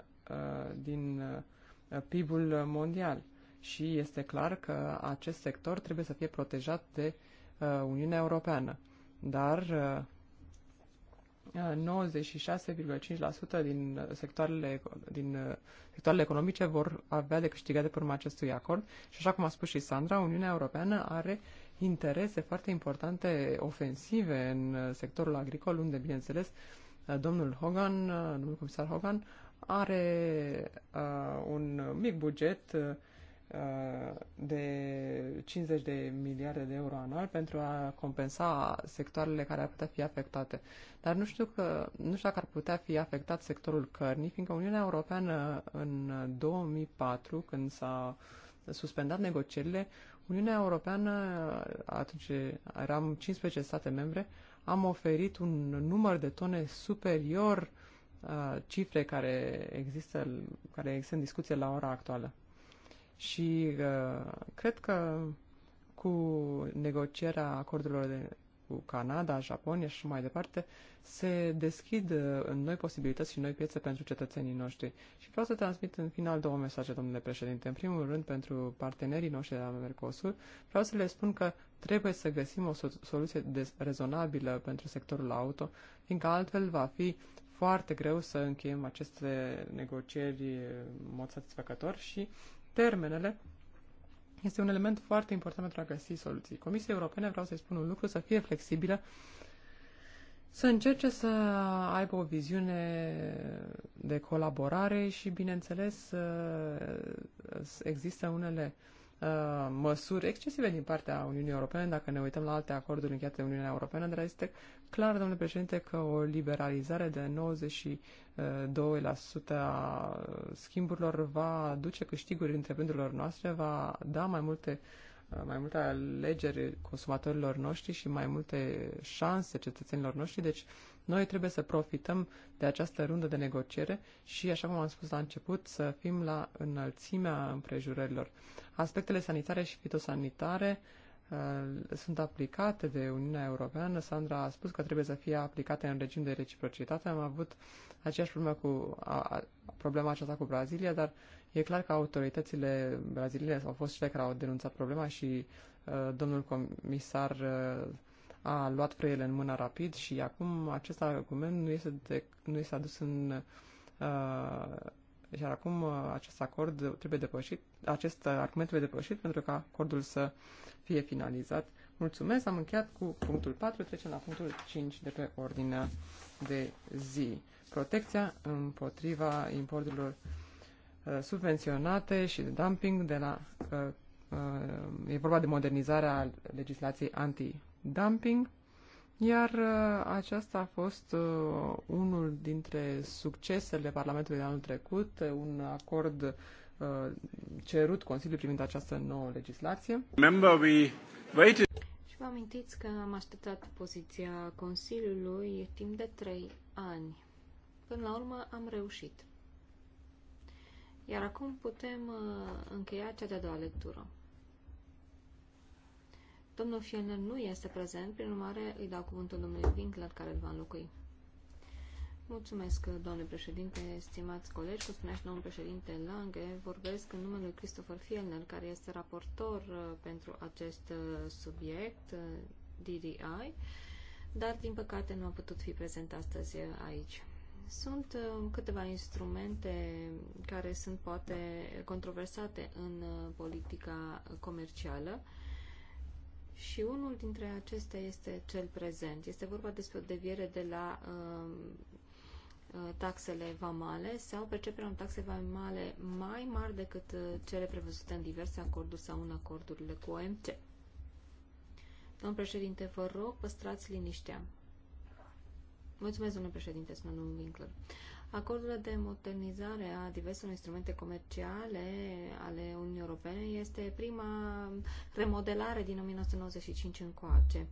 din uh, PIB-ul mondial și este clar că acest sector trebuie să fie protejat de uh, Uniunea Europeană. Dar 96,5% uh, din uh, sectoarele, din sectoarele economice vor avea de câștigat de pe urma acestui acord și așa cum a spus și Sandra, Uniunea Europeană are interese foarte importante ofensive în sectorul agricol, unde, bineînțeles, domnul Hogan, domnul comisar Hogan, are uh, un mic buget uh, de 50 de miliarde de euro anual pentru a compensa sectoarele care ar putea fi afectate. Dar nu știu, că, nu știu dacă ar putea fi afectat sectorul cărnii, fiindcă Uniunea Europeană în 2004, când s-a suspendat negocierile, Uniunea Europeană, atunci eram 15 state membre, am oferit un număr de tone superior uh, cifre care există, care există în discuție la ora actuală. Și uh, cred că cu negocierea acordurilor de, cu Canada, Japonia și mai departe, se deschid uh, noi posibilități și noi piețe pentru cetățenii noștri. Și vreau să transmit în final două mesaje, domnule președinte. În primul rând, pentru partenerii noștri de la Mercosur, vreau să le spun că trebuie să găsim o soluție rezonabilă pentru sectorul auto, fiindcă altfel va fi foarte greu să încheiem aceste negocieri uh, în mod satisfăcător și termenele este un element foarte important pentru a găsi soluții. Comisia Europene, vreau să-i spun un lucru, să fie flexibilă, să încerce să aibă o viziune de colaborare și, bineînțeles, există unele uh, Uh, măsuri excesive din partea Uniunii Europene, dacă ne uităm la alte acorduri încheiate de Uniunea Europeană, dar este clar, domnule președinte, că o liberalizare de 92% uh, a schimburilor va duce câștiguri întreprinderilor noastre, va da mai multe uh, mai multe alegeri consumatorilor noștri și mai multe șanse cetățenilor noștri, deci uh, noi trebuie să profităm de această rundă de negociere și, așa cum am spus la început, să fim la înălțimea împrejurărilor. Aspectele sanitare și fitosanitare uh, sunt aplicate de Uniunea Europeană. Sandra a spus că trebuie să fie aplicate în regim de reciprocitate. Am avut aceeași problemă cu a, a, problema aceasta cu Brazilia, dar e clar că autoritățile braziliene au fost cele care au denunțat problema și a, uh, domnul comisar a, uh, a luat frâiele în mână rapid și acum acest argument nu este, de, nu este adus în... Uh, iar acum acest acord trebuie depășit, acest argument trebuie depășit pentru ca acordul să fie finalizat. Mulțumesc, am încheiat cu punctul 4, trecem la punctul 5 de pe ordinea de zi. Protecția împotriva importurilor subvenționate și de dumping de la e vorba de modernizarea legislației anti dumping, iar uh, aceasta a fost uh, unul dintre succesele Parlamentului de anul trecut, uh, un acord cerut Consiliului privind această nouă legislație. Și vă amintiți că am așteptat poziția Consiliului timp de trei ani. Până la urmă am reușit. Iar acum putem încheia cea de-a doua lectură. Domnul Fielner nu este prezent, prin urmare îi dau cuvântul domnului Winkler, care îl va înlocui. Mulțumesc, domnule președinte, stimați colegi, cum spunea și domnul președinte Lange, vorbesc în numele lui Christopher Fielner, care este raportor uh, pentru acest uh, subiect, uh, DDI, dar din păcate nu a putut fi prezent astăzi aici. Sunt câteva instrumente care sunt poate controversate în politica comercială, și unul dintre acestea este cel prezent. Este vorba despre o deviere de la um, uh, taxele vamale sau perceperea unor taxe vamale mai mari decât uh, cele prevăzute în diverse acorduri sau în acordurile cu OMC. Domnul președinte, vă rog, păstrați liniștea. Mulțumesc, domnule președinte, spune domnul Winkler. Uh, Acordul de modernizare a diverselor instrumente comerciale ale Uniunii Europene este prima remodelare din 1995 încoace.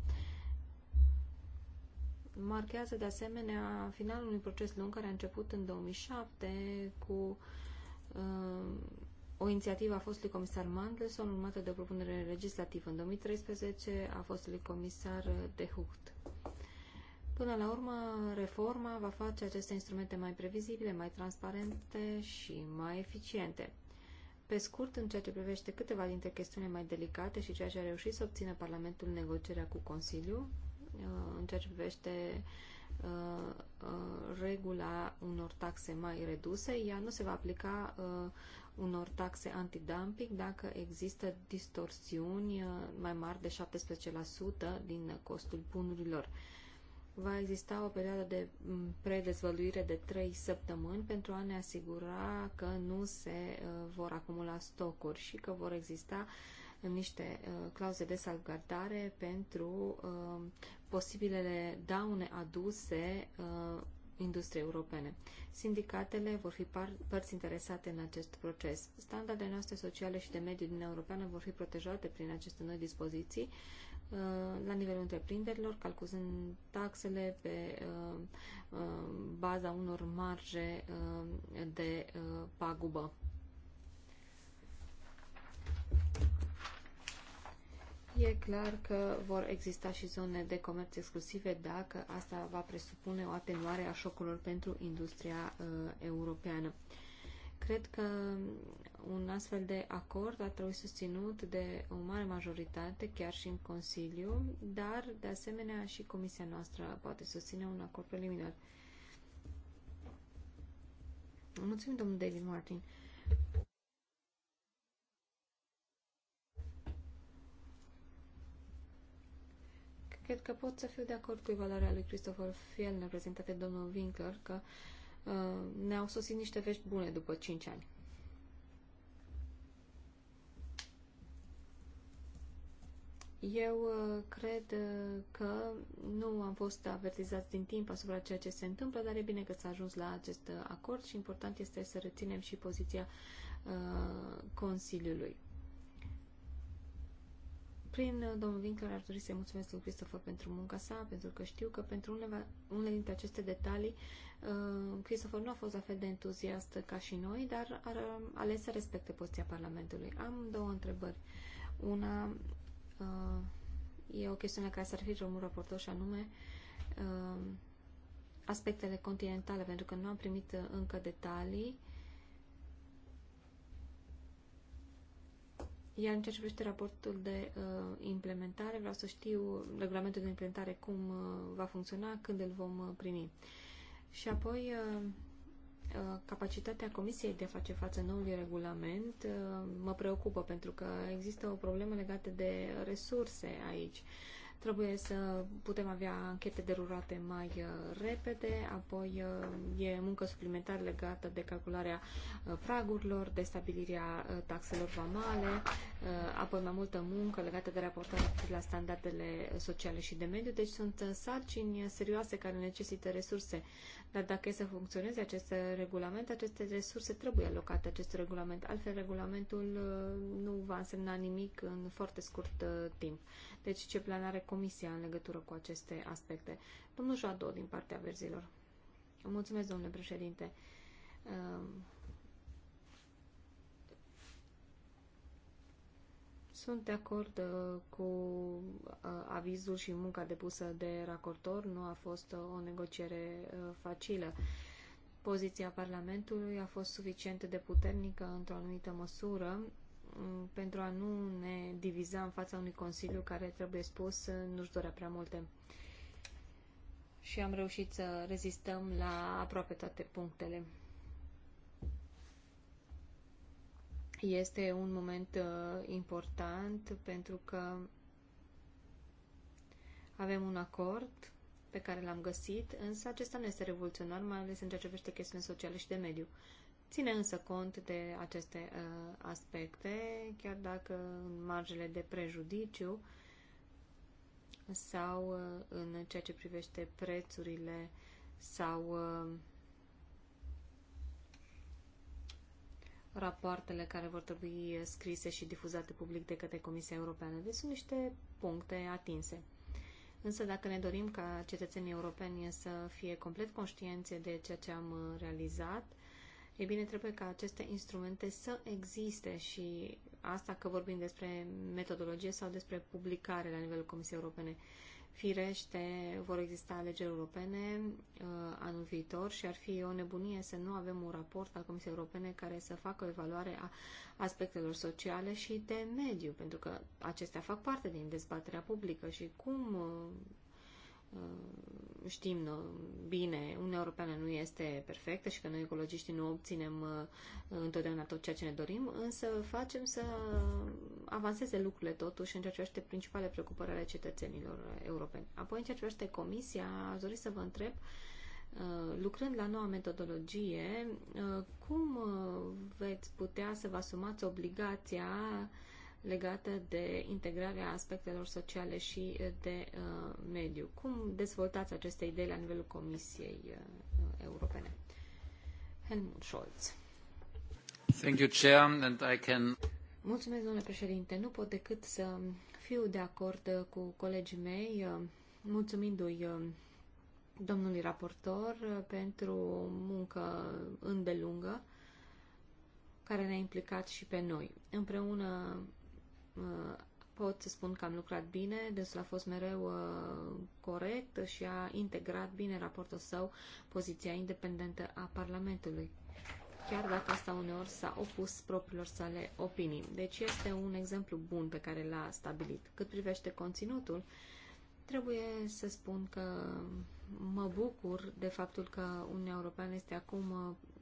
Marchează de asemenea finalul unui proces lung care a început în 2007 cu uh, o inițiativă a fostului comisar Mandelson urmată de o propunere legislativă. În 2013 a fostului comisar De Hucht. Până la urmă, reforma va face aceste instrumente mai previzibile, mai transparente și mai eficiente. Pe scurt, în ceea ce privește câteva dintre chestiunile mai delicate și ceea ce a reușit să obțină Parlamentul negocierea cu Consiliu, uh, în ceea ce privește uh, uh, regula unor taxe mai reduse, ea nu se va aplica unor taxe antidumping dacă există distorsiuni mai mari de 17% din costul bunurilor va exista o perioadă de mm, predezvăluire de 3 săptămâni pentru a ne asigura că nu se uh, vor acumula stocuri și că vor exista uh, niște uh, clauze de salvgardare pentru posibilele daune aduse industriei europene. Sindicatele vor fi par- părți interesate în acest proces. Standardele noastre sociale și de mediu din Europeană vor fi protejate prin aceste noi dispoziții Uh, la nivelul întreprinderilor, calculând taxele pe uh, uh, baza unor marje de pagubă. E clar că vor exista și zone de comerț exclusive dacă asta va presupune o atenuare a șocurilor pentru industria uh, europeană. Uh, Cred că un astfel de acord ar trebui susținut de o mare majoritate, chiar și în Consiliu, dar, de asemenea, și Comisia noastră poate susține un acord preliminar. Mulțumim, domnul David Martin. Cred că pot să fiu de acord cu evaluarea lui Christopher Fielner prezentată de domnul Winkler, că uh, Uh, ne-au sosit niște vești bune după 5 ani. Eu uh, cred uh, că nu am fost avertizat din timp asupra ceea ce se întâmplă, dar e bine că s-a ajuns la acest acord și important este să reținem și poziția uh, Consiliului prin uh, domnul Winkler ar dori să-i mulțumesc lui Christopher pentru munca sa, pentru că știu că pentru uneva, unele dintre aceste detalii uh, Christopher nu a fost la fel de entuziast ca și noi, dar ar uh, ales să respecte poziția Parlamentului. Am două întrebări. Una e o chestiune care s-ar fi un raportor și anume aspectele continentale, pentru că nu am primit încă detalii Iar în ceea ce privește raportul de uh, implementare, vreau să știu regulamentul de implementare cum uh, va funcționa, când îl vom uh, primi. Și apoi, uh, uh, capacitatea Comisiei de a face față noului regulament uh, mă preocupă pentru că există o problemă legată de resurse aici. Uh, Trebuie să putem avea anchete derurate mai uh, repede, apoi uh, e muncă suplimentară legată de calcularea uh, pragurilor, de stabilirea taxelor vamale, apoi mai multă muncă legată de raportarea la standardele sociale și de mediu. Deci sunt sarcini serioase care necesită resurse. Dar dacă e să funcționeze acest regulament, aceste resurse trebuie alocate acest regulament. Altfel, regulamentul nu va însemna nimic în foarte scurt timp. Deci ce plan are Comisia în legătură cu aceste aspecte? Domnul Joado, din partea verzilor. Mulțumesc, domnule președinte. Ehm, sunt de acord uh, cu uh, avizul și munca depusă de racortor. Nu a fost uh, o negociere facilă. Poziția Parlamentului a fost suficient de puternică într-o anumită măsură Mm, pentru a nu ne diviza în fața unui consiliu care, trebuie spus, nu-și dorea prea multe. Și am reușit să rezistăm la aproape toate punctele. Este un moment uh, important pentru că avem un acord pe care l-am găsit, însă acesta nu este revoluționar, mai ales în ceea ce privește chestiunile sociale și de mediu. Uh, ține însă cont de aceste uh, aspecte, chiar dacă în marjele de prejudiciu sau uh, în ceea ce privește prețurile sau uh, rapoartele care vor trebui scrise și difuzate public de către Comisia Europeană. Deci sunt niște puncte atinse. Însă dacă ne dorim ca cetățenii europeni să fie complet conștienți de ceea ce am uh, realizat, ei bine, trebuie ca aceste instrumente să existe și asta că vorbim despre metodologie sau despre publicare la nivelul Comisiei Europene. Firește, vor exista alegeri europene uh, anul viitor și ar fi o nebunie să nu avem un raport al Comisiei Europene care să facă o evaluare a aspectelor sociale și de mediu, pentru că acestea fac parte din dezbaterea publică și cum uh, Mm, știm bine, Uniunea Europeană nu este perfectă și că noi ecologiștii nu obținem uh, întotdeauna tot ceea ce ne dorim, însă facem să avanseze lucrurile totuși în ceea ce privește principale preocupări ale cetățenilor europeni. Apoi, în ceea ce privește Comisia, aș dori să vă întreb uh, lucrând la noua metodologie, uh, cum veți putea să vă asumați obligația legată de integrarea aspectelor sociale și de uh, mediu. Cum dezvoltați aceste idei la nivelul Comisiei uh, Europene? Helmut Scholz. Thank you, Chair, and I can... Mulțumesc, domnule președinte. Nu pot decât să fiu de acord uh, cu colegii mei, uh, mulțumindu-i uh, domnului raportor pentru muncă îndelungă care ne-a implicat și pe noi. Împreună Uh, pot să spun că am lucrat bine, dânsul a fost mereu uh, corect și a integrat bine raportul său poziția independentă a Parlamentului chiar dacă asta uneori s-a opus propriilor sale opinii. Deci este un exemplu bun pe care l-a stabilit. Cât privește conținutul, trebuie să spun că mă bucur de faptul că Uniunea Europeană este acum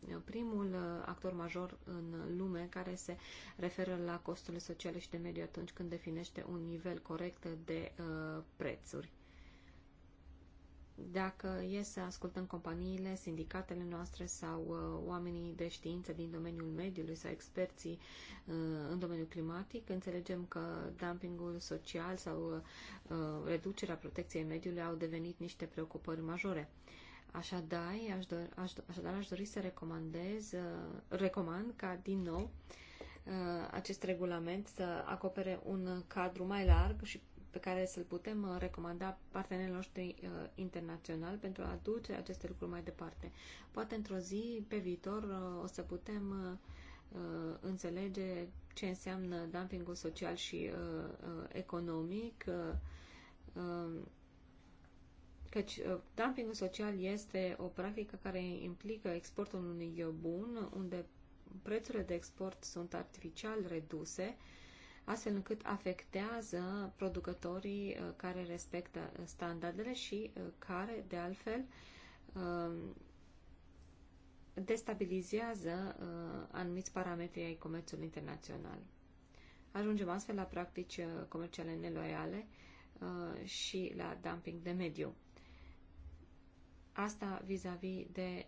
uh, primul uh, actor major în lume care se referă la costurile sociale și de mediu atunci când definește un nivel corect de uh, prețuri dacă e să ascultăm companiile, sindicatele noastre sau uh, oamenii de știință din domeniul mediului sau experții uh, în domeniul climatic, înțelegem că dumpingul social sau uh, uh reducerea protecției mediului au devenit niște preocupări majore. Așadar, aș, do- aș, așadar, aș dori să recomandez, uh, recomand ca din nou uh, acest regulament să acopere un cadru mai larg și pe care să-l putem uh, recomanda partenerilor noștri uh, internaționali pentru a duce aceste lucruri mai departe. Poate într-o zi, pe viitor, uh, o să putem înțelege ce înseamnă dumpingul social și economic, um, Căci dumpingul social este o practică care implică exportul unui bun, unde prețurile de export sunt artificial reduse astfel încât afectează producătorii uh, care respectă uh, standardele și uh, care, de altfel, destabilizează anumiți parametri ai comerțului internațional. Ajungem astfel la practici comerciale neloiale și la dumping de mediu. Asta vis-a-vis -vis de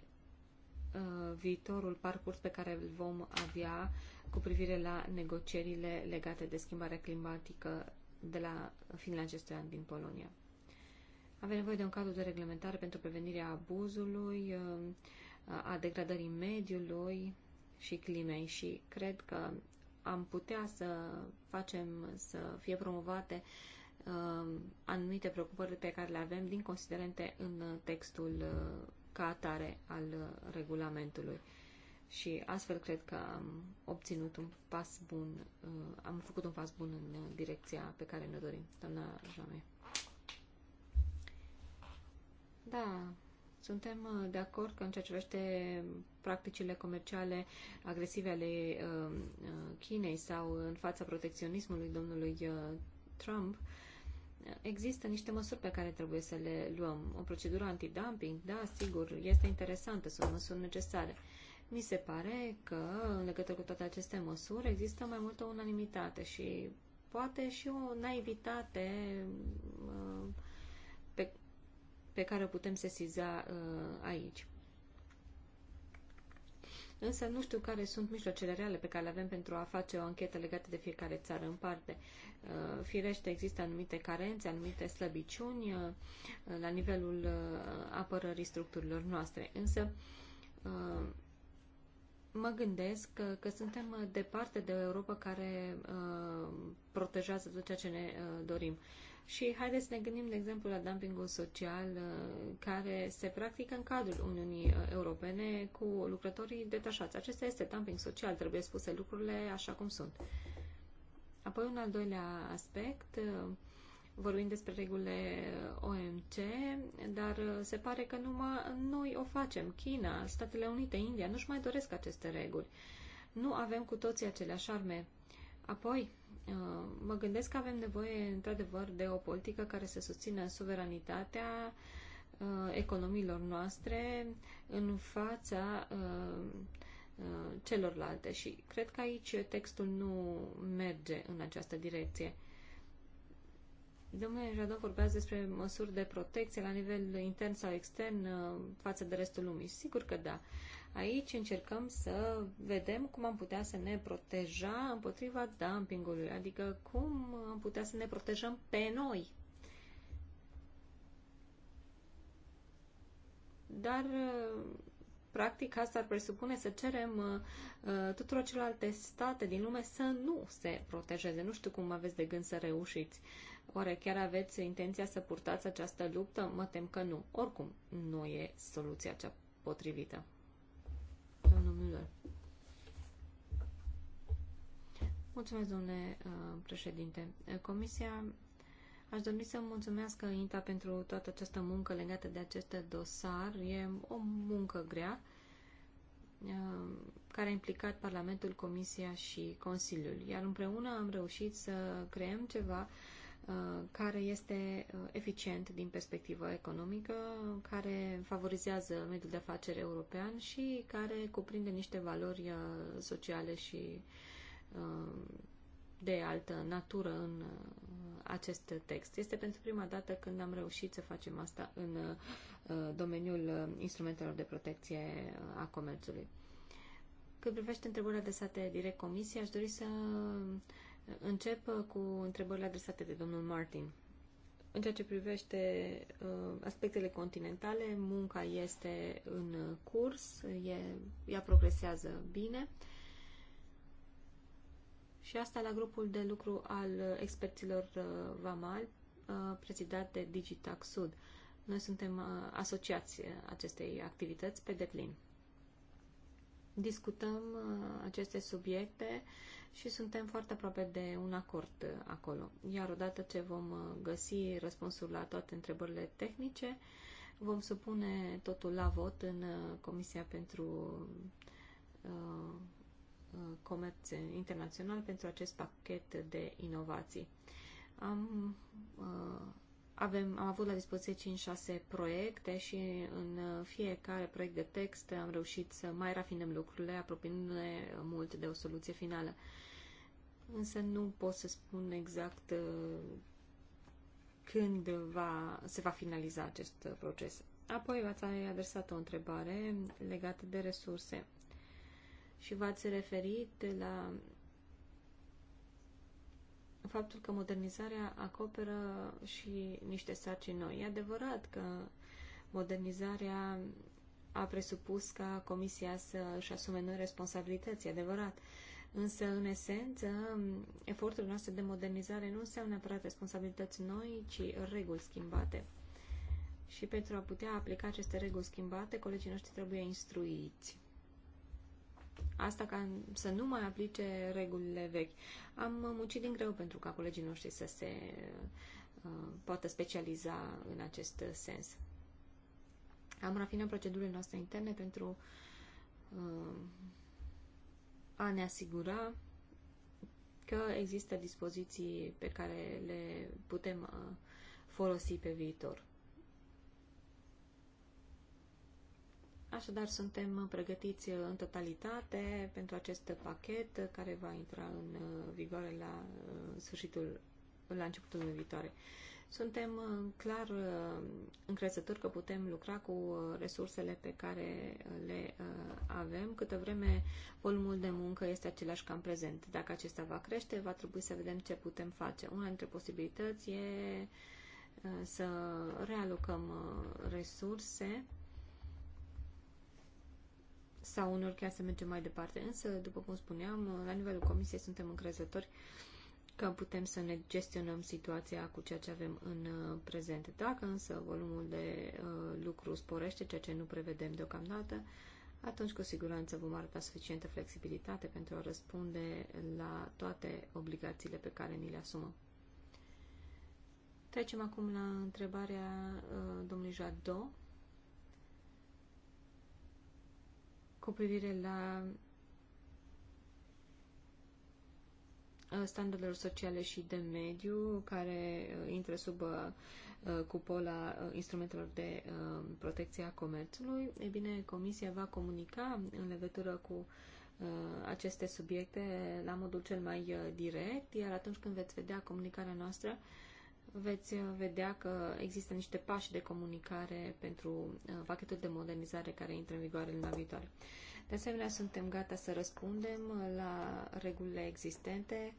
viitorul parcurs pe care îl vom avea uh, cu privire la negocierile legate de schimbarea climatică de la finele acestui an din Polonia. Avem nevoie de un cadru de reglementare pentru prevenirea abuzului, a degradării mediului și climei și cred că am putea să facem să fie promovate um, anumite preocupări pe care le avem din considerente în textul uh, ca atare al uh, regulamentului și astfel cred că am obținut un pas bun, uh, am făcut un pas bun în uh, direcția pe care ne dorim, doamna Jame. Da, suntem uh, de acord că în ceea ce privește practicile comerciale agresive ale Chinei sau în fața protecționismului domnului Trump, Există niște măsuri pe care trebuie să le luăm. O procedură antidumping, da, sigur, este interesantă, sunt măsuri necesare. Uh, mi se pare că, în legătură cu toate aceste măsuri, există mai multă unanimitate și poate și o naivitate uh, pe, pe care o putem sesiza uh, aici. Însă nu știu care sunt mijloacele reale pe care le avem pentru a face o anchetă legată de fiecare țară în parte. Uh, firește, există anumite carențe, anumite slăbiciuni la nivelul apărării structurilor noastre. Însă, mă gândesc că, că suntem uh, departe de o Europa care uh, protejează tot ceea ce ne uh, dorim. Și haideți să ne gândim, de exemplu, la dumpingul social uh, care se practică în cadrul Uniunii uh, Europene cu lucrătorii detașați. Acesta este dumping social, trebuie spuse lucrurile așa cum sunt. Apoi, un al doilea aspect, vorbim despre regulile OMC, dar uh, se pare că numai noi o facem. China, Statele Unite, India nu-și mai doresc aceste reguli. Nu avem cu toții aceleași arme. Apoi, uh, mă gândesc că avem nevoie, într-adevăr, de o politică care să susțină suveranitatea uh, economiilor noastre în fața celorlalte și cred că aici textul nu merge în această direcție. Domnule Jadon, vorbeați despre măsuri de protecție la nivel intern sau extern uh, față de restul lumii. Sigur că da. Aici încercăm să vedem cum am putea să ne proteja împotriva dumpingului, adică cum am putea să ne protejăm pe noi. Dar, uh, practic, asta ar presupune să cerem uh, tuturor celelalte state din lume să nu se protejeze. Nu știu cum aveți de gând să reușiți. Oare chiar aveți intenția să purtați această luptă? Mă tem că nu. Oricum, nu e soluția cea potrivită. Domnul Müller. Mulțumesc, domnule uh, președinte. Uh, comisia Aș dori să mulțumesc INTA pentru toată această muncă legată de acest dosar. E o muncă grea uh, care a implicat Parlamentul, Comisia și Consiliul. Iar împreună am reușit să creăm ceva Uh, care este uh, eficient din perspectivă economică, care favorizează mediul de afaceri european și care cuprinde niște valori uh, sociale și de altă natură în acest text. Este pentru prima dată când am reușit să facem asta în domeniul instrumentelor de protecție a comerțului. Cât privește întrebarea adresată direct comisiei, aș dori să uh, Încep uh, cu întrebările adresate de domnul Martin. În ceea ce privește uh, aspectele continentale, munca este în uh, curs, e, ea progresează bine și asta la grupul de lucru al experților VAMAL, prezidat de Digitax Sud. Noi suntem asociați acestei activități pe deplin discutăm uh, aceste subiecte și suntem foarte aproape de un acord uh, acolo. Iar odată ce vom uh, găsi răspunsul la toate întrebările tehnice, vom supune totul la vot în Comisia pentru Comerț Internațional pentru acest pachet de inovații. Am uh, avem, am avut la dispoziție 5-6 proiecte și în uh, fiecare proiect de text am reușit să mai rafinăm lucrurile, apropiindu-ne mult de o soluție finală. Însă nu pot să spun exact uh, când va, se va finaliza acest uh, proces. Apoi v-ați adresat o întrebare legată de resurse și v-ați referit la faptul că modernizarea acoperă și niște sarcini noi. E adevărat că modernizarea a presupus ca Comisia să își asume noi responsabilități, e adevărat. Însă, în esență, efortul noastre de modernizare nu înseamnă neapărat responsabilități noi, ci reguli schimbate. Și pentru a putea aplica aceste reguli schimbate, colegii noștri trebuie instruiți. Asta ca să nu mai aplice regulile vechi. Am muncit din greu pentru ca colegii noștri să se uh, poată specializa în acest sens. Am rafinat procedurile noastre interne pentru uh, a ne asigura că există dispoziții pe care le putem uh, folosi pe viitor. Așadar, suntem pregătiți în totalitate pentru acest pachet care va intra în uh, vigoare la uh, sfârșitul, la începutul lunii viitoare. Suntem uh, clar încrezători că putem lucra cu resursele pe care le avem, câtă vreme volumul de muncă este același ca în prezent. Dacă acesta va crește, va trebui să vedem ce putem face. Una dintre posibilități e să realocăm resurse sau unor chiar să mergem mai departe. Însă, după cum spuneam, la nivelul comisiei suntem încrezători că putem să ne gestionăm situația cu ceea ce avem în uh, prezent. Dacă însă volumul de uh, lucru sporește, ceea ce nu prevedem deocamdată, atunci cu siguranță vom arăta suficientă flexibilitate pentru a răspunde la toate obligațiile pe care ni le asumăm. Trecem acum la întrebarea uh, domnului Jadot cu privire la uh, standardelor sociale și de mediu care uh, intră sub uh, cupola instrumentelor de protecție a comerțului. E bine, Comisia va comunica în legătură cu aceste subiecte la modul cel mai direct, iar atunci când veți vedea comunicarea noastră, veți uh, vedea că există niște pași de comunicare pentru uh, pachetul de modernizare care intră în vigoare luna viitoare. De asemenea, suntem gata să răspundem uh, la regulile existente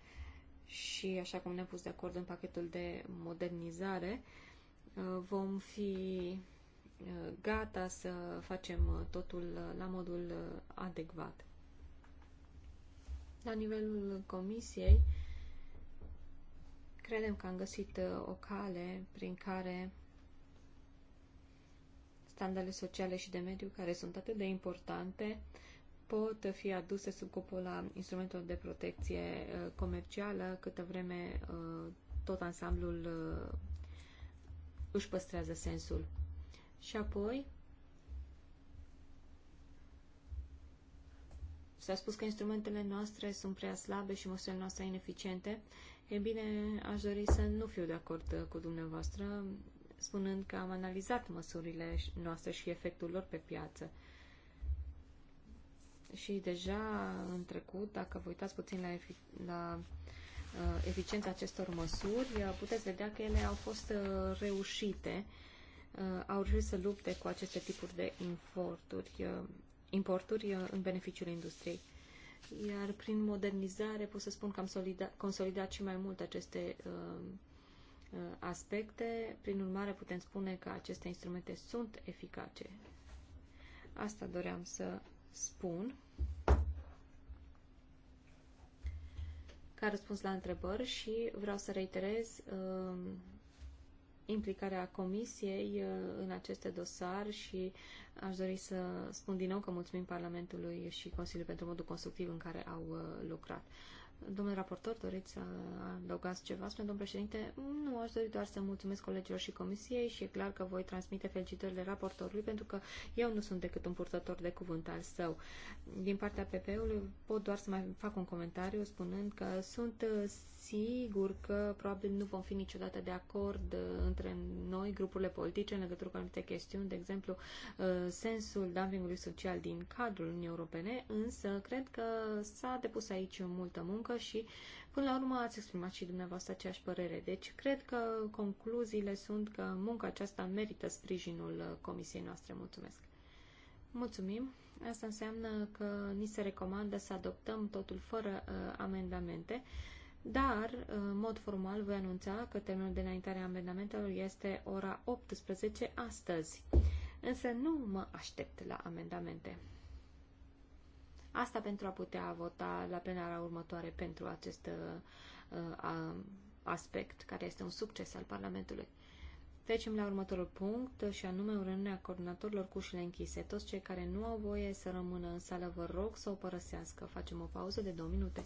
și, așa cum ne-am pus de acord în pachetul de modernizare, vom fi gata să facem totul la modul adecvat. La nivelul comisiei, Credem că am găsit uh, o cale prin care standardele sociale și de mediu, care sunt atât de importante, pot fi aduse sub cupola instrumentelor de protecție uh, comercială câtă vreme uh, tot ansamblul își păstrează sensul. Și apoi s-a spus că instrumentele noastre sunt prea slabe și măsurile noastre ineficiente E bine, aș dori să nu fiu de acord uh, cu dumneavoastră, spunând că am analizat măsurile noastre și efectul lor pe piață. Și deja în trecut, dacă vă uitați puțin la, efic- la uh, eficiența acestor măsuri, uh, puteți vedea că ele au fost uh, reușite, uh, au reușit să lupte cu aceste tipuri de importuri, uh, importuri uh, în beneficiul industriei iar prin modernizare pot să spun că am solida, consolidat și mai mult aceste um, uh, aspecte. Prin urmare, putem spune că aceste instrumente sunt eficace. Asta doream să spun. Ca răspuns la întrebări și vreau să reiterez uh, implicarea Comisiei uh, în aceste dosar și aș dori să spun din nou că mulțumim Parlamentului și Consiliului pentru modul constructiv în care au uh, lucrat. Domnule raportor, doriți să adăugați ceva? Spune domnul președinte, nu, aș dori doar să mulțumesc colegilor și comisiei și e clar că voi transmite felicitările raportorului pentru că eu nu sunt decât un purtător de cuvânt al său. Din partea PP-ului pot doar să mai fac un comentariu spunând că sunt uh, sigur că probabil nu vom fi niciodată de acord uh, între noi, grupurile politice, în legătură cu anumite chestiuni, de exemplu, uh, sensul dumpingului social din cadrul Uniunii Europene, însă cred că s-a depus aici multă muncă muncă și, până la urmă, ați exprimat și dumneavoastră aceeași părere. Deci, cred că concluziile sunt că munca aceasta merită sprijinul uh, comisiei noastre. Mulțumesc! Mulțumim! Asta înseamnă că ni se recomandă să adoptăm totul fără uh, amendamente, dar, uh, în mod formal, voi anunța că termenul de înaintare a amendamentelor este ora 18 astăzi. Însă nu mă aștept la amendamente. Asta pentru a putea vota la plenara următoare pentru acest uh, aspect, care este un succes al Parlamentului. Trecem la următorul punct și anume urânea coordonatorilor cu ușile închise. Toți cei care nu au voie să rămână în sală, vă rog să o părăsească. Facem o pauză de două minute.